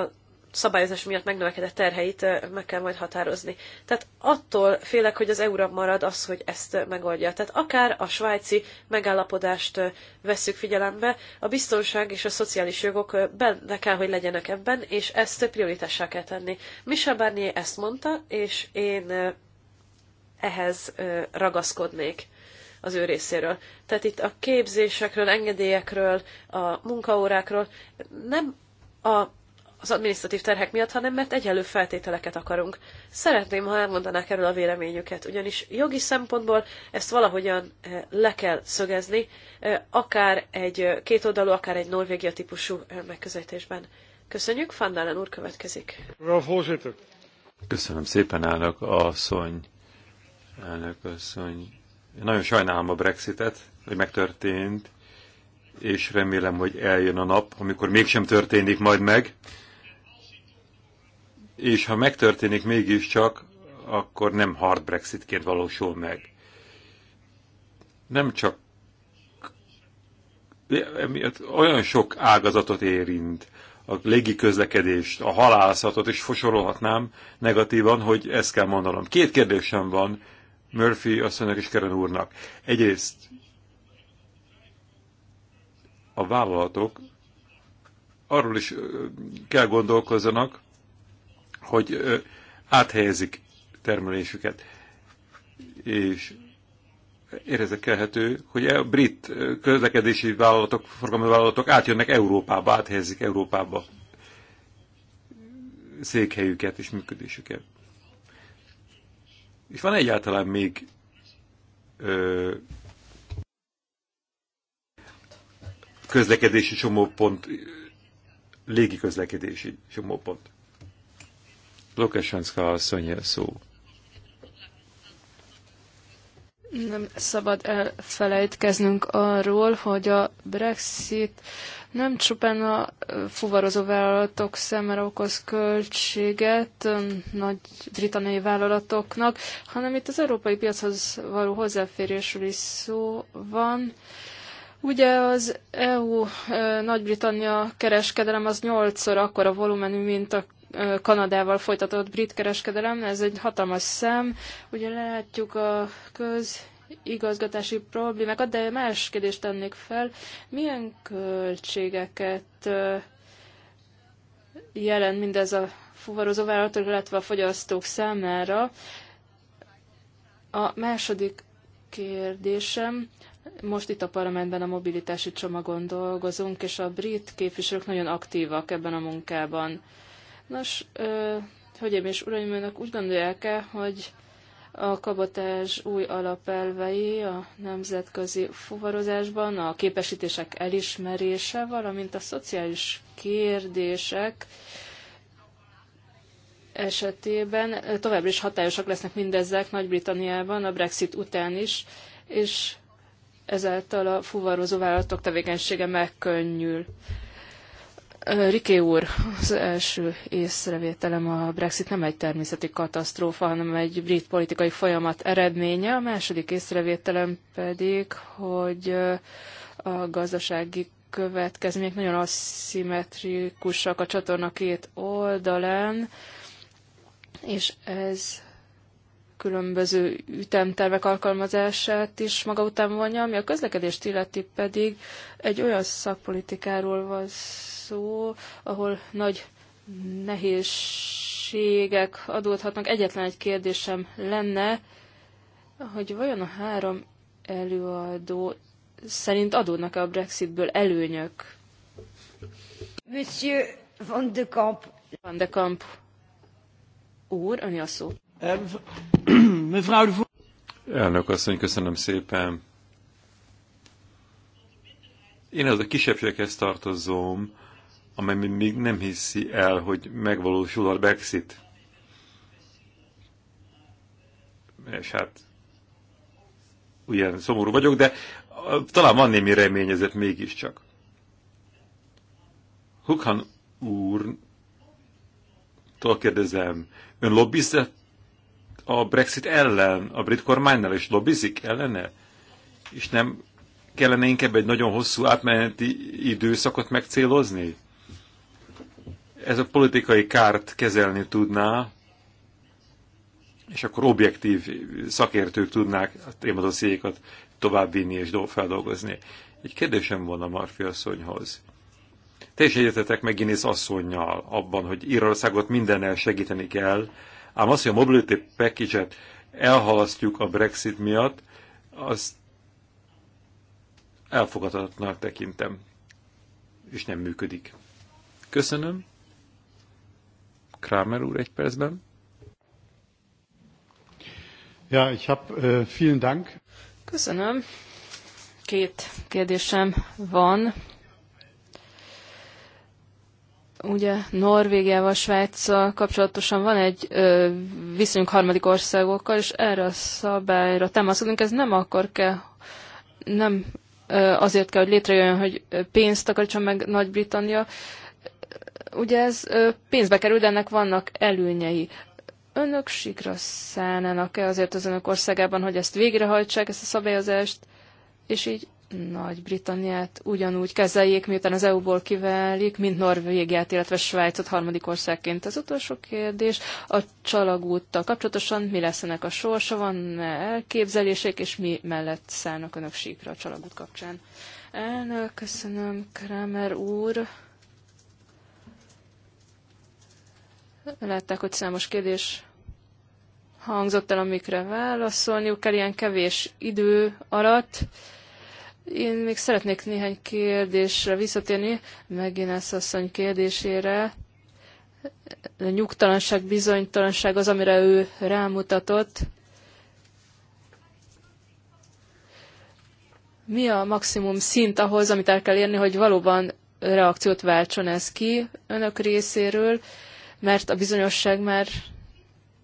szabályozás miatt megnövekedett terheit meg kell majd határozni. Tehát attól félek, hogy az euró marad az, hogy ezt megoldja. Tehát akár a svájci megállapodást vesszük figyelembe, a biztonság és a szociális jogok benne kell, hogy legyenek ebben, és ezt prioritássá kell tenni. Michel Barnier ezt mondta, és én ehhez ragaszkodnék az ő részéről. Tehát itt a képzésekről, engedélyekről, a munkaórákról nem a, az adminisztratív terhek miatt, hanem mert egyenlő feltételeket akarunk. Szeretném, ha elmondanák erről a véleményüket, ugyanis jogi szempontból ezt valahogyan eh, le kell szögezni, eh, akár egy eh, kétoldalú, akár egy Norvégia típusú megközelítésben. Köszönjük, Fandalen úr következik. Köszönöm szépen, a szony. Elnök asszony, én nagyon sajnálom a Brexitet, hogy megtörtént, és remélem, hogy eljön a nap, amikor mégsem történik majd meg. És ha megtörténik mégiscsak, akkor nem hard Brexitként valósul meg. Nem csak olyan sok ágazatot érint, a légiközlekedést, a halászatot, és fosorolhatnám negatívan, hogy ezt kell mondanom. Két kérdésem van Murphy asszonynak és Keren úrnak. Egyrészt a vállalatok arról is kell gondolkozzanak, hogy áthelyezik termelésüket. És érezekelhető, hogy a brit közlekedési vállalatok, forgalmi vállalatok átjönnek Európába, áthelyezik Európába székhelyüket és működésüket. És van egyáltalán még ö, közlekedési csomópont, légi közlekedési csomópont? Lukasenszka asszony szó. Nem szabad elfelejtkeznünk arról, hogy a Brexit nem csupán a fuvarozó vállalatok számára okoz költséget nagy-britanniai vállalatoknak, hanem itt az európai piachoz való hozzáférésről is szó van. Ugye az EU Nagy-Britannia kereskedelem az nyolcszor akkora volumenű, mint a Kanadával folytatott brit kereskedelem, ez egy hatalmas szám. Ugye látjuk a köz igazgatási problémákat, de más kérdést tennék fel. Milyen költségeket jelent mindez a fuvarozó vállalatok, illetve a fogyasztók számára? A második kérdésem, most itt a parlamentben a mobilitási csomagon dolgozunk, és a brit képviselők nagyon aktívak ebben a munkában. Nos, hölgyeim és uraim, önök úgy gondolják-e, hogy a kabotás új alapelvei a nemzetközi fuvarozásban, a képesítések elismerése, valamint a szociális kérdések esetében továbbra is hatályosak lesznek mindezek Nagy-Britanniában a Brexit után is, és ezáltal a fuvarozó vállalatok tevékenysége megkönnyül. Riké úr, az első észrevételem a Brexit nem egy természeti katasztrófa, hanem egy brit politikai folyamat eredménye. A második észrevételem pedig, hogy a gazdasági következmények nagyon aszimmetrikusak a csatorna két oldalán, és ez különböző ütemtervek alkalmazását is maga után vonja, ami a közlekedést illeti pedig egy olyan szakpolitikáról van szó, ahol nagy nehézségek adódhatnak. Egyetlen egy kérdésem lenne, hogy vajon a három előadó szerint adódnak-e a Brexitből előnyök? Monsieur Van de Kamp. Van de Kamp úr, öni a szó. Mevrouw de Elnök asszony, köszönöm szépen. Én az a kisebbséghez tartozom, amely még nem hiszi el, hogy megvalósul a Brexit. És hát ugyan szomorú vagyok, de talán van némi reményezet mégiscsak. Hukhan úr, kérdezem, ön lobbizett a Brexit ellen, a brit kormánynál is lobbizik ellene? És nem kellene inkább egy nagyon hosszú átmeneti időszakot megcélozni? Ez a politikai kárt kezelni tudná, és akkor objektív szakértők tudnák a tovább továbbvinni és feldolgozni. Egy kérdésem a Marfi asszonyhoz. Te is egyetetek meg Guinness asszonynal abban, hogy Írországot mindennel segíteni kell, Ám az, hogy a mobility package elhalasztjuk a Brexit miatt, az elfogadhatatlanak tekintem, és nem működik. Köszönöm. Kramer úr egy percben. Ja, ich hab, uh, vielen Dank. Köszönöm. Két kérdésem van. Ugye Norvégiával, Svájccal kapcsolatosan van egy ö, viszonyunk harmadik országokkal, és erre a szabályra támaszkodunk, ez nem akkor kell, nem ö, azért kell, hogy létrejöjjön, hogy pénzt akarítson meg Nagy-Britannia. Ugye ez ö, pénzbe kerül, de ennek vannak előnyei. Önök sikra szállnának-e azért az önök országában, hogy ezt végrehajtsák, ezt a szabályozást, és így nagy-Britanniát ugyanúgy kezeljék, miután az EU-ból kiválik, mint Norvégiát, illetve Svájcot harmadik országként. Az utolsó kérdés, a csalagúttal kapcsolatosan mi lesz ennek a sorsa, van elképzelések, és mi mellett szállnak önök síkra a csalagút kapcsán? Elnök, köszönöm, Kramer úr. Látták, hogy számos kérdés hangzott el, amikre válaszolniuk kell ilyen kevés idő alatt. Én még szeretnék néhány kérdésre visszatérni, megint ezt asszony kérdésére. A nyugtalanság, bizonytalanság az, amire ő rámutatott. Mi a maximum szint ahhoz, amit el kell érni, hogy valóban reakciót váltson ez ki önök részéről, mert a bizonyosság már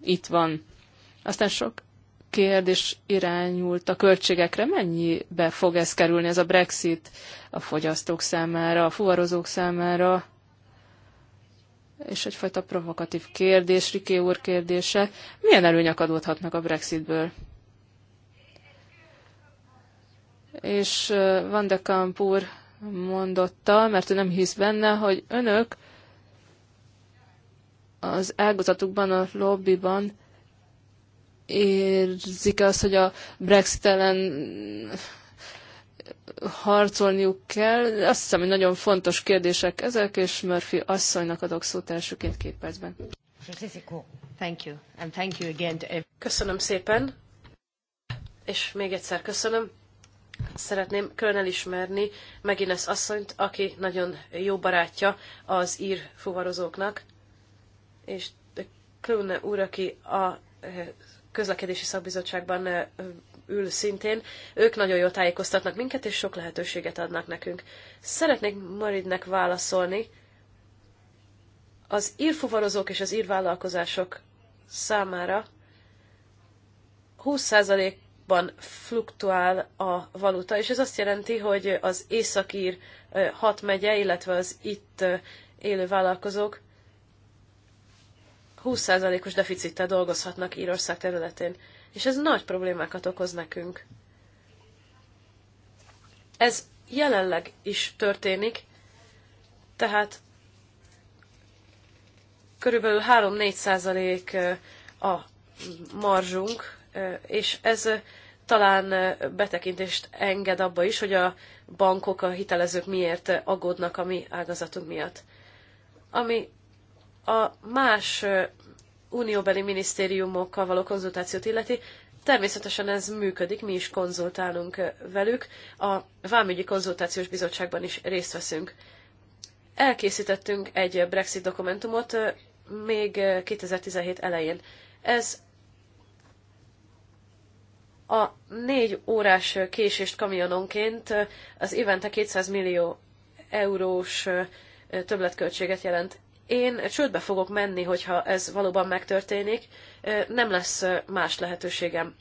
itt van. Aztán sok kérdés irányult a költségekre. Mennyibe fog ez kerülni, ez a Brexit a fogyasztók számára, a fuvarozók számára? És egyfajta provokatív kérdés, Riké úr kérdése. Milyen előnyök adódhatnak a Brexitből? És Van de Kamp úr mondotta, mert ő nem hisz benne, hogy önök az ágazatukban, a lobbyban érzik azt, hogy a Brexit ellen harcolniuk kell. Azt hiszem, hogy nagyon fontos kérdések ezek, és Murphy asszonynak adok szót elsőként két percben. Köszönöm szépen, és még egyszer köszönöm. Szeretném külön elismerni Megines asszonyt, aki nagyon jó barátja az ír fuvarozóknak, és Klune úr, aki a eh, közlekedési szakbizottságban ül szintén, ők nagyon jól tájékoztatnak minket, és sok lehetőséget adnak nekünk. Szeretnék Maridnek válaszolni. Az írfuvarozók és az írvállalkozások számára 20%-ban fluktuál a valuta, és ez azt jelenti, hogy az északír hat megye, illetve az itt élő vállalkozók 20%-os deficittel dolgozhatnak Írország területén, és ez nagy problémákat okoz nekünk. Ez jelenleg is történik, tehát körülbelül 3-4 százalék a marzsunk, és ez talán betekintést enged abba is, hogy a bankok, a hitelezők miért aggódnak a mi ágazatunk miatt. Ami a más unióbeli minisztériumokkal való konzultációt illeti, természetesen ez működik, mi is konzultálunk velük, a Vámügyi Konzultációs Bizottságban is részt veszünk. Elkészítettünk egy Brexit dokumentumot még 2017 elején. Ez a négy órás késést kamiononként az évente 200 millió eurós többletköltséget jelent én csődbe fogok menni, hogyha ez valóban megtörténik, nem lesz más lehetőségem.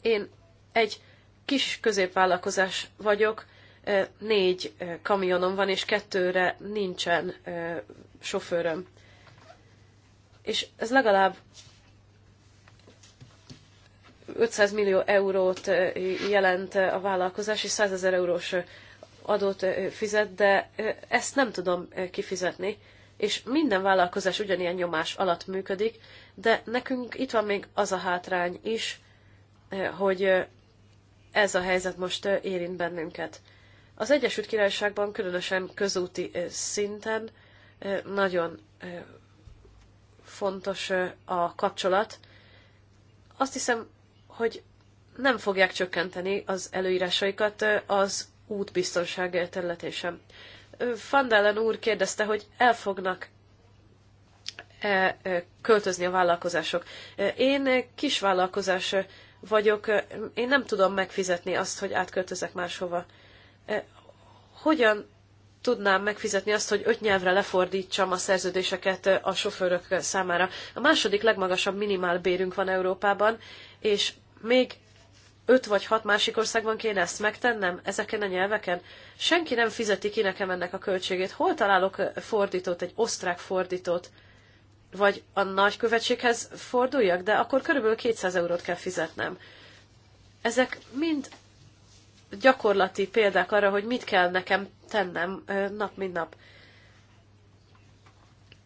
Én egy kis középvállalkozás vagyok, négy kamionom van, és kettőre nincsen sofőröm. És ez legalább 500 millió eurót jelent a vállalkozás, és 100 ezer eurós adót fizet, de ezt nem tudom kifizetni és minden vállalkozás ugyanilyen nyomás alatt működik, de nekünk itt van még az a hátrány is, eh, hogy eh, ez a helyzet most eh, érint bennünket. Az Egyesült Királyságban, különösen közúti szinten nagyon fontos a kapcsolat. Azt hiszem, hogy nem fogják csökkenteni az előírásaikat az útbiztonság területén sem. Fandalen úr kérdezte, hogy el fognak -e költözni a vállalkozások. Én kisvállalkozás vagyok, én nem tudom megfizetni azt, hogy átköltözek máshova. Hogyan tudnám megfizetni azt, hogy öt nyelvre lefordítsam a szerződéseket a sofőrök számára. A második legmagasabb minimálbérünk van Európában, és még öt vagy hat másik országban kéne ezt megtennem, ezeken a nyelveken? Senki nem fizeti ki nekem ennek a költségét. Hol találok fordítót, egy osztrák fordítót? Vagy a nagykövetséghez forduljak, de akkor körülbelül 200 eurót kell fizetnem. Ezek mind gyakorlati példák arra, hogy mit kell nekem tennem nap mint nap.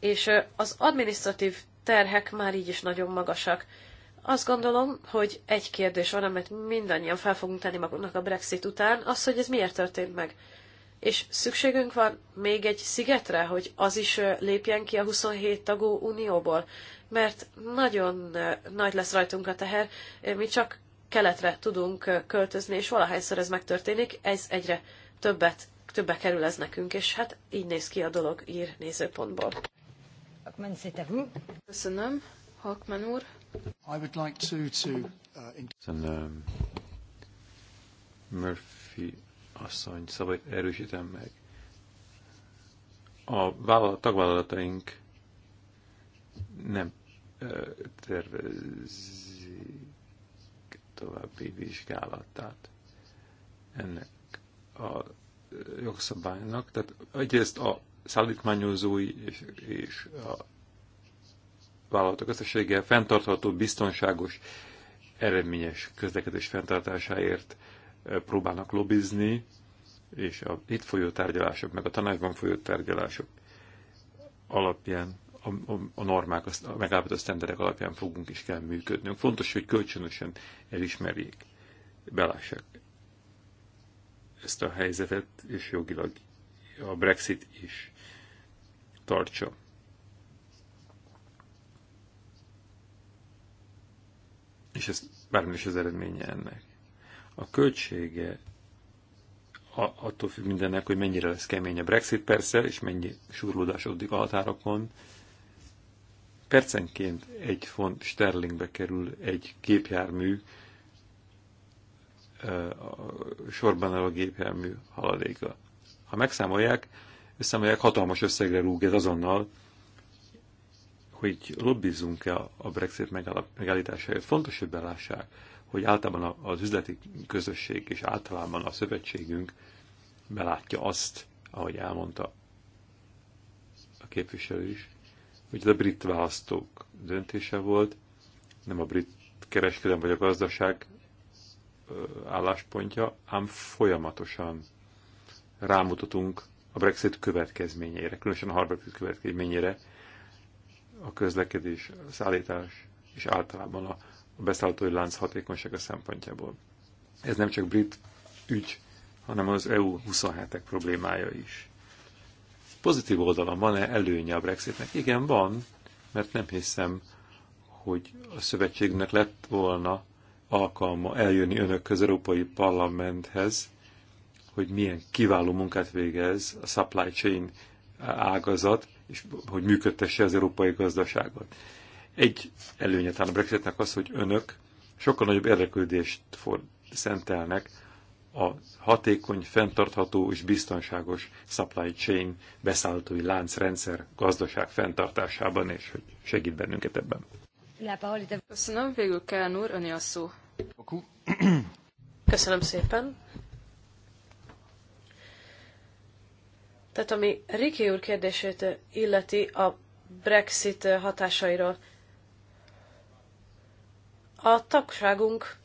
És az administratív terhek már így is nagyon magasak azt gondolom, hogy egy kérdés van, amit mindannyian fel fogunk tenni magunknak a Brexit után, az, hogy ez miért történt meg. És szükségünk van még egy szigetre, hogy az is lépjen ki a 27 tagú unióból, mert nagyon nagy lesz rajtunk a teher, mi csak keletre tudunk költözni, és valahányszor ez megtörténik, ez egyre többet, többe kerül ez nekünk, és hát így néz ki a dolog ír nézőpontból. Köszönöm, Hakman úr. I uh, Köszönöm. Murphy asszony szabad erősítem meg. A tagvállalataink nem tervezik további vizsgálatát ennek a jogszabálynak. Tehát egyrészt a szállítmányozói és, és a vállalatok összessége fenntartható, biztonságos, eredményes közlekedés fenntartásáért eh, próbálnak lobbizni, és a itt folyó tárgyalások, meg a tanácsban folyó tárgyalások alapján a, a, a normák, a megállapodó sztenderek alapján fogunk is kell működni. Fontos, hogy kölcsönösen elismerjék, belássák ezt a helyzetet, és jogilag a Brexit is tartsa és ez bármi is az eredménye ennek. A költsége a, attól függ mindennek, hogy mennyire lesz kemény a Brexit persze, és mennyi surlódás addig a határokon. Percenként egy font sterlingbe kerül egy gépjármű, sorban a gépjármű haladéka. Ha megszámolják, összámolják, hatalmas összegre rúg ez azonnal hogy lobbizunk-e a Brexit megállításáért. Fontos, hogy belássák, hogy általában az üzleti közösség és általában a szövetségünk belátja azt, ahogy elmondta a képviselő is, hogy a brit választók döntése volt, nem a brit kereskedelem vagy a gazdaság álláspontja, ám folyamatosan rámutatunk a Brexit következményeire, különösen a Harvard következményére, a közlekedés, a szállítás és általában a beszállítói lánc hatékonysága szempontjából. Ez nem csak brit ügy, hanem az EU 27-ek problémája is. Pozitív oldalon van-e előnye a Brexitnek? Igen, van, mert nem hiszem, hogy a szövetségnek lett volna alkalma eljönni önök az Európai Parlamenthez, hogy milyen kiváló munkát végez a supply chain ágazat, és hogy működtesse az európai gazdaságot. Egy előnye talán a Brexitnek az, hogy önök sokkal nagyobb érdeklődést szentelnek a hatékony, fenntartható és biztonságos supply chain beszállítói láncrendszer gazdaság fenntartásában, és hogy segít bennünket ebben. Köszönöm, végül Kern úr, öné a szó. Köszönöm szépen. Tehát ami Riki úr kérdését illeti a Brexit hatásairól. A tagságunk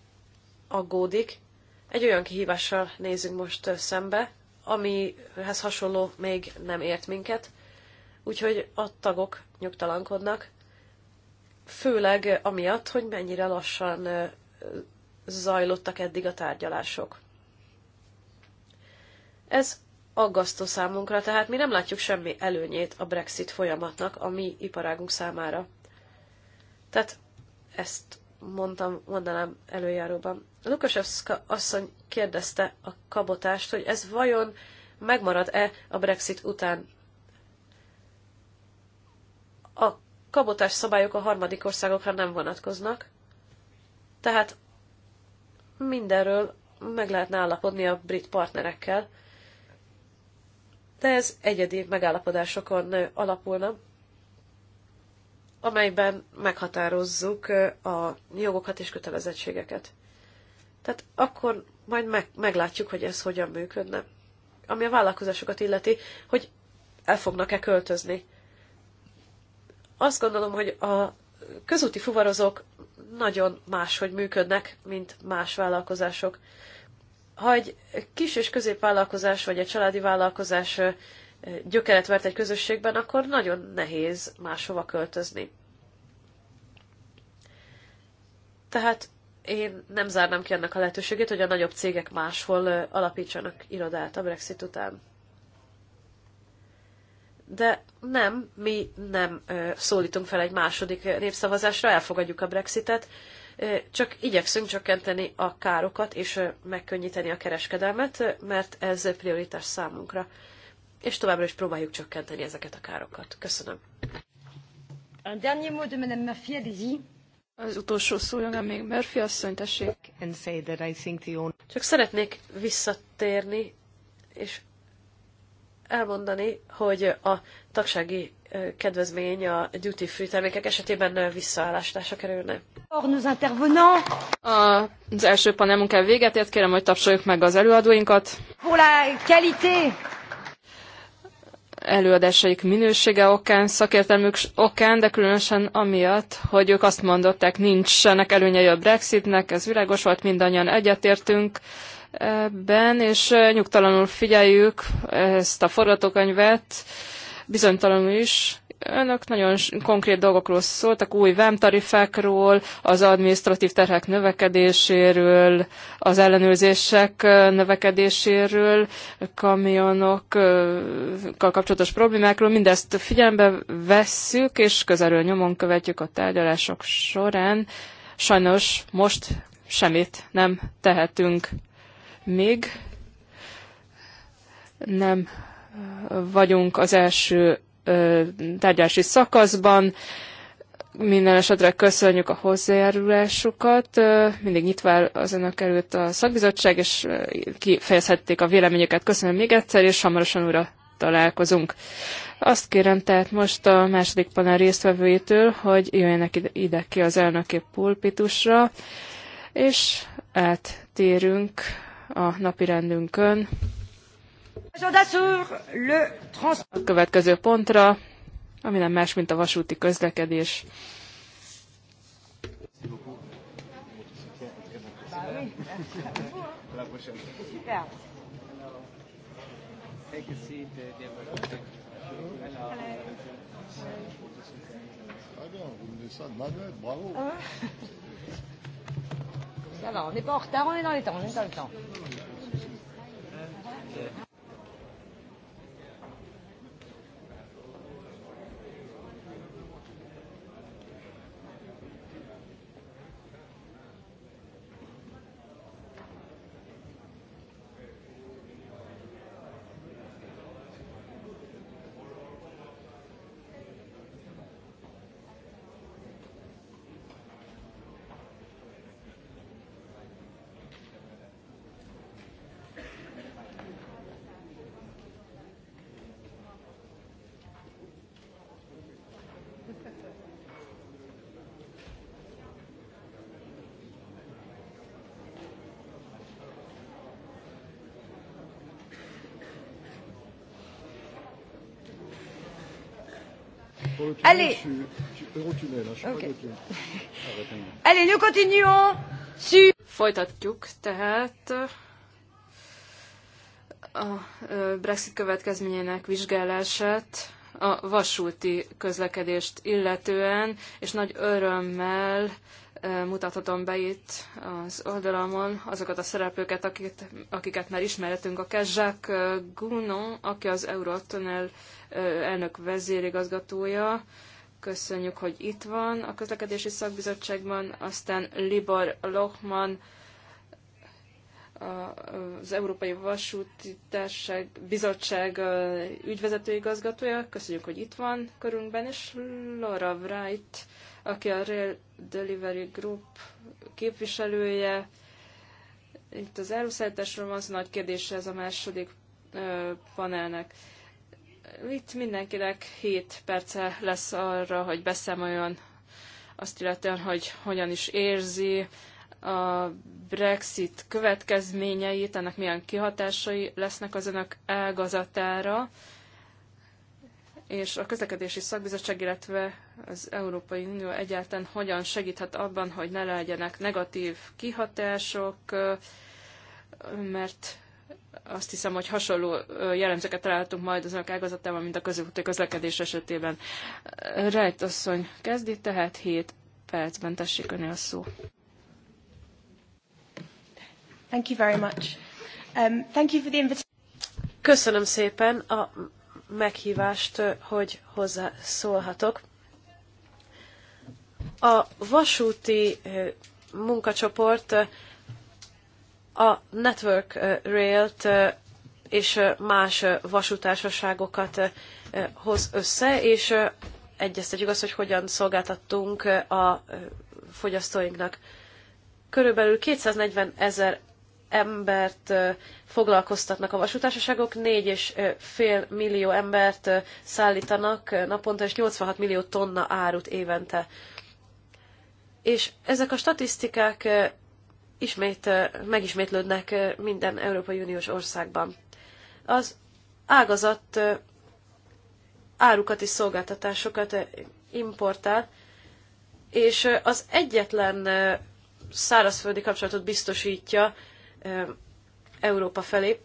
aggódik, egy olyan kihívással nézünk most szembe, amihez hasonló még nem ért minket, úgyhogy a tagok nyugtalankodnak, főleg amiatt, hogy mennyire lassan zajlottak eddig a tárgyalások. Ez aggasztó számunkra, tehát mi nem látjuk semmi előnyét a Brexit folyamatnak a mi iparágunk számára. Tehát ezt mondtam, mondanám előjáróban. Lukasevska asszony kérdezte a kabotást, hogy ez vajon megmarad-e a Brexit után. A kabotás szabályok a harmadik országokra nem vonatkoznak, tehát mindenről meg lehetne állapodni a brit partnerekkel, de ez egyedi megállapodásokon alapulna, amelyben meghatározzuk a jogokat és kötelezettségeket. Tehát akkor majd meg, meglátjuk, hogy ez hogyan működne. Ami a vállalkozásokat illeti, hogy el fognak-e költözni. Azt gondolom, hogy a közúti fuvarozók nagyon máshogy működnek, mint más vállalkozások. Ha egy kis és középvállalkozás vagy egy családi vállalkozás gyökeret vert egy közösségben, akkor nagyon nehéz máshova költözni. Tehát én nem zárnám ki annak a lehetőségét, hogy a nagyobb cégek máshol alapítsanak irodát a Brexit után. De nem, mi nem szólítunk fel egy második népszavazásra, elfogadjuk a Brexitet, csak igyekszünk csökkenteni a károkat és megkönnyíteni a kereskedelmet, mert ez prioritás számunkra. És továbbra is próbáljuk csökkenteni ezeket a károkat. Köszönöm. Un dernier mot de Madame Murphy, allez-y. Az utolsó szóljon még Murphy asszony, tessék. And say that I think the own... Csak szeretnék visszatérni, és elmondani, hogy a tagsági kedvezmény a duty free termékek esetében visszaállásra kerülne. Az első panelunk el véget ért, kérem, hogy tapsoljuk meg az előadóinkat. Pour la qualité. Előadásaik minősége okán, szakértelmük okán, de különösen amiatt, hogy ők azt mondották, nincsenek előnyei a Brexitnek, ez világos volt, mindannyian egyetértünk ebben, és nyugtalanul figyeljük ezt a forgatókönyvet, bizonytalanul is. Önök nagyon konkrét dolgokról szóltak, új vámtarifákról, az administratív terhek növekedéséről, az ellenőrzések növekedéséről, kamionokkal kapcsolatos problémákról. Mindezt figyelembe vesszük, és közelről nyomon követjük a tárgyalások során. Sajnos most semmit nem tehetünk még nem vagyunk az első tárgyalási szakaszban. Minden esetre köszönjük a hozzájárulásukat. Mindig nyitva az önök előtt a szakbizottság, és kifejezhették a véleményeket. Köszönöm még egyszer, és hamarosan újra találkozunk. Azt kérem tehát most a második panel résztvevőjétől, hogy jöjjenek ide, ide ki az elnöki pulpitusra, és áttérünk a napirendünkön. A következő pontra, ami nem más, mint a vasúti közlekedés. Ça ah, va, on n'est pas en retard, on est dans les temps, on est dans le temps. Allez. Okay. Allez, nous continuons. Su. Folytatjuk tehát a Brexit következményének vizsgálását a vasúti közlekedést illetően, és nagy örömmel mutathatom be itt az oldalamon azokat a szereplőket, akiket, akiket már ismerhetünk. A Kezsák Gunon, aki az Eurotunnel elnök vezérigazgatója, köszönjük, hogy itt van a közlekedési szakbizottságban, aztán Libor Lohman, az Európai Vasúti Társaság Bizottság ügyvezető igazgatója. Köszönjük, hogy itt van körünkben, és Laura Wright, aki a Rail Delivery Group képviselője. Itt az áruszállításról van, az nagy kérdés ez a második panelnek. Itt mindenkinek 7 perce lesz arra, hogy beszámoljon azt illetően, hogy hogyan is érzi a Brexit következményeit, ennek milyen kihatásai lesznek az önök ágazatára és a közlekedési szakbizottság, illetve az Európai Unió egyáltalán hogyan segíthet abban, hogy ne legyenek negatív kihatások, mert azt hiszem, hogy hasonló jellemzőket találtunk majd az önök ágazatában, mint a közúti közlekedés esetében. Rejt asszony kezdi, tehát 7 percben tessék önni a szó. Thank you very much. Um, thank you for the invitation. Köszönöm szépen a meghívást, hogy hozzászólhatok. A vasúti munkacsoport a Network Rail-t és más vasútársaságokat hoz össze, és egyeztetjük azt, hogy hogyan szolgáltattunk a fogyasztóinknak. Körülbelül 240 ezer embert foglalkoztatnak a vasútársaságok, 4,5 millió embert szállítanak naponta, és 86 millió tonna árut évente. És ezek a statisztikák ismét megismétlődnek minden Európai Uniós országban. Az ágazat árukat és szolgáltatásokat importál, és az egyetlen szárazföldi kapcsolatot biztosítja Európa felé,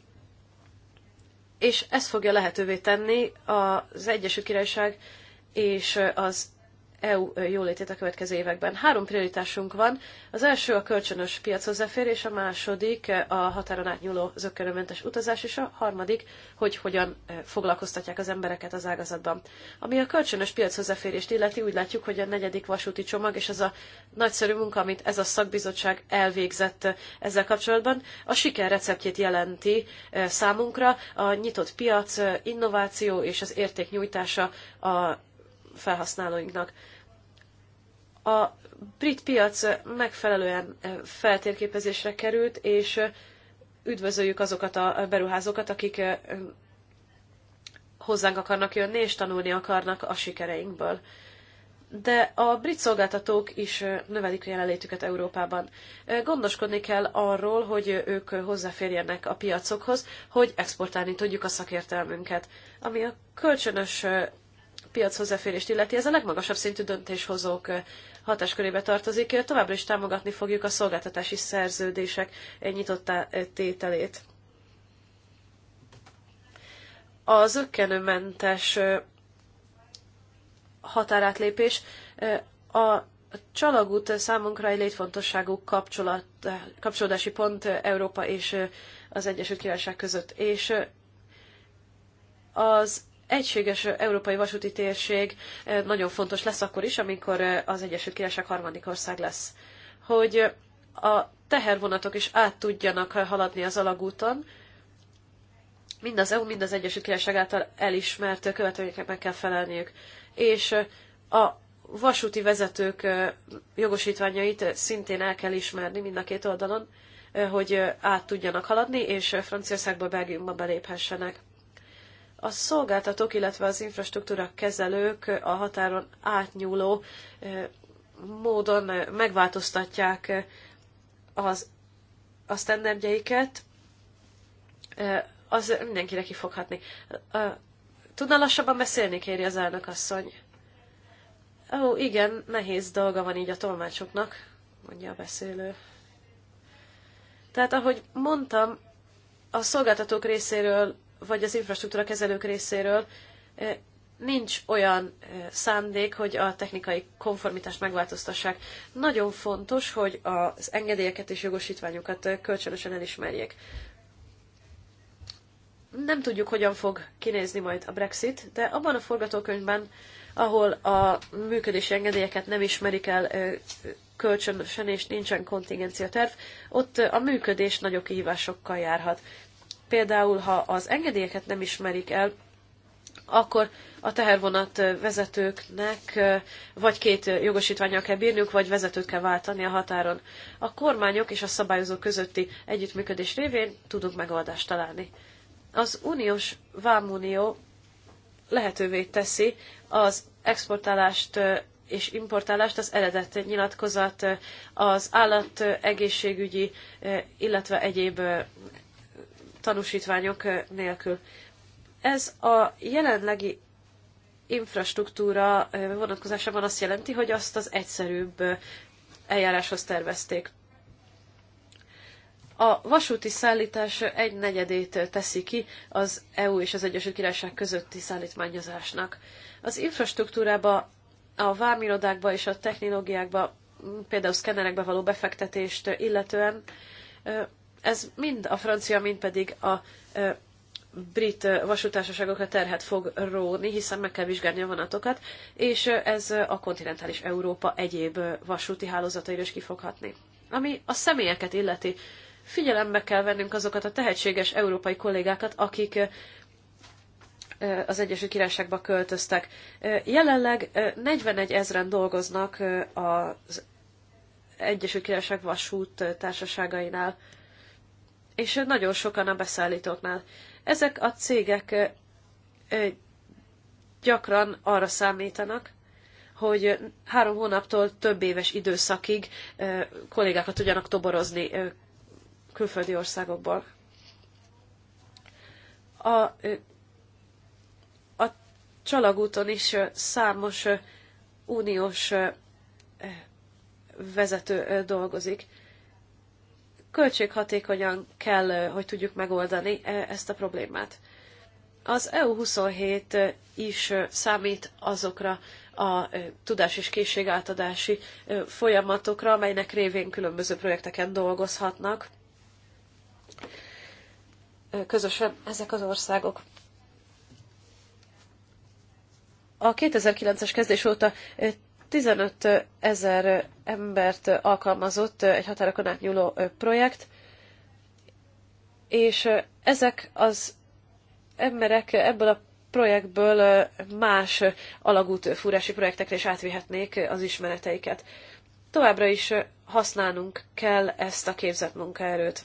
és ez fogja lehetővé tenni az Egyesült Királyság és az EU jólétét a következő években. Három prioritásunk van. Az első a kölcsönös piac hozzáférés, a második a határon átnyúló zöggenőmentes utazás, és a harmadik, hogy hogyan eh, foglalkoztatják az embereket az ágazatban. Ami a kölcsönös piac hozzáférést illeti, úgy látjuk, hogy a negyedik vasúti csomag és az a nagyszerű munka, amit ez a szakbizottság elvégzett eh, ezzel kapcsolatban, a siker receptjét jelenti eh, számunkra a nyitott piac, innováció és az érték nyújtása a felhasználóinknak. A brit piac megfelelően eh, feltérképezésre került, és eh, üdvözöljük azokat a beruházókat, akik eh, hozzánk akarnak jönni és tanulni akarnak a sikereinkből. De a brit szolgáltatók is növelik a jelenlétüket Európában. Gondoskodni kell arról, hogy ők hozzáférjenek a piacokhoz, hogy exportálni tudjuk a szakértelmünket. Ami a kölcsönös piachozzáférést illeti, ez a legmagasabb szintű döntéshozók hatáskörébe tartozik, továbbra is támogatni fogjuk a szolgáltatási szerződések nyitottá tételét. A zöggenőmentes határátlépés a csalagút számunkra egy létfontosságú kapcsolat, kapcsolódási pont Európa és az Egyesült Királyság között, és az egységes európai vasúti térség eh, nagyon fontos lesz akkor is, amikor eh, az Egyesült Királyság harmadik ország lesz. Hogy eh, a tehervonatok is át tudjanak haladni az alagúton, mind az EU, mind az Egyesült Királyság által elismert követelményeknek meg kell felelniük. És a vasúti vezetők jogosítványait szintén el kell ismerni mind a két oldalon, hogy át tudjanak haladni, és Franciaországból Belgiumba beléphessenek. A szolgáltatók, illetve az infrastruktúra kezelők a határon átnyúló módon megváltoztatják az, a sztenderdjeiket, az mindenkire ki foghatni. Tudna lassabban beszélni, kéri az elnök asszony. Ó, igen, nehéz dolga van így a tolmácsoknak, mondja a beszélő. Tehát, ahogy mondtam, a szolgáltatók részéről vagy az infrastruktúra kezelők részéről eh, nincs olyan eh, szándék, hogy a technikai konformitást megváltoztassák. Nagyon fontos, hogy az engedélyeket és jogosítványokat eh, kölcsönösen elismerjék. Nem tudjuk, hogyan fog kinézni majd a Brexit, de abban a forgatókönyvben, ahol a működési engedélyeket nem ismerik el kölcsönösen és nincsen kontingencia terv, ott a működés nagyobb kihívásokkal járhat. Például, ha az engedélyeket nem ismerik el, akkor a tehervonat vezetőknek vagy két jogosítványjal kell bírniuk, vagy vezetőt kell váltani a határon. A kormányok és a szabályozó közötti együttműködés révén tudunk megoldást találni. Az uniós vámunió lehetővé teszi az exportálást és importálást, az eredet nyilatkozat, az állat egészségügyi, illetve egyéb tanúsítványok nélkül. Ez a jelenlegi infrastruktúra vonatkozásában azt jelenti, hogy azt az egyszerűbb eljáráshoz tervezték. A vasúti szállítás egy negyedét teszi ki az EU és az Egyesült Királyság közötti szállítmányozásnak. Az infrastruktúrába, a vámirodákba és a technológiákba, például szkennerekbe való befektetést illetően ez mind a francia, mind pedig a brit vasútársaságokra terhet fog róni, hiszen meg kell vizsgálni a vonatokat, és ez a kontinentális Európa egyéb vasúti hálózataira is kifoghatni. Ami a személyeket illeti, figyelembe kell vennünk azokat a tehetséges európai kollégákat, akik az Egyesült Királyságba költöztek. Jelenleg 41 ezren dolgoznak az Egyesült Királyság vasút társaságainál és nagyon sokan a beszállítóknál. Ezek a cégek gyakran arra számítanak, hogy három hónaptól több éves időszakig kollégákat tudjanak toborozni külföldi országokból. A, a csalagúton is számos uniós vezető dolgozik költséghatékonyan kell, hogy tudjuk megoldani ezt a problémát. Az EU27 is számít azokra a tudás és készség átadási folyamatokra, amelynek révén különböző projekteken dolgozhatnak közösen ezek az országok. A 2009-es kezdés óta 15 ezer embert alkalmazott egy határokon átnyúló projekt, és ezek az emberek ebből a projektből más alagút fúrási projektekre is átvihetnék az ismereteiket. Továbbra is használnunk kell ezt a képzett munkaerőt.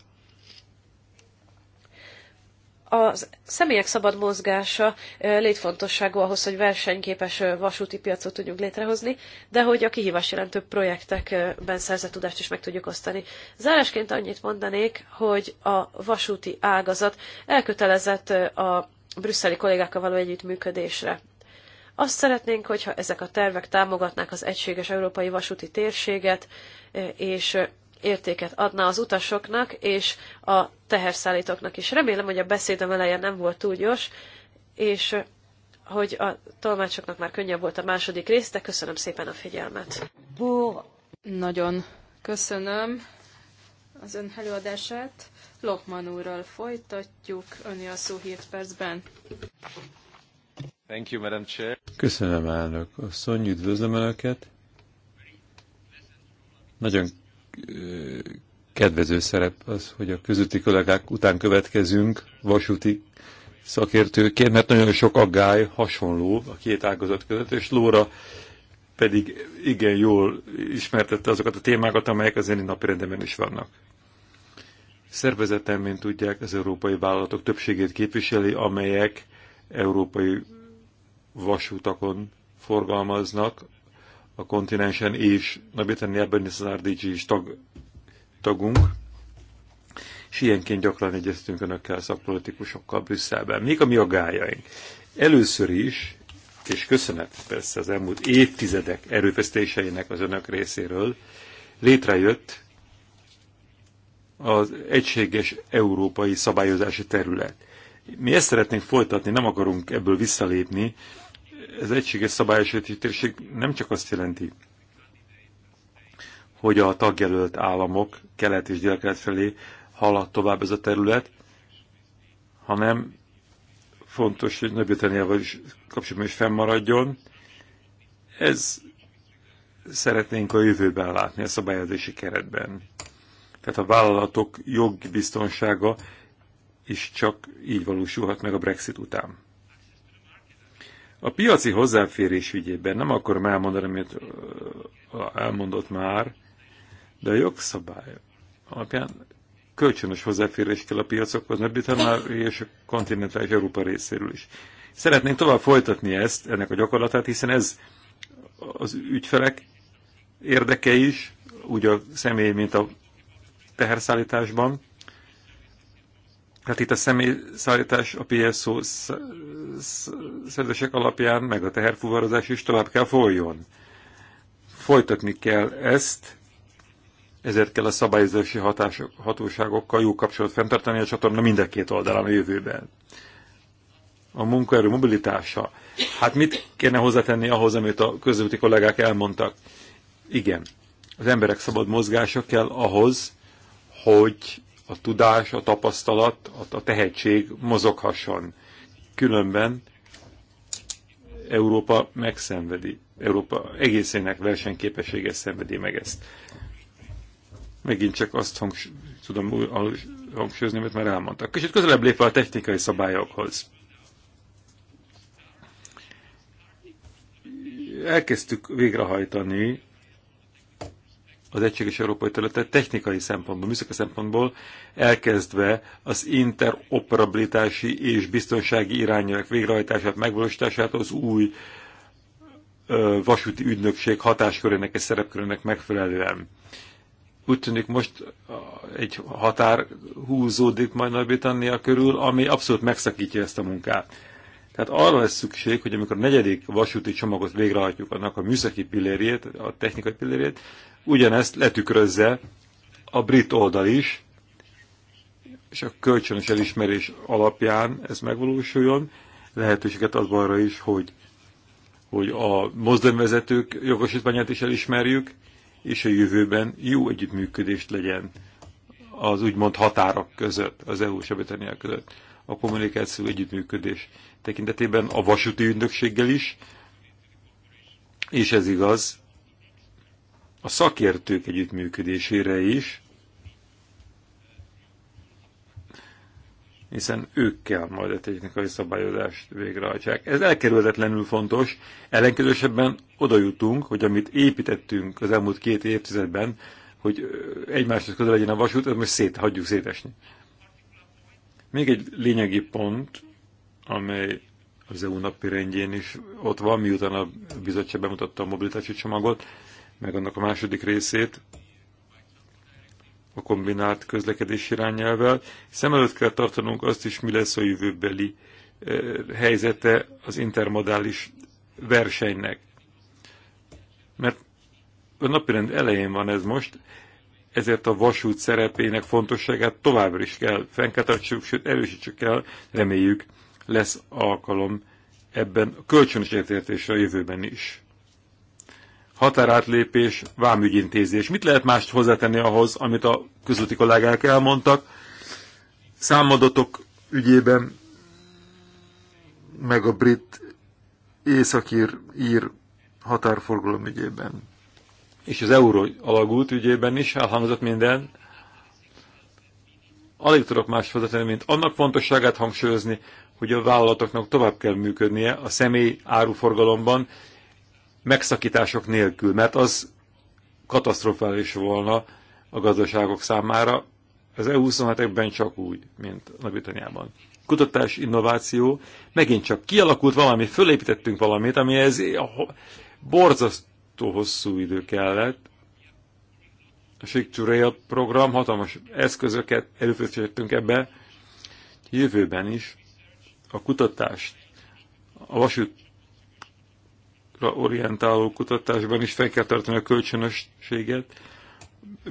A személyek szabad mozgása létfontosságú ahhoz, hogy versenyképes vasúti piacot tudjunk létrehozni, de hogy a kihívás jelentő projektekben szerzett tudást is meg tudjuk osztani. Zárásként annyit mondanék, hogy a vasúti ágazat elkötelezett a brüsszeli kollégákkal való együttműködésre. Azt szeretnénk, hogyha ezek a tervek támogatnák az egységes európai vasúti térséget, és értéket adna az utasoknak és a teherszállítóknak is. Remélem, hogy a beszédem eleje nem volt túl gyors, és hogy a tolmácsoknak már könnyebb volt a második rész, de köszönöm szépen a figyelmet. Bó, nagyon köszönöm az ön előadását. Lokman úrral folytatjuk, öni a szó 7 percben. Thank you, Madam Chair. Köszönöm, elnök asszony, üdvözlöm Önöket. Nagyon kedvező szerep az, hogy a közúti kollégák után következünk vasúti szakértőként, mert nagyon sok aggály hasonló a két ágazat között, és Lóra pedig igen jól ismertette azokat a témákat, amelyek az én rendemben is vannak. Szervezetem, mint tudják, az európai vállalatok többségét képviseli, amelyek európai vasútakon forgalmaznak, a kontinensen, és Nabitani britanniában is az is tag, tagunk, és ilyenként gyakran egyeztünk önökkel, szakpolitikusokkal Brüsszelben. Még a mi agájaink Először is, és köszönet persze az elmúlt évtizedek erőfeszítéseinek az önök részéről, létrejött az egységes európai szabályozási terület. Mi ezt szeretnénk folytatni, nem akarunk ebből visszalépni, az egységes szabályosítésség nem csak azt jelenti, hogy a tagjelölt államok kelet és délkelet felé halad tovább ez a terület, hanem fontos, hogy Nagy-Britanniával is kapcsolatban is fennmaradjon. Ez szeretnénk a jövőben látni a szabályozási keretben. Tehát a vállalatok jogbiztonsága is csak így valósulhat meg a Brexit után. A piaci hozzáférés ügyében nem akarom elmondani, amit elmondott már, de a jogszabály alapján kölcsönös hozzáférés kell a piacokhoz, mert már és a kontinentális Európa részéről is. Szeretnénk tovább folytatni ezt, ennek a gyakorlatát, hiszen ez az ügyfelek érdeke is, úgy a személy, mint a teherszállításban, tehát itt a személyszállítás a PSO szerzések alapján, meg a teherfuvarozás is tovább kell folyjon. Folytatni kell ezt, ezért kell a szabályozási hatások, hatóságokkal jó kapcsolat fenntartani a csatorna mind a két oldalán a jövőben. A munkaerő mobilitása. Hát mit kéne hozzátenni ahhoz, amit a közöti kollégák elmondtak? Igen, az emberek szabad mozgása kell ahhoz, hogy a tudás, a tapasztalat, a tehetség mozoghasson. Különben Európa megszenvedi. Európa egészének versenyképessége szenvedi meg ezt. Megint csak azt hangs tudom hangsúlyozni, mert már elmondtak. Kicsit közelebb lépve a technikai szabályokhoz. Elkezdtük végrehajtani az egységes európai területet technikai szempontból, műszaki szempontból elkezdve az interoperabilitási és biztonsági irányelvek végrehajtását, megvalósítását az új ö, vasúti ügynökség hatáskörének és szerepkörének megfelelően. Úgy tűnik most egy határ húzódik majd Nagy-Britannia körül, ami abszolút megszakítja ezt a munkát. Tehát arra lesz szükség, hogy amikor a negyedik vasúti csomagot végrehajtjuk, annak a műszaki pillérjét, a technikai pillérjét, ugyanezt letükrözze a brit oldal is, és a kölcsönös elismerés alapján ez megvalósuljon, lehetőséget ad arra is, hogy, hogy a mozdonyvezetők jogosítványát is elismerjük, és a jövőben jó együttműködést legyen az úgymond határok között, az EU és a Britannia között. A kommunikáció együttműködés tekintetében a vasúti ügynökséggel is, és ez igaz a szakértők együttműködésére is, hiszen ők kell majd a technikai szabályozást végrehajtsák. Ez elkerülhetetlenül fontos, ellenkezősebben oda jutunk, hogy amit építettünk az elmúlt két évtizedben, hogy egymáshoz közel legyen a vasút, az most szét, hagyjuk szétesni. Még egy lényegi pont, amely az EU napi rendjén is ott van, miután a bizottság bemutatta a mobilitási csomagot, meg annak a második részét a kombinált közlekedés irányelvvel. Szem előtt kell tartanunk azt is, mi lesz a jövőbeli eh, helyzete az intermodális versenynek. Mert a napirend elején van ez most, ezért a vasút szerepének fontosságát továbbra is kell fenntartsuk, sőt erősítsük el, reméljük lesz alkalom ebben a kölcsönös értésre a jövőben is határátlépés, vámügyintézés. Mit lehet mást hozzátenni ahhoz, amit a közúti kollégák elmondtak? Számadatok ügyében, meg a brit északír ír határforgalom ügyében. És az euró alagút ügyében is elhangzott minden. Alig tudok más hozzátenni, mint annak fontosságát hangsúlyozni, hogy a vállalatoknak tovább kell működnie a személy áruforgalomban, megszakítások nélkül, mert az katasztrofális volna a gazdaságok számára, az EU-27-ekben csak úgy, mint Nagy-Britanniában. Kutatás, innováció, megint csak kialakult valami, fölépítettünk valamit, ami ez borzasztó hosszú idő kellett. A Shake to Rail program, hatalmas eszközöket előfeszítettünk ebbe. Jövőben is a kutatást, a vasút orientáló kutatásban is fel kell tartani a kölcsönösséget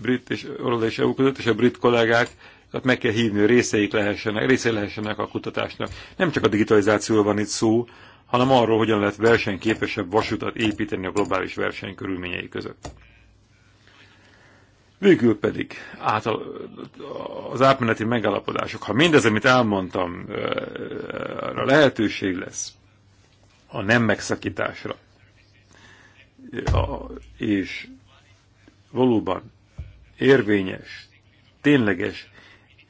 brit és orosz és EU között, és a brit kollégák hát meg kell hívni, hogy részeik lehessenek, részei lehessenek a kutatásnak. Nem csak a digitalizációról van itt szó, hanem arról, hogyan lehet versenyképesebb vasutat építeni a globális verseny körülményei között. Végül pedig által az átmeneti megállapodások. Ha mindez, amit elmondtam, a lehetőség lesz a nem megszakításra, és valóban érvényes, tényleges,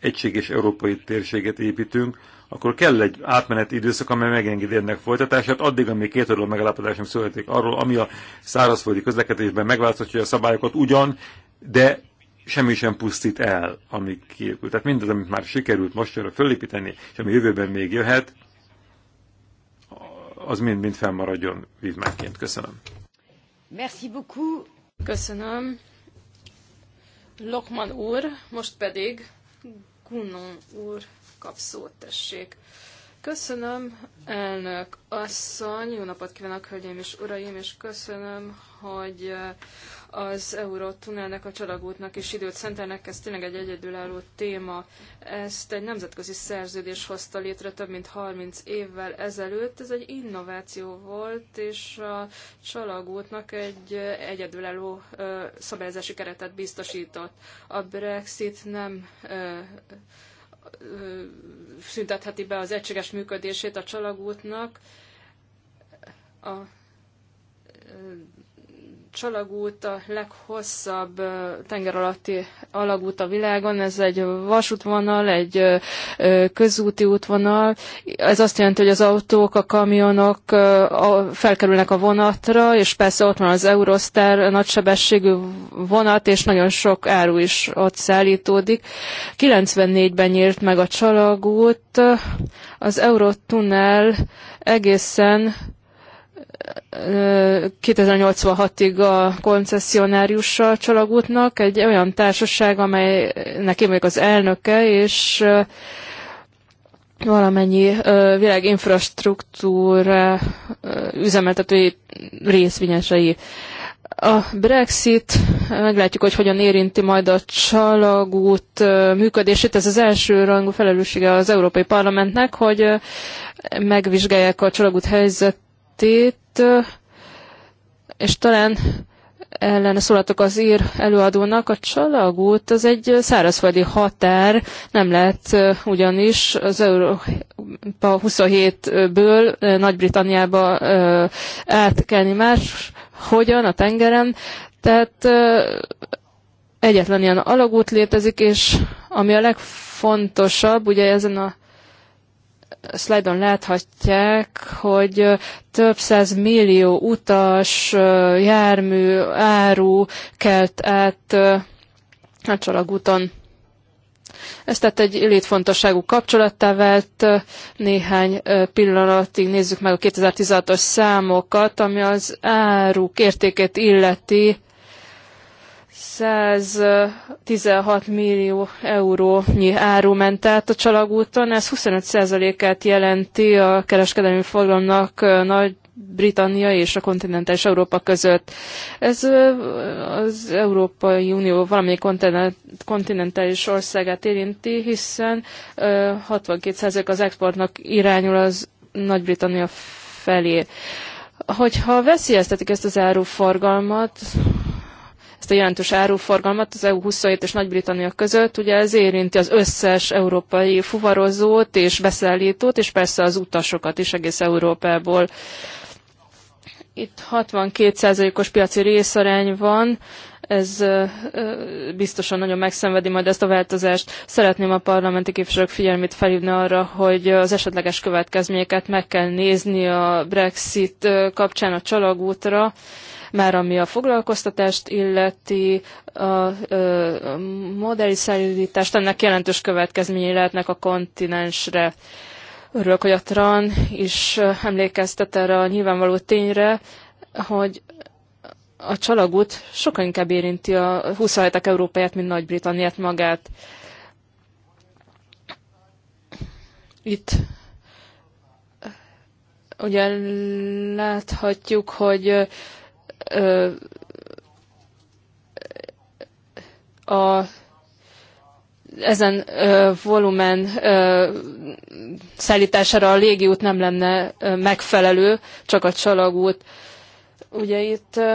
egységes európai térséget építünk, akkor kell egy átmeneti időszak, amely megengedi ennek folytatását, addig, amíg két oldalú megállapodásunk születik arról, ami a szárazföldi közlekedésben megváltoztatja a szabályokat ugyan, de semmi sem pusztít el, ami kiépült. Tehát mindaz, amit már sikerült mostanra fölépíteni, és ami jövőben még jöhet, az mind-mind fennmaradjon vívmányként. Köszönöm. Köszönöm. Lokman úr, most pedig Gunnon úr kap szót, tessék. Köszönöm, elnök asszony, jó napot kívánok, hölgyeim és uraim, és köszönöm, hogy eh, az Eurotunnelnek, a csalagútnak és időt szentelnek, ez tényleg egy egyedülálló téma. Ezt egy nemzetközi szerződés hozta létre több mint 30 évvel ezelőtt. Ez egy innováció volt, és a csalagútnak egy egyedülálló eh, szabályozási keretet biztosított. A Brexit nem eh, szüntetheti be az egységes működését a csalagútnak. A csalagút a leghosszabb tenger alatti alagút a világon, ez egy vasútvonal, egy közúti útvonal. Ez azt jelenti, hogy az autók, a kamionok felkerülnek a vonatra, és persze ott van az Eurostar nagysebességű vonat, és nagyon sok áru is ott szállítódik. 94-ben nyílt meg a csalagút, az Eurotunnel egészen 2086-ig a koncessionáriussal csalagútnak, egy olyan társaság, amelynek én vagyok az elnöke, és valamennyi világ infrastruktúra üzemeltetői részvényesei. A Brexit, meglátjuk, hogy hogyan érinti majd a csalagút működését. Ez az első rangú felelőssége az Európai Parlamentnek, hogy megvizsgálják a csalagút helyzet tét és talán ellene szólatok az ír előadónak, a csalagút az egy szárazföldi határ, nem lehet ugyanis az Európa 27-ből Nagy-Britanniába átkelni más, hogyan a tengeren, tehát egyetlen ilyen alagút létezik, és ami a legfontosabb, ugye ezen a szlájdon láthatják, hogy több száz millió utas, jármű, áru kelt át a csalagúton. Ez tehát egy létfontosságú kapcsolattá vált. Néhány pillanatig nézzük meg a 2016-os számokat, ami az áruk értékét illeti. 116 millió eurónyi áru ment át a csalagúton, ez 25%-át jelenti a kereskedelmi forgalomnak nagy Britannia és a kontinentális Európa között. Ez az Európai Unió valamelyik kontinentális országát érinti, hiszen 62% az exportnak irányul az Nagy-Britannia felé. Hogyha veszélyeztetik ezt az áruforgalmat, ezt a jelentős áruforgalmat az EU27 és Nagy-Britannia között. Ugye ez érinti az összes európai fuvarozót és beszállítót, és persze az utasokat is egész Európából. Itt 62%-os piaci részarány van, ez biztosan nagyon megszenvedi majd ezt a változást. Szeretném a parlamenti képviselők figyelmét felhívni arra, hogy az esetleges következményeket meg kell nézni a Brexit kapcsán a csalagútra, már ami a foglalkoztatást illeti, a modellszállítást, ennek jelentős következményei lehetnek a kontinensre. Örülök, hogy a TRAN is emlékeztet erre a nyilvánvaló tényre, hogy a csalagút sokkal inkább érinti a 27 Európáját, mint Nagy-Britanniát magát. Itt ugye láthatjuk, hogy a ezen ö, volumen ö, szállítására a légiút nem lenne ö, megfelelő, csak a csalagút. Ugye itt ö,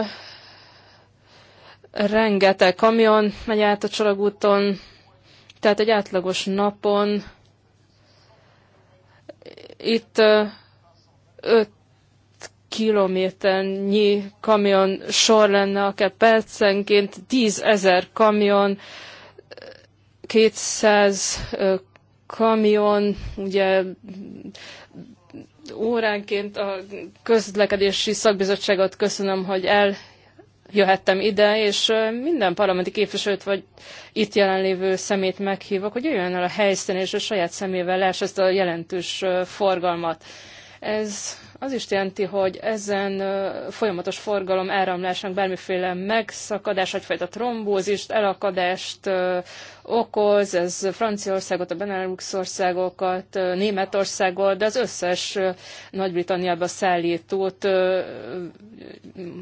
rengeteg kamion megy át a csalagúton, tehát egy átlagos napon itt ö, öt kilométernyi kamion sor lenne, akár percenként 10 ezer kamion, 200 kamion, ugye óránként a közlekedési szakbizottságot köszönöm, hogy eljöhettem ide, és minden parlamenti képviselőt vagy itt jelenlévő szemét meghívok, hogy jöjjön el a helyszínen, és a saját szemével lássa ezt a jelentős forgalmat. Ez az is jelenti, hogy ezen folyamatos forgalom áramlásnak bármiféle megszakadás, egyfajta trombózist, elakadást okoz, ez Franciaországot, a Benelux országokat, Németországot, de az összes Nagy-Britanniába szállítót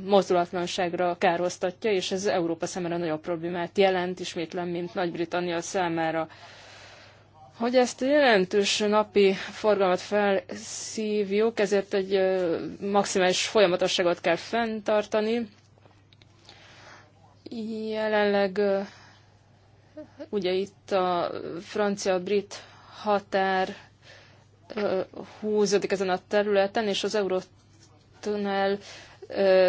mozdulatlanságra károztatja, és ez Európa számára nagyobb problémát jelent, ismétlem, mint Nagy-Britannia számára. Hogy ezt jelentős napi forgalmat felszívjuk, ezért egy maximális folyamatosságot kell fenntartani. Jelenleg ugye itt a francia-brit határ húzódik ezen a területen, és az Eurotunnel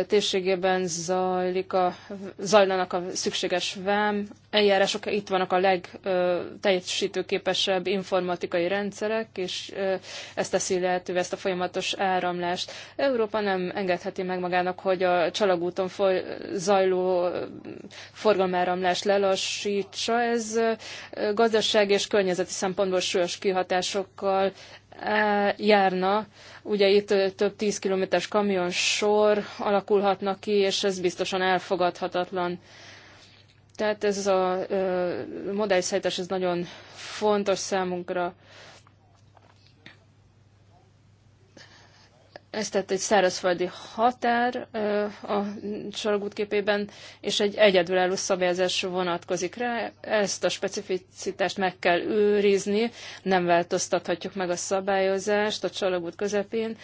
térségében zajlik a, zajlanak a szükséges vám eljárások, itt vannak a legteljesítőképesebb informatikai rendszerek, és ezt teszi lehetővé ezt a folyamatos áramlást. Európa nem engedheti meg magának, hogy a csalagúton foly, zajló forgalmáramlást lelassítsa. Ez gazdaság és környezeti szempontból súlyos kihatásokkal járna. Ugye itt több tíz kilométeres kamionsor alakulhatnak ki, és ez biztosan elfogadhatatlan. Tehát ez a modellis ez nagyon fontos számunkra. ez tett egy szárazföldi határ a Csalagút képében, és egy egyedülálló szabályozás vonatkozik rá. Ezt a specificitást meg kell őrizni, nem változtathatjuk meg a szabályozást a Csalagút közepén,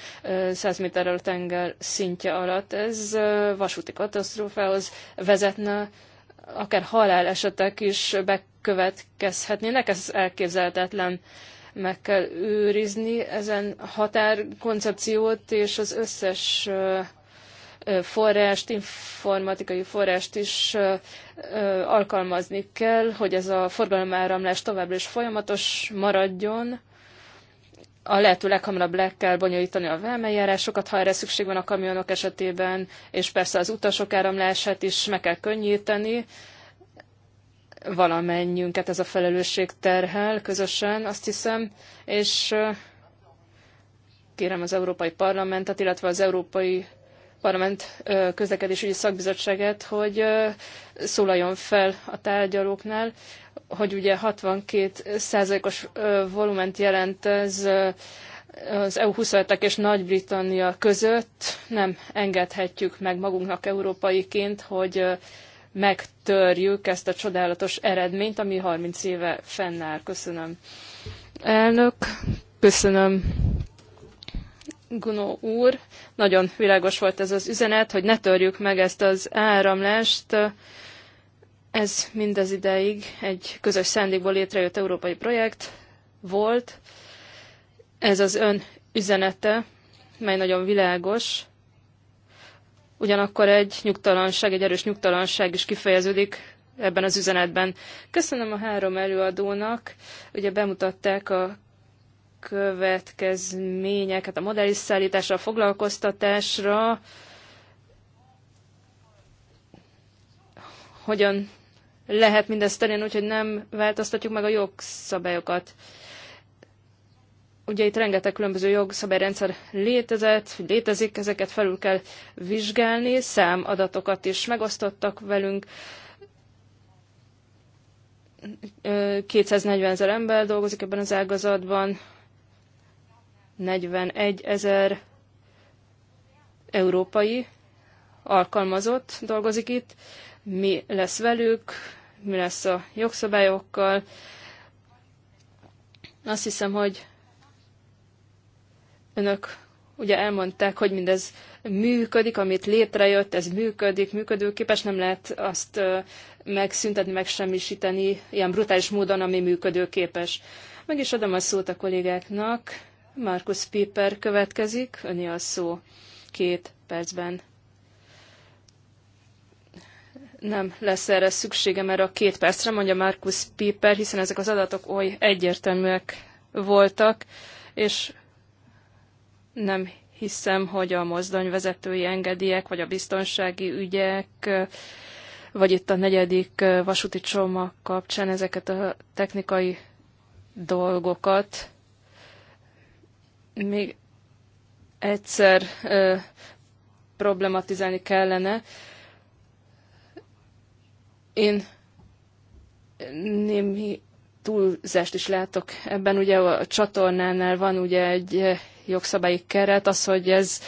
100 méterrel a tenger szintje alatt. Ez vasúti katasztrófához vezetne, akár halálesetek is bekövetkezhetnének, ez elképzelhetetlen meg kell őrizni ezen határkoncepciót, és az összes forrást, informatikai forrást is alkalmazni kell, hogy ez a forgalomáramlás továbbra is folyamatos maradjon. A lehető leghamarabb le kell bonyolítani a vámeljárásokat, ha erre szükség van a kamionok esetében, és persze az utasok áramlását is meg kell könnyíteni valamennyünket ez a felelősség terhel közösen, azt hiszem, és kérem az Európai Parlamentet, illetve az Európai Parlament közlekedésügyi szakbizottságát, hogy szólaljon fel a tárgyalóknál, hogy ugye 62 százalékos volument jelent ez az EU 27 és Nagy-Britannia között nem engedhetjük meg magunknak európaiként, hogy megtörjük ezt a csodálatos eredményt, ami 30 éve fennáll. Köszönöm. Elnök, köszönöm. Gunó úr, nagyon világos volt ez az üzenet, hogy ne törjük meg ezt az áramlást. Ez mindez ideig egy közös szándékból létrejött európai projekt volt. Ez az ön üzenete, mely nagyon világos Ugyanakkor egy nyugtalanság, egy erős nyugtalanság is kifejeződik ebben az üzenetben. Köszönöm a három előadónak, ugye bemutatták a következményeket a modellis szállításra, a foglalkoztatásra, hogyan lehet mindezt tenni, úgyhogy nem változtatjuk meg a jogszabályokat. Ugye itt rengeteg különböző jogszabályrendszer létezett, létezik, ezeket felül kell vizsgálni, számadatokat is megosztottak velünk. 240 ezer ember dolgozik ebben az ágazatban, 41 ezer európai alkalmazott dolgozik itt. Mi lesz velük, mi lesz a jogszabályokkal. Azt hiszem, hogy Önök ugye elmondták, hogy mindez működik, amit létrejött, ez működik, működőképes, nem lehet azt megszüntetni, megsemmisíteni ilyen brutális módon, ami működőképes. Meg is adom a szót a kollégáknak. Markus Piper következik, öné a szó két percben. Nem lesz erre szüksége, mert a két percre mondja Markus Piper, hiszen ezek az adatok oly egyértelműek voltak, és nem hiszem, hogy a mozdonyvezetői engedélyek, vagy a biztonsági ügyek, vagy itt a negyedik vasúti csomag kapcsán ezeket a technikai dolgokat még egyszer ö, problematizálni kellene. Én némi túlzást is látok ebben. Ugye a csatornánál van ugye egy jogszabályi keret, az, hogy ez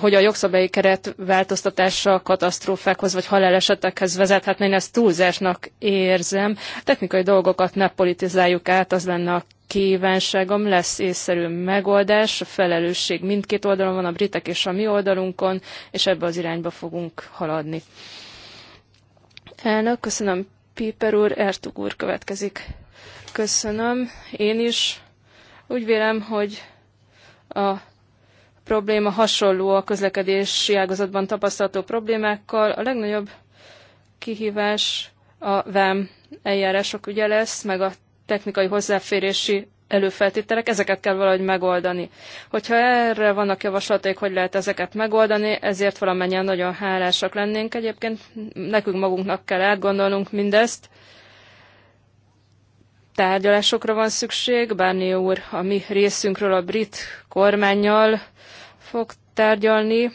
hogy a jogszabályi keret változtatása katasztrófákhoz vagy halálesetekhez vezethetne, én ezt túlzásnak érzem. Technikai dolgokat ne politizáljuk át, az lenne a kívánságom, lesz észszerű megoldás, a felelősség mindkét oldalon van, a britek és a mi oldalunkon, és ebbe az irányba fogunk haladni. Elnök, köszönöm Piper úr, Ertug úr következik. Köszönöm, én is. Úgy vélem, hogy a probléma hasonló a közlekedési ágazatban tapasztalható problémákkal. A legnagyobb kihívás a VEM eljárások ügye lesz, meg a technikai hozzáférési előfeltételek, ezeket kell valahogy megoldani. Hogyha erre vannak javaslataik, hogy lehet ezeket megoldani, ezért valamennyien nagyon hálásak lennénk. Egyébként nekünk magunknak kell átgondolnunk mindezt, tárgyalásokra van szükség. Bárné úr a mi részünkről a brit kormányjal fog tárgyalni.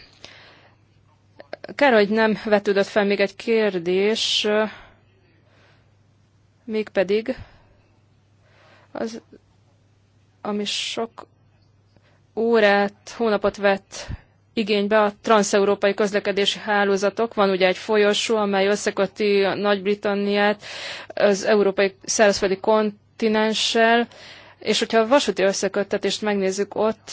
Kár, hogy nem vetődött fel még egy kérdés, mégpedig az, ami sok órát, hónapot vett igénybe a transeurópai közlekedési hálózatok. Van ugye egy folyosó, amely összeköti a Nagy-Britanniát az európai szárazföldi kontinenssel, és hogyha a vasúti összeköttetést megnézzük ott,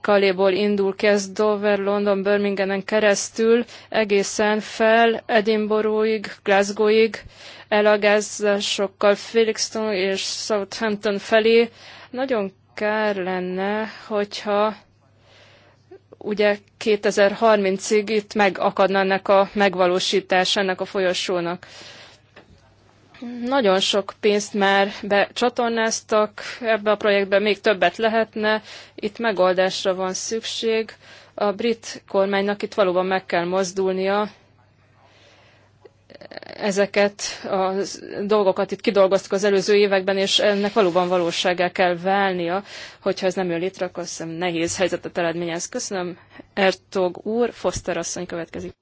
Kaléból indul kezd Dover, London, Birmingham-en keresztül, egészen fel Edinburghig, Glasgowig, elagázásokkal Felixton és Southampton felé. Nagyon kár lenne, hogyha ugye 2030-ig itt megakadna ennek a megvalósítás ennek a folyosónak. Nagyon sok pénzt már becsatornáztak ebbe a projektbe, még többet lehetne, itt megoldásra van szükség. A brit kormánynak itt valóban meg kell mozdulnia, ezeket a dolgokat itt kidolgoztuk az előző években, és ennek valóban valósággá kell válnia, hogyha ez nem jön létre, akkor azt hiszem nehéz helyzetet eredményez. Köszönöm, Ertog úr, Foster asszony következik.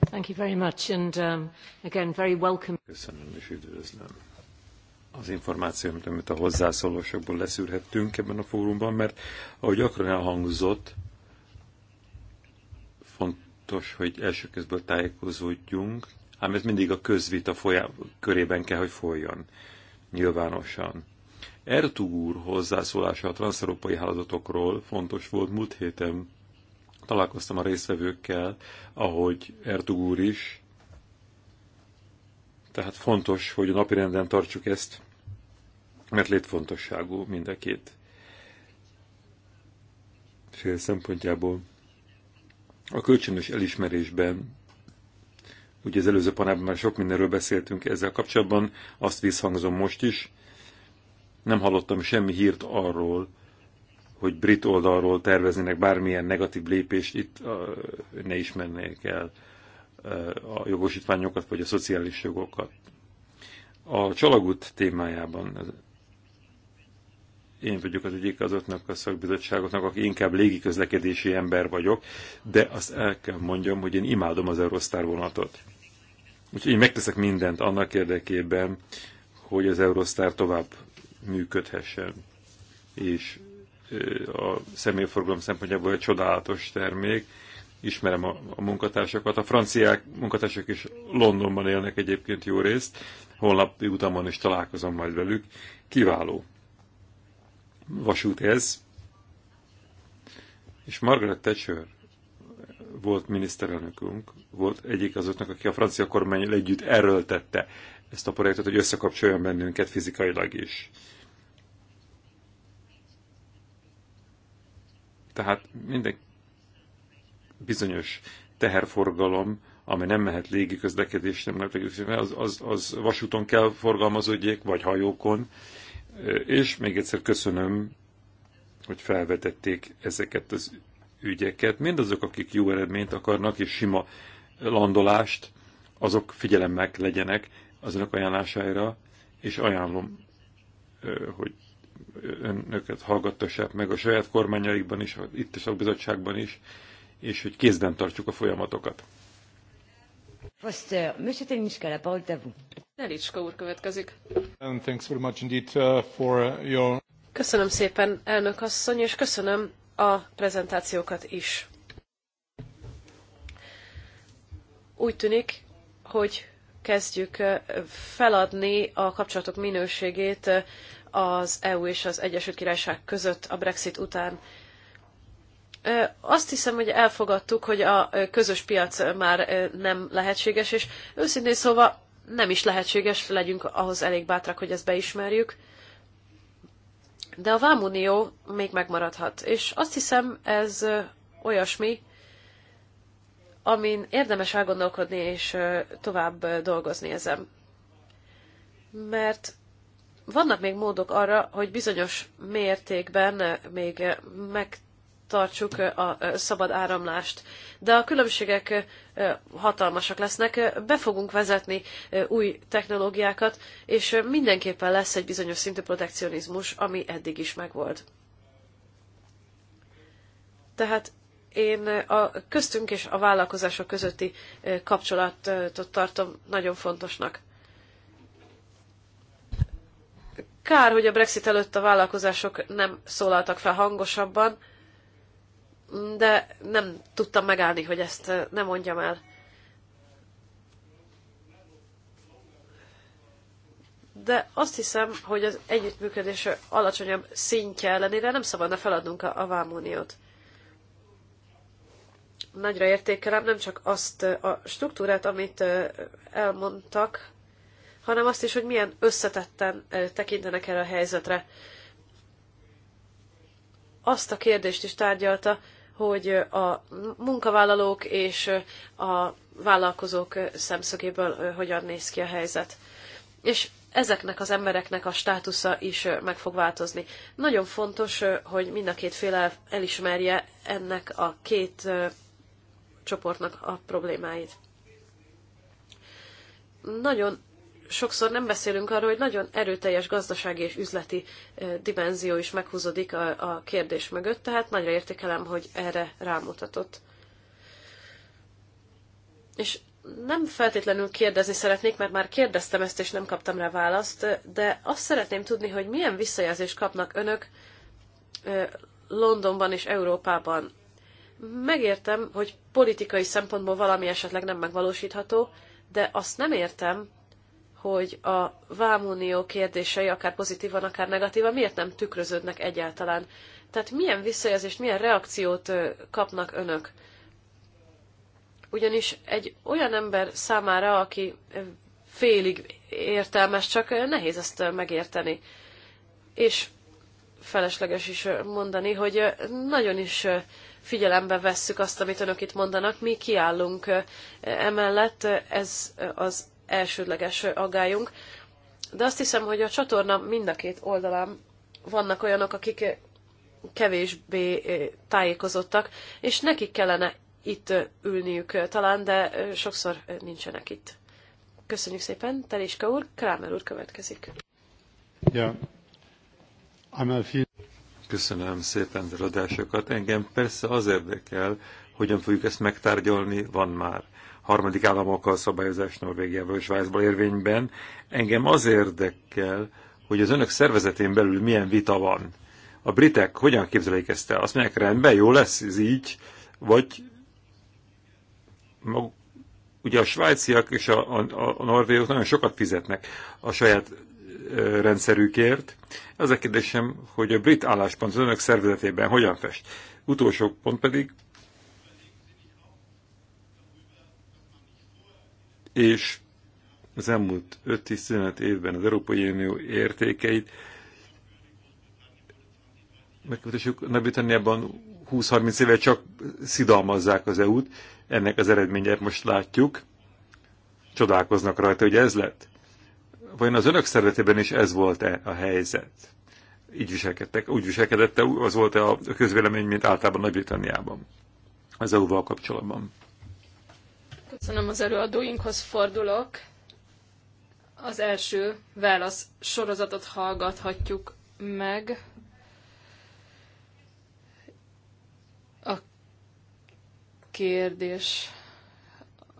Thank you very much, and um, again, very welcome. Köszönöm és üdvözlöm. Az információ, amit a hozzászólósokból leszűrhettünk ebben a fórumban, mert ahogy gyakran elhangzott, font, fontos, hogy első közből tájékozódjunk, ám ez mindig a közvita folyá- körében kell, hogy folyjon, nyilvánosan. Ertug úr hozzászólása a transzeurópai hálózatokról fontos volt múlt héten. Találkoztam a résztvevőkkel, ahogy Ertug úr is. Tehát fontos, hogy a napirenden tartsuk ezt, mert létfontosságú mind a két fél szempontjából a kölcsönös elismerésben, ugye az előző panában már sok mindenről beszéltünk ezzel kapcsolatban, azt visszhangzom most is, nem hallottam semmi hírt arról, hogy brit oldalról terveznének bármilyen negatív lépést, itt ne ismernék el a jogosítványokat vagy a szociális jogokat. A csalagút témájában én vagyok az egyik azoknak a szakbizottságoknak, aki inkább légiközlekedési ember vagyok, de azt el kell mondjam, hogy én imádom az Eurostar vonatot. Úgyhogy én megteszek mindent annak érdekében, hogy az Eurostar tovább működhessen. És a személyforgalom szempontjából egy csodálatos termék. Ismerem a, a munkatársakat. A franciák munkatársak is Londonban élnek egyébként jó részt. Holnap utamon is találkozom majd velük. Kiváló vasút ez, és Margaret Thatcher volt miniszterelnökünk, volt egyik azoknak, aki a francia kormány együtt erőltette ezt a projektet, hogy összekapcsoljon bennünket fizikailag is. Tehát minden bizonyos teherforgalom, ami nem mehet légi közlekedés, nem lehet az, az, az vasúton kell forgalmazódjék, vagy hajókon, és még egyszer köszönöm, hogy felvetették ezeket az ügyeket. Mindazok, akik jó eredményt akarnak, és sima landolást, azok figyelemmel legyenek az önök ajánlására, és ajánlom, hogy önöket hallgattassák meg a saját kormányaikban is, itt a bizottságban is, és hogy kézben tartsuk a folyamatokat. Foster, Monsieur la parole est à vous. úr következik. And um, thanks very much indeed uh, for uh, your... Köszönöm szépen, elnök asszony, és köszönöm a prezentációkat is. Úgy tűnik, hogy kezdjük uh, feladni a kapcsolatok minőségét az EU és az Egyesült Királyság között a Brexit után. Azt hiszem, hogy elfogadtuk, hogy a közös piac már nem lehetséges, és őszintén szóval nem is lehetséges, legyünk ahhoz elég bátrak, hogy ezt beismerjük. De a vámunió még megmaradhat, és azt hiszem, ez olyasmi, amin érdemes elgondolkodni és tovább dolgozni ezen. Mert vannak még módok arra, hogy bizonyos mértékben még meg tartsuk a szabad áramlást. De a különbségek hatalmasak lesznek, be fogunk vezetni új technológiákat, és mindenképpen lesz egy bizonyos szintű protekcionizmus, ami eddig is megvolt. Tehát én a köztünk és a vállalkozások közötti kapcsolatot tartom nagyon fontosnak. Kár, hogy a Brexit előtt a vállalkozások nem szólaltak fel hangosabban, de nem tudtam megállni, hogy ezt eh, nem mondjam el. De azt hiszem, hogy az együttműködés alacsonyabb szintje ellenére nem szabadna feladnunk a, a Nagyra értékelem nem csak azt eh, a struktúrát, amit eh, elmondtak, hanem azt is, hogy milyen összetetten tekintenek erre a helyzetre. Azt a kérdést is tárgyalta, hogy a munkavállalók és a vállalkozók szemszögéből hogyan néz ki a helyzet. És ezeknek az embereknek a státusza is meg fog változni. Nagyon fontos, hogy mind a két fél elismerje ennek a két csoportnak a problémáit. Nagyon sokszor nem beszélünk arról, hogy nagyon erőteljes gazdasági és üzleti dimenzió is meghúzódik a, a kérdés mögött, tehát nagyra értékelem, hogy erre rámutatott. És nem feltétlenül kérdezni szeretnék, mert már kérdeztem ezt, és nem kaptam rá választ, de azt szeretném tudni, hogy milyen visszajelzést kapnak önök Londonban és Európában. Megértem, hogy politikai szempontból valami esetleg nem megvalósítható, de azt nem értem, hogy a vámunió kérdései akár pozitívan, akár negatívan miért nem tükröződnek egyáltalán. Tehát milyen visszajelzést, milyen reakciót kapnak önök? Ugyanis egy olyan ember számára, aki félig értelmes, csak nehéz ezt megérteni. És felesleges is mondani, hogy nagyon is figyelembe vesszük azt, amit önök itt mondanak, mi kiállunk emellett, ez az elsődleges aggályunk. De azt hiszem, hogy a csatorna mind a két oldalán vannak olyanok, akik kevésbé eh, tájékozottak, és nekik kellene itt eh, ülniük eh, talán, de sokszor nincsenek itt. Köszönjük szépen, Teliska úr, Krámer úr következik. Ja. Köszönöm szépen az adásokat. Engem persze az érdekel, hogyan fogjuk ezt megtárgyalni, van már harmadik államokkal szabályozás Norvégiával és Svájcból érvényben. Engem az érdekel, hogy az önök szervezetén belül milyen vita van. A britek hogyan képzelik ezt el? Azt mondják, rendben, jó lesz ez így, vagy mag, ugye a svájciak és a, a, a norvégok nagyon sokat fizetnek a saját rendszerükért. Az a kérdésem, hogy a brit álláspont az önök szervezetében hogyan fest. Utolsó pont pedig és az elmúlt 5-15 évben az Európai Unió értékeit megkövetésük Nagy-Britanniában 20-30 éve csak szidalmazzák az EU-t, ennek az eredményét most látjuk, csodálkoznak rajta, hogy ez lett. Vajon az önök szervetében is ez volt-e a helyzet? Így viselkedtek, úgy viselkedett -e, az volt-e a közvélemény, mint általában Nagy-Britanniában az EU-val kapcsolatban? Köszönöm az előadóinkhoz fordulok. Az első válasz sorozatot hallgathatjuk meg. A kérdés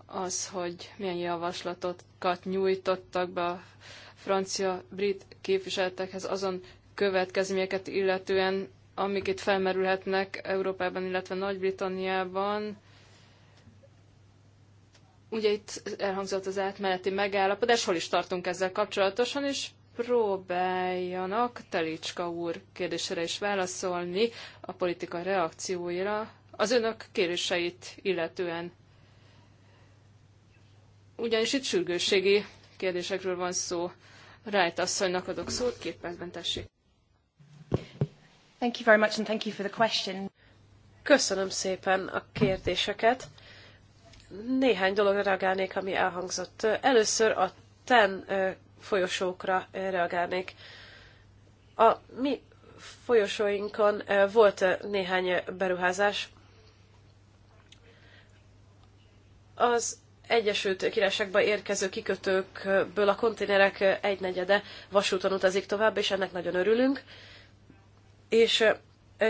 az, hogy milyen javaslatokat nyújtottak be a francia-brit képviseletekhez azon következményeket illetően, amik itt felmerülhetnek Európában, illetve Nagy-Britanniában Ugye itt elhangzott az átmeneti megállapodás, hol is tartunk ezzel kapcsolatosan, és próbáljanak Telicska úr kérdésére is válaszolni a politika reakcióira az önök kéréseit illetően. Ugyanis itt sürgősségi kérdésekről van szó. Rájt asszonynak adok szót, két percben tessék. Thank you very much and thank you for the question. Köszönöm szépen a kérdéseket. Néhány dologra reagálnék, ami elhangzott. Először a ten folyosókra reagálnék. A mi folyosóinkon volt néhány beruházás. Az Egyesült Királyságba érkező kikötőkből a konténerek egynegyede vasúton utazik tovább, és ennek nagyon örülünk. És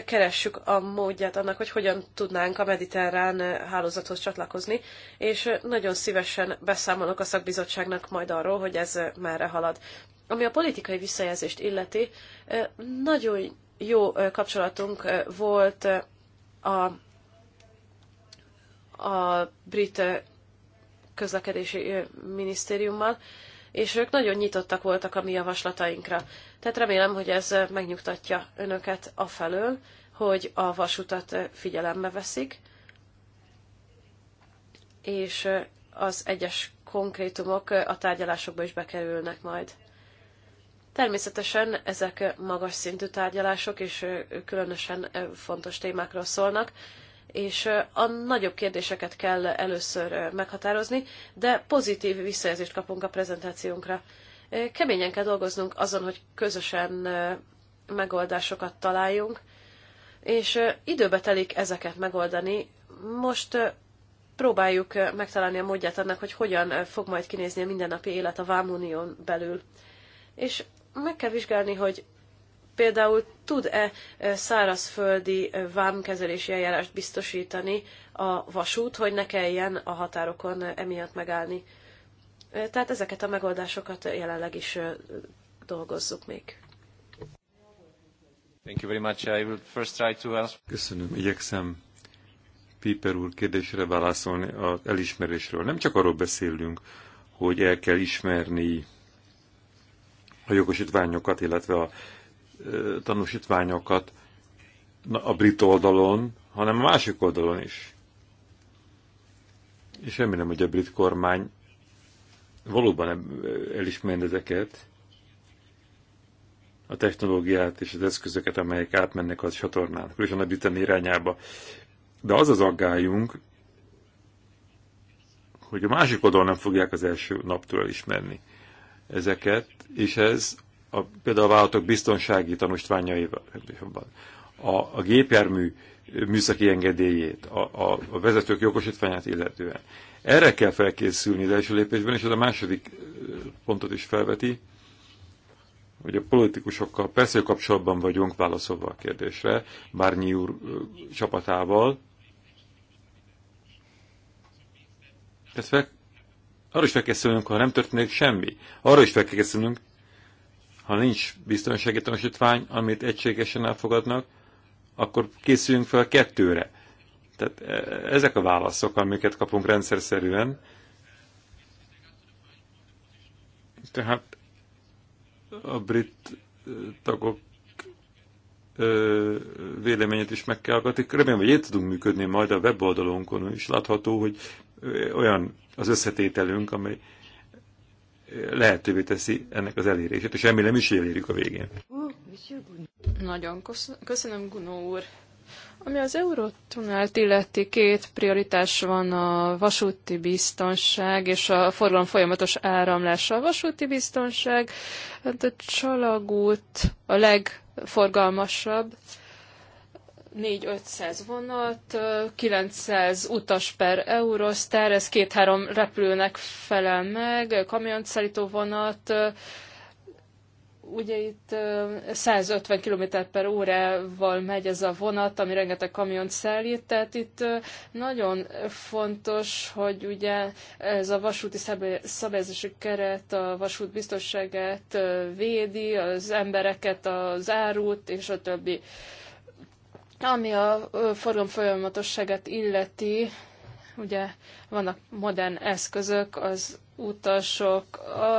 keressük a módját annak, hogy hogyan tudnánk a mediterrán hálózathoz csatlakozni, és nagyon szívesen beszámolok a szakbizottságnak majd arról, hogy ez merre halad. Ami a politikai visszajelzést illeti, nagyon jó kapcsolatunk volt a, a brit közlekedési minisztériummal, és ők nagyon nyitottak voltak a mi javaslatainkra. Tehát remélem, hogy ez megnyugtatja önöket afelől, hogy a vasutat figyelembe veszik, és az egyes konkrétumok a tárgyalásokba is bekerülnek majd. Természetesen ezek magas szintű tárgyalások, és különösen fontos témákról szólnak, és a nagyobb kérdéseket kell először meghatározni, de pozitív visszajelzést kapunk a prezentációnkra. Keményen kell dolgoznunk azon, hogy közösen megoldásokat találjunk, és időbe telik ezeket megoldani. Most próbáljuk megtalálni a módját annak, hogy hogyan fog majd kinézni a mindennapi élet a Vámunión belül. És meg kell vizsgálni, hogy például tud-e szárazföldi vámkezelési eljárást biztosítani a vasút, hogy ne kelljen a határokon emiatt megállni. Tehát ezeket a megoldásokat jelenleg is dolgozzuk még. Thank you very much. I will first try to Köszönöm, igyekszem Piper úr kérdésre válaszolni az elismerésről. Nem csak arról beszélünk, hogy el kell ismerni a jogosítványokat, illetve a tanúsítványokat a brit oldalon, hanem a másik oldalon is. És remélem, hogy a brit kormány valóban elismeri ezeket, a technológiát és az eszközöket, amelyek átmennek a csatornán, különösen a Briten irányába. De az az aggályunk, hogy a másik oldalon nem fogják az első naptól elismerni ezeket, és ez a, például a vállalatok biztonsági tanústványaival, a, a gépjármű műszaki engedélyét, a, a, a vezetők jogosítványát illetően. Erre kell felkészülni az első lépésben, és ez a második pontot is felveti, hogy a politikusokkal persze kapcsolatban vagyunk válaszolva a kérdésre, Bárnyi úr csapatával. Tehát fel, arra is felkészülünk, ha nem történik semmi. Arra is felkészülünk, ha nincs biztonsági tanúsítvány, amit egységesen elfogadnak, akkor készüljünk fel kettőre. Tehát e, ezek a válaszok, amiket kapunk rendszerszerűen. Tehát a brit e, tagok e, véleményét is meg kell aggatni. Remélem, hogy itt tudunk működni majd a weboldalunkon is. Látható, hogy olyan az összetételünk, amely lehetővé teszi ennek az elérését, és remélem is elérjük a végén. Nagyon köszönöm, Gunó úr. Ami az Eurotunnelt illeti, két prioritás van a vasúti biztonság és a forgalom folyamatos áramlása. A vasúti biztonság, hát a csalagút a legforgalmasabb, 4-500 vonat, 900 utas per Eurostar, ez két-három repülőnek felel meg, kamionszállító vonat, ugye itt 150 km per órával megy ez a vonat, ami rengeteg kamion szállít, tehát itt nagyon fontos, hogy ugye ez a vasúti szabályozási keret a vasút biztonságát védi, az embereket, az árut és a többi. Ami a forgalom folyamatosságát illeti, ugye vannak modern eszközök, az utasok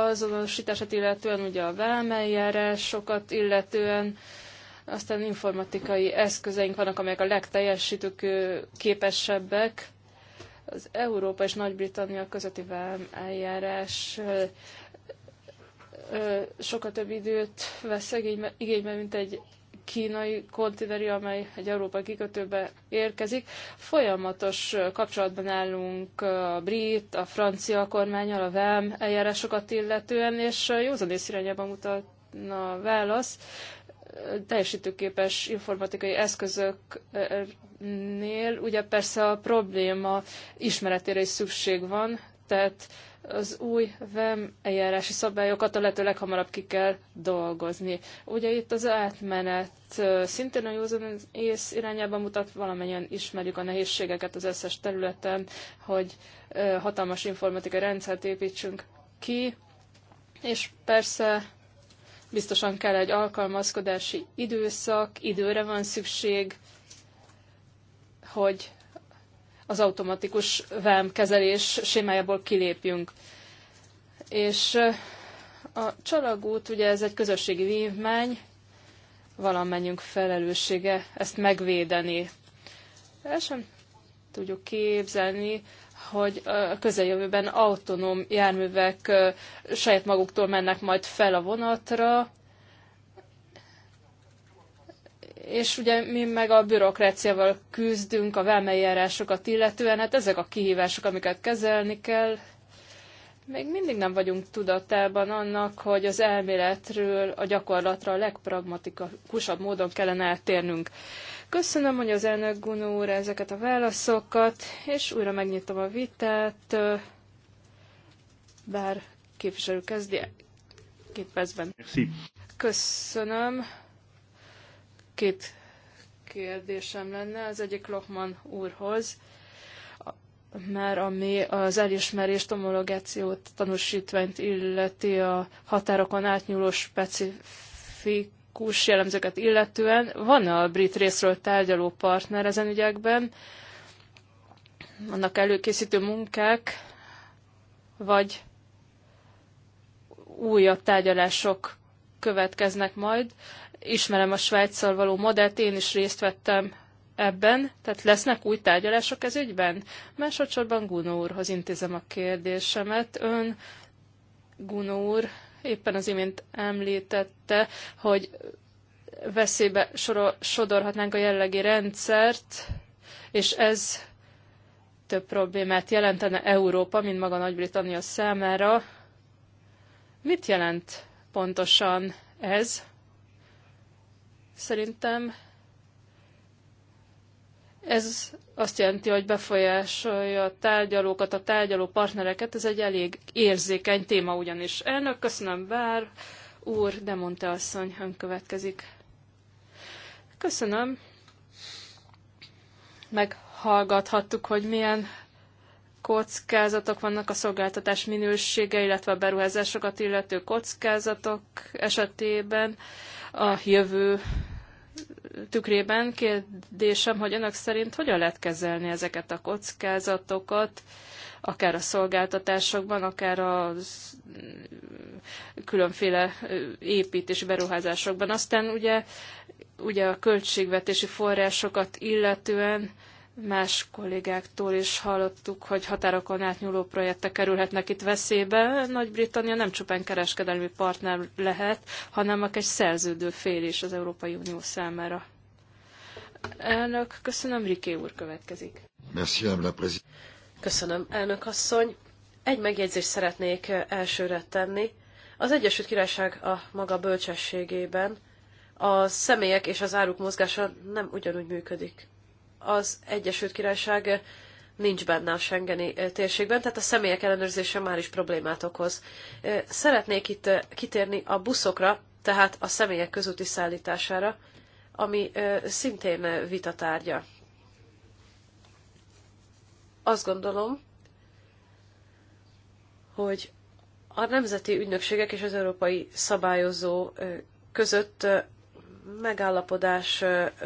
azonosítását illetően, ugye a vámeljárásokat illetően, aztán informatikai eszközeink vannak, amelyek a legteljesítők képesebbek. Az Európa és Nagy-Britannia közötti vámeljárás sokkal több időt vesz igénybe, mint egy kínai konténeri, amely egy európai kikötőbe érkezik. Folyamatos kapcsolatban állunk a brit, a francia kormányal, a VEM eljárásokat illetően, és ész irányában mutatna a válasz teljesítőképes informatikai eszközöknél ugye persze a probléma ismeretére is szükség van, tehát az új VEM eljárási szabályokat a lehető leghamarabb ki kell dolgozni. Ugye itt az átmenet szintén a józan ész irányában mutat, valamennyien ismerjük a nehézségeket az összes területen, hogy hatalmas informatikai rendszert építsünk ki, és persze biztosan kell egy alkalmazkodási időszak, időre van szükség, hogy az automatikus vámkezelés sémájából kilépjünk. És a csalagút, ugye ez egy közösségi vívmány, valamennyünk felelőssége ezt megvédeni. El sem tudjuk képzelni, hogy a közeljövőben autonóm járművek saját maguktól mennek majd fel a vonatra, és ugye mi meg a bürokráciával küzdünk, a vámeljárásokat illetően, hát ezek a kihívások, amiket kezelni kell. Még mindig nem vagyunk tudatában annak, hogy az elméletről a gyakorlatra a legpragmatikusabb módon kellene eltérnünk. Köszönöm, hogy az elnök Gunó úr ezeket a válaszokat, és újra megnyitom a vitát, bár képviselő kezdje két percben. Köszönöm. Két kérdésem lenne, az egyik Lokman úrhoz, már ami az elismerést, homologációt, tanúsítványt illeti a határokon átnyúló specifikus jellemzőket illetően. van -e a brit részről tárgyaló partner ezen ügyekben? Vannak előkészítő munkák, vagy újabb tárgyalások következnek majd ismerem a Svájccal való modellt, én is részt vettem ebben, tehát lesznek új tárgyalások ez ügyben? Másodszorban Gunó úrhoz intézem a kérdésemet. Ön, Gunó úr, éppen az imént említette, hogy veszélybe sodorhatnánk a jellegi rendszert, és ez több problémát jelentene Európa, mint maga Nagy-Britannia számára. Mit jelent pontosan ez? Szerintem ez azt jelenti, hogy befolyásolja a tárgyalókat, a tárgyaló partnereket, ez egy elég érzékeny téma ugyanis. Elnök, köszönöm, Bár úr, de mondta asszony, ön következik. Köszönöm. Meghallgathattuk, hogy milyen kockázatok vannak a szolgáltatás minősége, illetve a beruházásokat illető kockázatok esetében a jövő tükrében kérdésem, hogy önök szerint hogyan lehet kezelni ezeket a kockázatokat, akár a szolgáltatásokban, akár a különféle építési beruházásokban. Aztán ugye, ugye a költségvetési forrásokat illetően Más kollégáktól is hallottuk, hogy határokon átnyúló projektek kerülhetnek itt veszélybe. Nagy-Britannia nem csupán kereskedelmi partner lehet, hanem egy szerződő fél is az Európai Unió számára. Elnök, köszönöm, Riké úr következik. Merci, la köszönöm, elnök asszony. Egy megjegyzést szeretnék elsőre tenni. Az Egyesült Királyság a maga bölcsességében a személyek és az áruk mozgása nem ugyanúgy működik az Egyesült Királyság nincs benne a Schengeni térségben, tehát a személyek ellenőrzése már is problémát okoz. Szeretnék itt kitérni a buszokra, tehát a személyek közúti szállítására, ami szintén vitatárgya. Azt gondolom, hogy a nemzeti ügynökségek és az európai szabályozó között megállapodás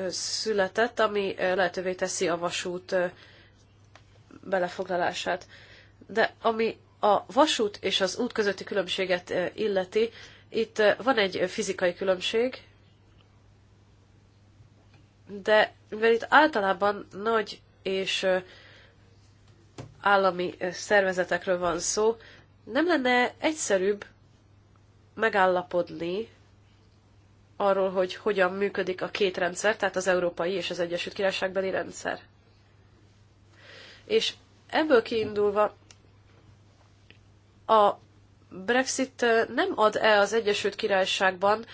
született, ami lehetővé teszi a vasút belefoglalását. De ami a vasút és az út közötti különbséget illeti, itt van egy fizikai különbség, de mivel itt általában nagy és állami szervezetekről van szó, nem lenne egyszerűbb megállapodni arról, hogy hogyan működik a két rendszer, tehát az európai és az Egyesült Királyságbeli rendszer. És ebből kiindulva a Brexit nem ad-e az Egyesült Királyságban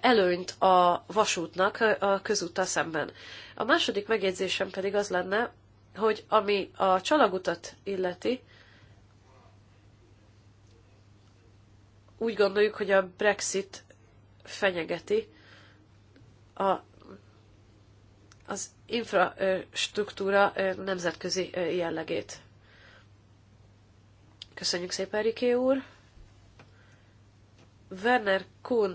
előnyt a vasútnak a közúttal szemben? A második megjegyzésem pedig az lenne, hogy ami a csalagutat illeti, úgy gondoljuk, hogy a Brexit fenyegeti a, az infrastruktúra nemzetközi jellegét. Köszönjük szépen, Riké úr! Werner Kuhn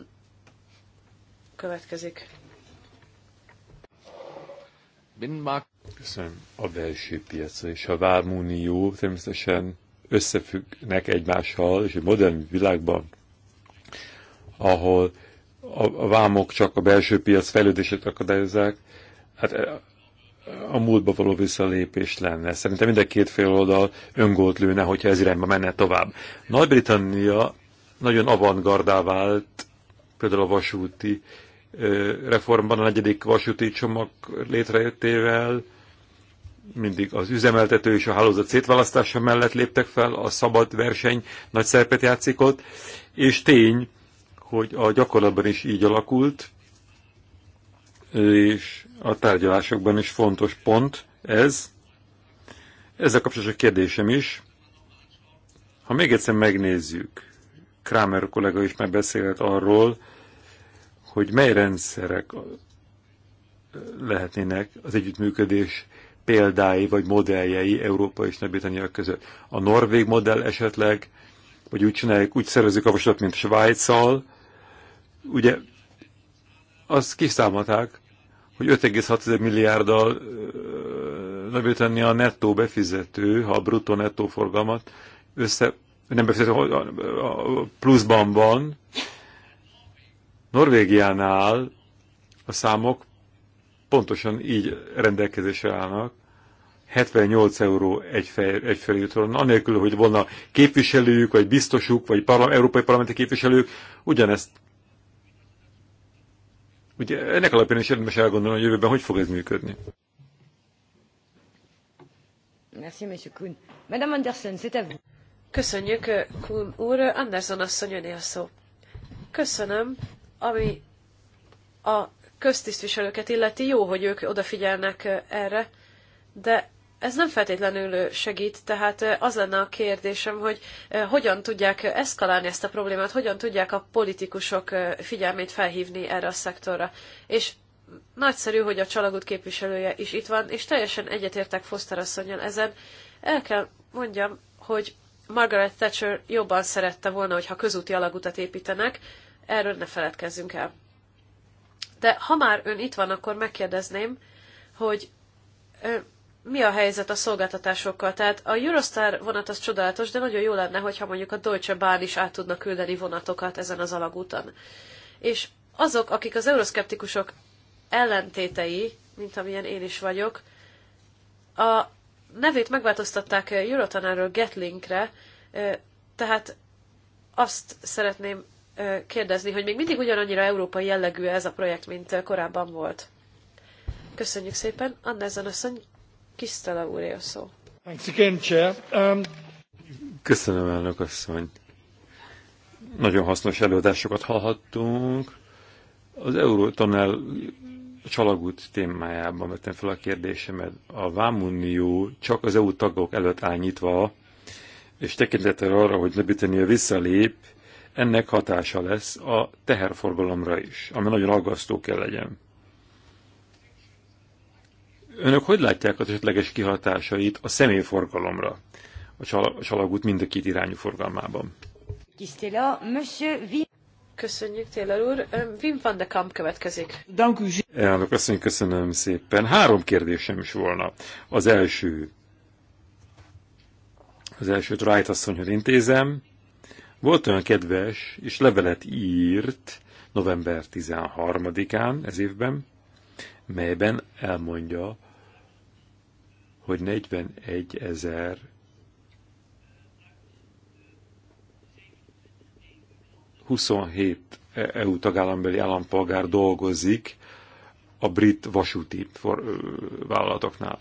következik. Köszönöm. A belső piaca és a vámunió természetesen összefüggnek egymással, és egy modern világban, ahol a vámok csak a belső piac fejlődését akadályozzák, hát e, a múltba való visszalépés lenne. Szerintem mind a két fél oldal öngolt lőne, hogyha ez irányba menne tovább. Nagy-Britannia nagyon avantgardá vált, például a vasúti e, reformban, a negyedik vasúti csomag létrejöttével, mindig az üzemeltető és a hálózat szétválasztása mellett léptek fel, a szabad verseny nagy szerepet játszik ott, és tény, hogy a gyakorlatban is így alakult, és a tárgyalásokban is fontos pont ez. Ezzel kapcsolatos a kérdésem is. Ha még egyszer megnézzük, Kramer kollega is már beszélt arról, hogy mely rendszerek lehetnének az együttműködés példái vagy modelljei Európa és nagy között. A norvég modell esetleg, vagy úgy csinálják, úgy szervezik a vasat, mint a Svájccal, ugye azt kiszámolták, hogy 5,6 milliárddal tenni a nettó befizető, ha a bruttó nettó forgalmat össze, nem befizető, a pluszban van. Norvégiánál a számok pontosan így rendelkezésre állnak. 78 euró egy, fej, egy feljutóron, anélkül, hogy volna képviselőjük, vagy biztosuk, vagy parla, európai parlamenti képviselők, ugyanezt Ugye ennek alapján is érdemes elgondolni, hogy jövőben hogy fog ez működni. Merci, monsieur Kuhn. Madame Anderson, c'est à vous. Köszönjük, eh, Kuhn úr. Anderson asszony, öné a szó. Köszönöm, ami a köztisztviselőket illeti, jó, hogy ők odafigyelnek eh, erre, de ez nem feltétlenül segít, tehát az lenne a kérdésem, hogy hogyan tudják eszkalálni ezt a problémát, hogyan tudják a politikusok figyelmét felhívni erre a szektorra. És nagyszerű, hogy a csalagút képviselője is itt van, és teljesen egyetértek Foster asszonyon ezen. El kell mondjam, hogy Margaret Thatcher jobban szerette volna, hogyha közúti alagutat építenek, erről ne feledkezzünk el. De ha már ön itt van, akkor megkérdezném, hogy mi a helyzet a szolgáltatásokkal? Tehát a Eurostar vonat az csodálatos, de nagyon jó lenne, hogyha mondjuk a Deutsche Bahn is át tudna küldeni vonatokat ezen az alagúton. És azok, akik az euroszkeptikusok ellentétei, mint amilyen én is vagyok, a nevét megváltoztatták Eurotanáról Getlinkre, tehát azt szeretném kérdezni, hogy még mindig ugyanannyira európai jellegű ez a projekt, mint korábban volt. Köszönjük szépen. Annezen asszony Kisztala úr, a szó. Um, Köszönöm, elnök asszony. Nagyon hasznos előadásokat hallhattunk. Az Eurotunnel csalagút témájában vettem fel a kérdésemet. A Vámunió csak az EU tagok előtt áll nyitva, és tekintettel arra, hogy Lebitenia visszalép, ennek hatása lesz a teherforgalomra is, ami nagyon aggasztó kell legyen. Önök hogy látják az esetleges kihatásait a személyforgalomra a, csal a csalagút mind a két irányú forgalmában? Köszönjük, Taylor úr. Wim van de Kamp következik. Elnök köszönjük köszönöm szépen. Három kérdésem is volna. Az első, az elsőt Wright asszonyhoz intézem. Volt olyan kedves, és levelet írt november 13-án ez évben, melyben elmondja, hogy 41 ezer 27 e-, e-, EU tagállambeli állampolgár dolgozik a brit vasúti for, vállalatoknál.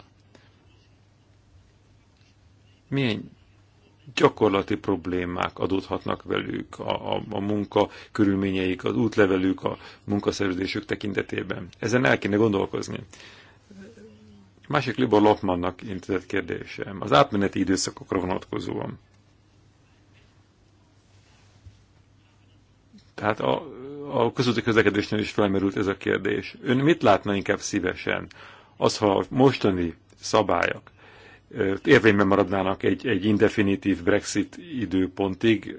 Milyen gyakorlati problémák adódhatnak velük, a, a, a munka körülményeik, az útlevelük, a munkaszerződésük tekintetében. Ezen el kéne gondolkozni. A másik Libor Lopmannak intézett kérdésem, az átmeneti időszakokra vonatkozóan. Tehát a, a közúti közlekedésnél is felmerült ez a kérdés. Ön mit látna inkább szívesen? Az, ha a mostani szabályok érvényben maradnának egy, egy indefinitív Brexit időpontig,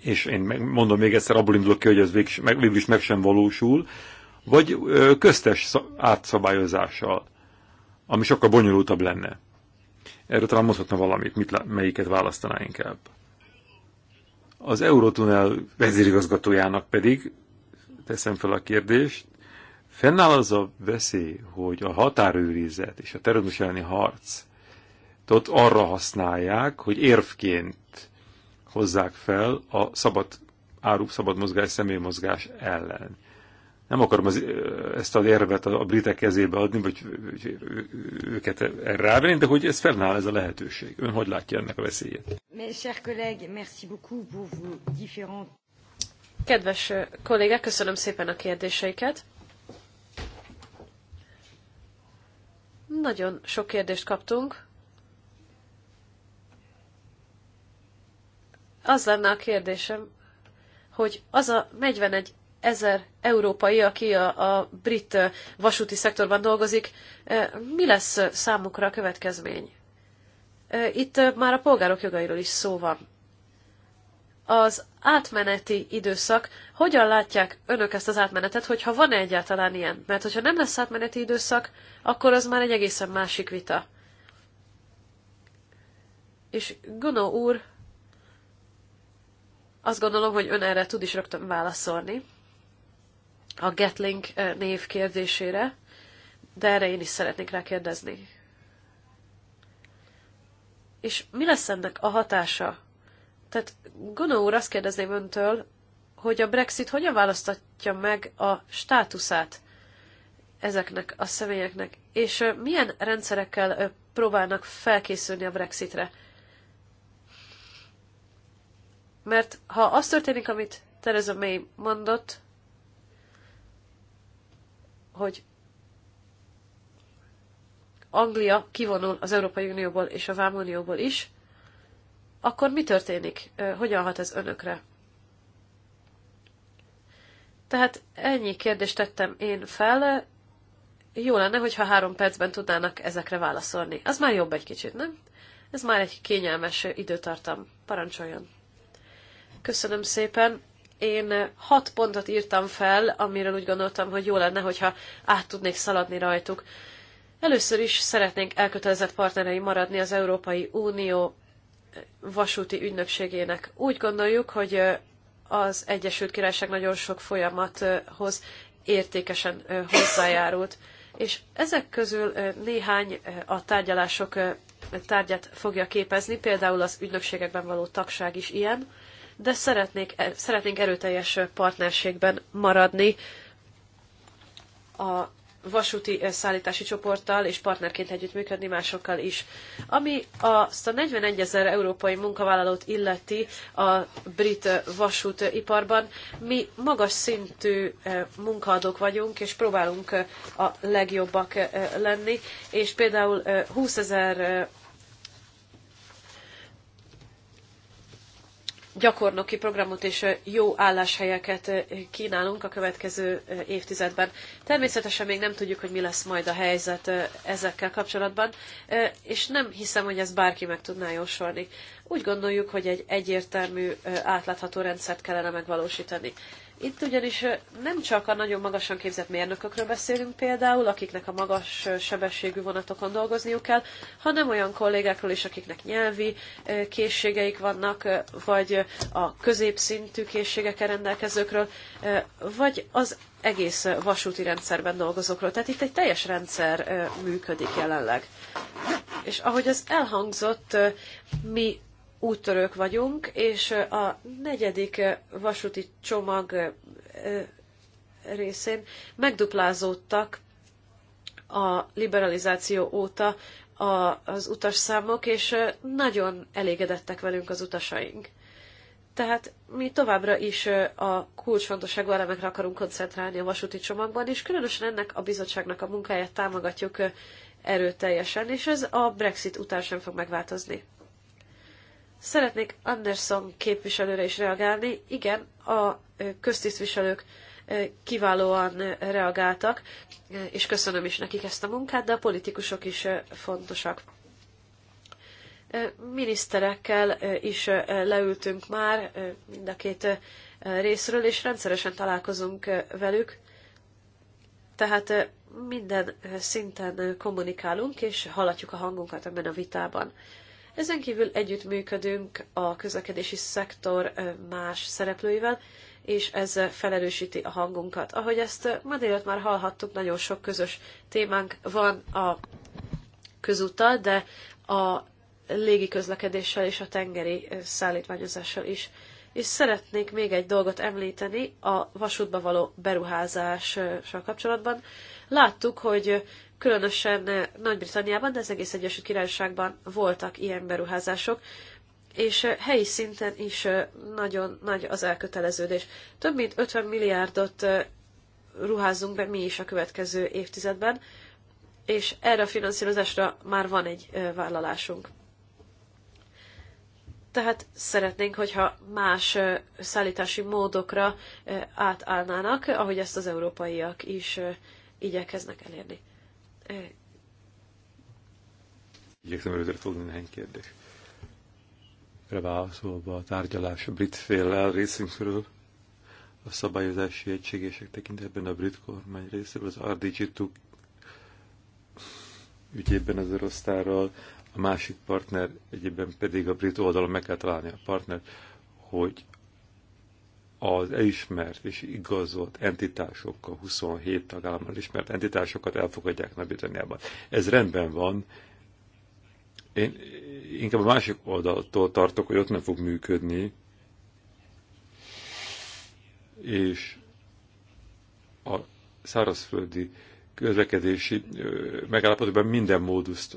és én mondom még egyszer, abból indulok ki, hogy ez végül is meg, végül is meg sem valósul, vagy köztes átszabályozással, ami sokkal bonyolultabb lenne. Erről talán mondhatna valamit, mit, melyiket választaná inkább. Az Eurotunnel vezérigazgatójának pedig teszem fel a kérdést, fennáll az a veszély, hogy a határőrizet és a terrorizmus elleni harc ott arra használják, hogy érvként hozzák fel a szabad áru, szabad mozgás, személy mozgás ellen nem akarom az, ezt az érvet a britek kezébe adni, vagy őket erre rávenni, de hogy ez fennáll ez a lehetőség. Ön hogy látja ennek a veszélyét? Kedves kollégák, köszönöm szépen a kérdéseiket. Nagyon sok kérdést kaptunk. Az lenne a kérdésem, hogy az a 41 ezer európai, aki a, a brit vasúti szektorban dolgozik, mi lesz számukra a következmény? Itt már a polgárok jogairól is szó van. Az átmeneti időszak, hogyan látják önök ezt az átmenetet, hogyha van -e egyáltalán ilyen? Mert hogyha nem lesz átmeneti időszak, akkor az már egy egészen másik vita. És Gunó úr, azt gondolom, hogy ön erre tud is rögtön válaszolni a Gatling eh, név kérdésére, de erre én is szeretnék rá kérdezni. És mi lesz ennek a hatása? Tehát Gono úr, azt kérdezném öntől, hogy a Brexit hogyan választatja meg a státuszát ezeknek a személyeknek, és eh, milyen rendszerekkel eh, próbálnak felkészülni a Brexitre. Mert ha az történik, amit Theresa May mondott, hogy Anglia kivonul az Európai Unióból és a Vámunióból is, akkor mi történik? Hogyan hat ez önökre? Tehát ennyi kérdést tettem én fel. Jó lenne, hogyha három percben tudnának ezekre válaszolni. Az már jobb egy kicsit, nem? Ez már egy kényelmes időtartam. Parancsoljon! Köszönöm szépen! én hat pontot írtam fel, amiről úgy gondoltam, hogy jó lenne, hogyha át tudnék szaladni rajtuk. Először is szeretnénk elkötelezett partnerei maradni az Európai Unió vasúti ügynökségének. Úgy gondoljuk, hogy az Egyesült Királyság nagyon sok folyamathoz értékesen hozzájárult. És ezek közül néhány a tárgyalások tárgyát fogja képezni, például az ügynökségekben való tagság is ilyen, de szeretnék, e, szeretnénk erőteljes partnerségben maradni a vasúti e, szállítási csoporttal és partnerként együttműködni másokkal is. Ami azt a 41 ezer európai munkavállalót illeti a brit vasútiparban, mi magas szintű e, munkaadók vagyunk, és próbálunk a legjobbak lenni, és például 20 ezer gyakornoki programot és jó álláshelyeket kínálunk a következő évtizedben. Természetesen még nem tudjuk, hogy mi lesz majd a helyzet ezekkel kapcsolatban, és nem hiszem, hogy ezt bárki meg tudná jósolni. Úgy gondoljuk, hogy egy egyértelmű, átlátható rendszert kellene megvalósítani. Itt ugyanis nem csak a nagyon magasan képzett mérnökökről beszélünk például, akiknek a magas sebességű vonatokon dolgozniuk kell, hanem olyan kollégákról is, akiknek nyelvi készségeik vannak, vagy a középszintű készségekkel rendelkezőkről, vagy az egész vasúti rendszerben dolgozókról. Tehát itt egy teljes rendszer működik jelenleg. És ahogy az elhangzott, mi úttörők vagyunk, és a negyedik vasúti csomag részén megduplázódtak a liberalizáció óta az utasszámok, és nagyon elégedettek velünk az utasaink. Tehát mi továbbra is a kulcsfontosságú elemekre akarunk koncentrálni a vasúti csomagban, és különösen ennek a bizottságnak a munkáját támogatjuk erőteljesen, és ez a Brexit után sem fog megváltozni. Szeretnék Anderson képviselőre is reagálni. Igen, a köztisztviselők kiválóan reagáltak, és köszönöm is nekik ezt a munkát, de a politikusok is fontosak. Miniszterekkel is leültünk már mind a két részről, és rendszeresen találkozunk velük. Tehát minden szinten kommunikálunk, és hallatjuk a hangunkat ebben a vitában. Ezen kívül együttműködünk a közlekedési szektor más szereplőivel, és ez felerősíti a hangunkat. Ahogy ezt ma délután már hallhattuk, nagyon sok közös témánk van a közúttal, de a légi közlekedéssel és a tengeri szállítványozással is. És szeretnék még egy dolgot említeni a vasútba való beruházással kapcsolatban. Láttuk, hogy különösen Nagy-Britanniában, de az egész Egyesült Királyságban voltak ilyen beruházások, és helyi szinten is nagyon nagy az elköteleződés. Több mint 50 milliárdot ruházunk be mi is a következő évtizedben, és erre a finanszírozásra már van egy vállalásunk. Tehát szeretnénk, hogyha más szállítási módokra átállnának, ahogy ezt az európaiak is igyekeznek elérni. Igyekszem előre fogni néhány kérdést. Reválaszolva a tárgyalás a brit féllel részünkről, a szabályozási egységések tekintetben a brit kormány részéről, az RDG2 ügyében az orosztárral, a másik partner egyébben pedig a brit oldalon meg kell találni a partner, hogy az elismert és igazolt entitásokkal, 27 tagállammal ismert entitásokat elfogadják Nagy-Britanniában. Ez rendben van. Én inkább a másik oldaltól tartok, hogy ott nem fog működni, és a szárazföldi közlekedési megállapodásban minden módust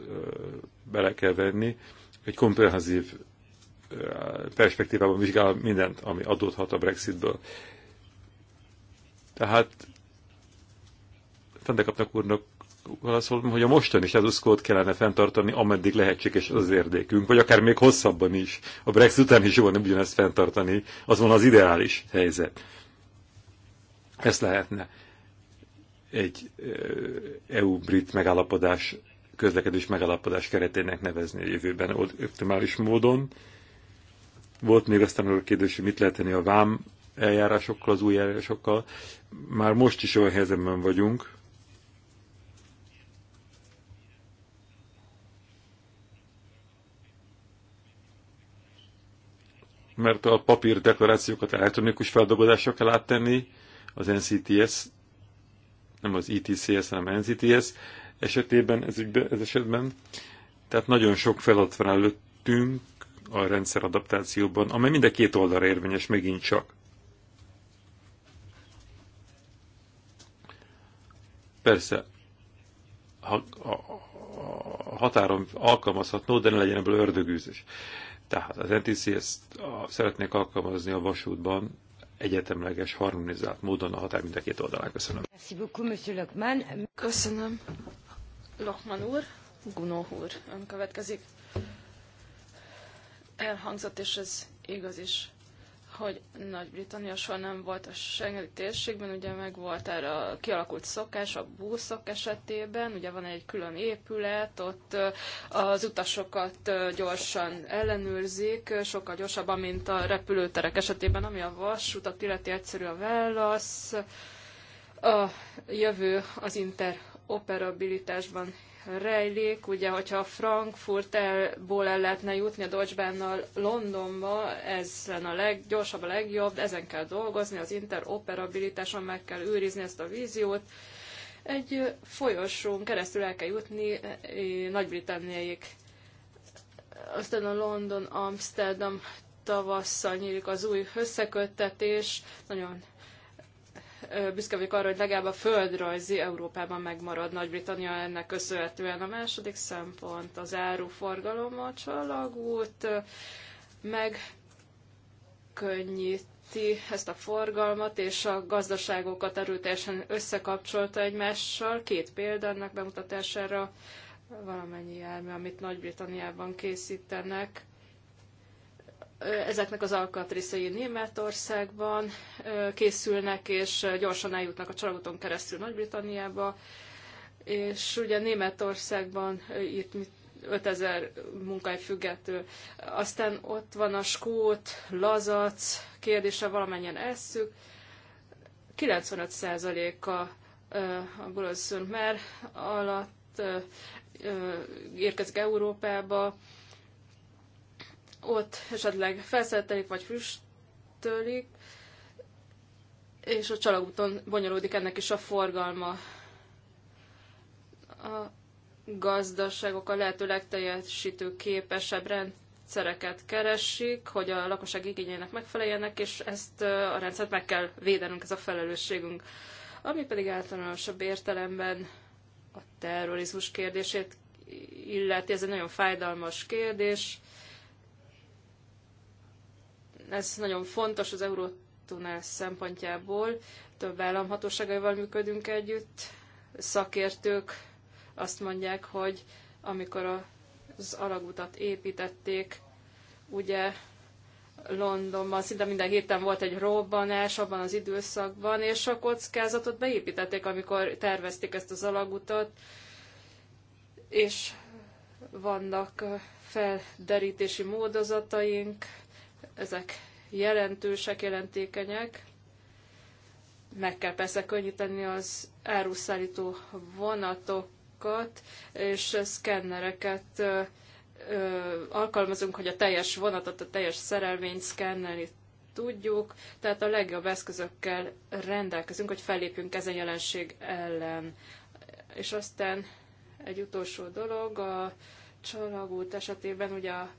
bele kell venni, egy komprehenzív perspektívában vizsgál mindent, ami adódhat a Brexitből. Tehát Fendekapnak úrnak válaszolom, hogy a mostani státuszkót kellene fenntartani, ameddig lehetséges az érdekünk, vagy akár még hosszabban is. A Brexit után is jól nem ugyanezt fenntartani, az van az ideális helyzet. Ezt lehetne egy EU-brit megállapodás, közlekedés megállapodás keretének nevezni a jövőben optimális módon. Volt még aztán a kérdés, hogy mit lehet tenni a vám eljárásokkal, az új eljárásokkal. Már most is olyan helyzetben vagyunk, mert a papír deklarációkat elektronikus feldolgozásra kell áttenni, az NCTS, nem az ETCS, hanem NCTS esetében, ez, ez esetben. Tehát nagyon sok feladat van előttünk, a rendszeradaptációban, amely mind a két oldalra érvényes megint csak. Persze, ha, a, a határon alkalmazható, de ne legyen ebből ördögűzés. Tehát az NTC ezt szeretnék alkalmazni a vasútban egyetemleges, harmonizált módon a határ mind a két oldalán. Köszönöm. Köszönöm. Lokman úr, Gunó úr, ön következik elhangzott, és ez igaz is, hogy Nagy-Britannia soha nem volt a Schengeni térségben, ugye meg volt erre a kialakult szokás a buszok esetében, ugye van egy külön épület, ott az utasokat gyorsan ellenőrzik, sokkal gyorsabban, mint a repülőterek esetében, ami a vasutat illeti egyszerű a válasz. A jövő az interoperabilitásban rejlik, ugye, hogyha Frankfurtból el lehetne jutni a Deutsche Bahnnal Londonba, ez lenne a leggyorsabb, a legjobb, ezen kell dolgozni, az interoperabilitáson meg kell őrizni ezt a víziót. Egy folyosón keresztül el kell jutni eh, Nagy-Britanniáig. Aztán a London-Amsterdam tavasszal nyílik az új összeköttetés, nagyon büszke vagyok arra, hogy legalább a földrajzi Európában megmarad Nagy-Britannia ennek köszönhetően. A második szempont az áruforgalom a csalagút, megkönnyíti ezt a forgalmat, és a gazdaságokat erőteljesen összekapcsolta egymással. Két példa ennek bemutatására valamennyi jármű, amit Nagy-Britanniában készítenek, ezeknek az alkatrészei Németországban készülnek, és gyorsan eljutnak a csalóton keresztül Nagy-Britanniába, és ugye Németországban itt 5000 munkahely függető. Aztán ott van a skót, lazac kérdése, valamennyien esszük. 95%-a a, a mer alatt érkezik Európába, ott esetleg felszeltelik vagy füstölik, és a csalagúton bonyolódik ennek is a forgalma. A gazdaságok a lehető legteljesítő képesebb rendszereket keresik, hogy a lakosság igényeinek megfeleljenek, és ezt a rendszert meg kell védenünk, ez a felelősségünk. Ami pedig általánosabb értelemben a terrorizmus kérdését illeti, ez egy nagyon fájdalmas kérdés, ez nagyon fontos az Eurotunnel szempontjából. Több államhatóságaival működünk együtt. Szakértők azt mondják, hogy amikor az alagutat építették, ugye Londonban szinte minden héten volt egy robbanás abban az időszakban, és a kockázatot beépítették, amikor tervezték ezt az alagutat, és vannak felderítési módozataink, ezek jelentősek, jelentékenyek. Meg kell persze könnyíteni az áruszállító vonatokat, és szkennereket ö, ö, alkalmazunk, hogy a teljes vonatot, a teljes szerelvényt szkennelni tudjuk, tehát a legjobb eszközökkel rendelkezünk, hogy fellépjünk ezen jelenség ellen. És aztán egy utolsó dolog, a csalagút esetében ugye a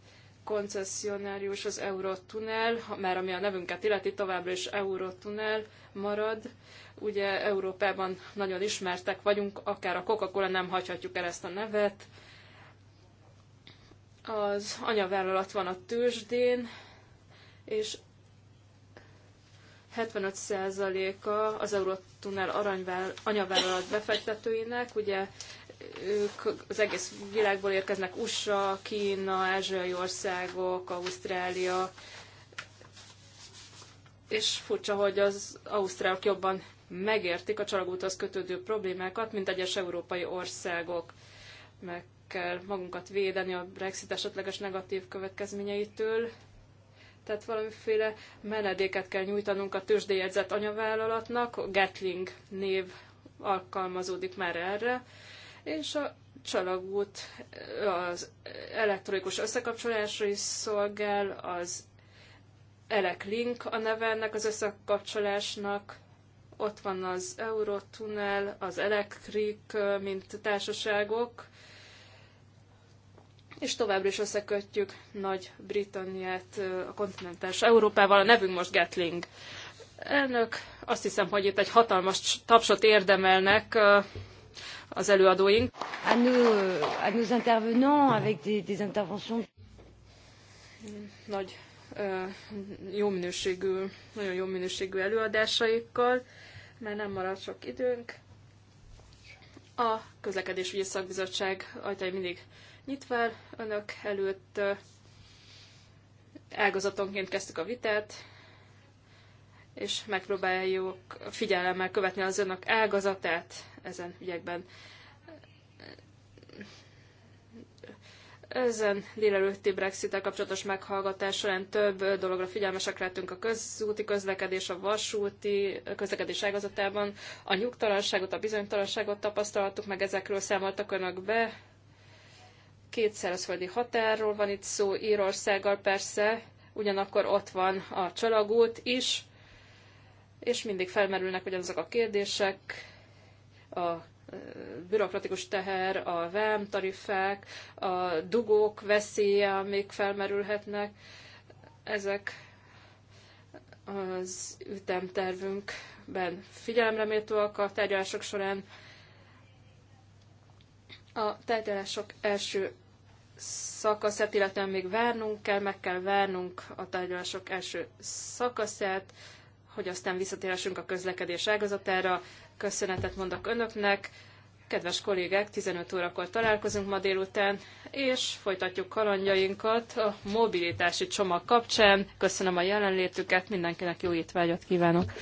koncessionárius az Eurotunnel, már ami a nevünket illeti, továbbra is Eurotunnel marad. Ugye Európában nagyon ismertek vagyunk, akár a Coca-Cola nem hagyhatjuk el ezt a nevet. Az anyavállalat van a tőzsdén, és 75%-a az Eurotunnel aranyvál, anyavállalat befektetőinek, ugye ők az egész világból érkeznek, USA, Kína, ázsiai országok, Ausztrália, és furcsa, hogy az ausztrálok jobban megértik a csalagúthoz kötődő problémákat, mint egyes európai országok. Meg kell magunkat védeni a Brexit esetleges negatív következményeitől, tehát valamiféle menedéket kell nyújtanunk a tőzsdéjegyzett anyavállalatnak, Gatling név alkalmazódik már erre, és a csalagút az elektronikus összekapcsolásra is szolgál, az Eleklink a neve ennek az összekapcsolásnak, ott van az Eurotunnel, az elektrik mint társaságok, és továbbra is összekötjük Nagy-Britanniát a kontinentális Európával. A nevünk most Gatling. Elnök, azt hiszem, hogy itt egy hatalmas tapsot érdemelnek az előadóink. A nos, a nos intervenants avec des, des interventions. Nagy jó minőségű, nagyon jó minőségű előadásaikkal, mert nem marad sok időnk. A közlekedésügyi szakbizottság ajtai mindig nyitva önök előtt. Ágazatonként kezdtük a vitát, és megpróbáljuk figyelemmel követni az önök ágazatát ezen ügyekben. Ezen délelőtti brexit kapcsolatos meghallgatás során több dologra figyelmesek lettünk a közúti közlekedés, a vasúti közlekedés ágazatában. A nyugtalanságot, a bizonytalanságot tapasztaltuk meg ezekről számoltak önök be. Két szárazföldi határról van itt szó, Írországgal persze, ugyanakkor ott van a csalagút is, és mindig felmerülnek ugyanazok a kérdések, a bürokratikus teher, a vámtarifák, a dugók veszélye, amik felmerülhetnek, ezek az ütemtervünkben figyelemre méltóak a tárgyalások során. A tárgyalások első szakaszát, illetve még várnunk kell, meg kell várnunk a tárgyalások első szakaszát, hogy aztán visszatérhessünk a közlekedés ágazatára. Köszönetet mondok önöknek. Kedves kollégák, 15 órakor találkozunk ma délután, és folytatjuk kalandjainkat a mobilitási csomag kapcsán. Köszönöm a jelenlétüket, mindenkinek jó étvágyat kívánok!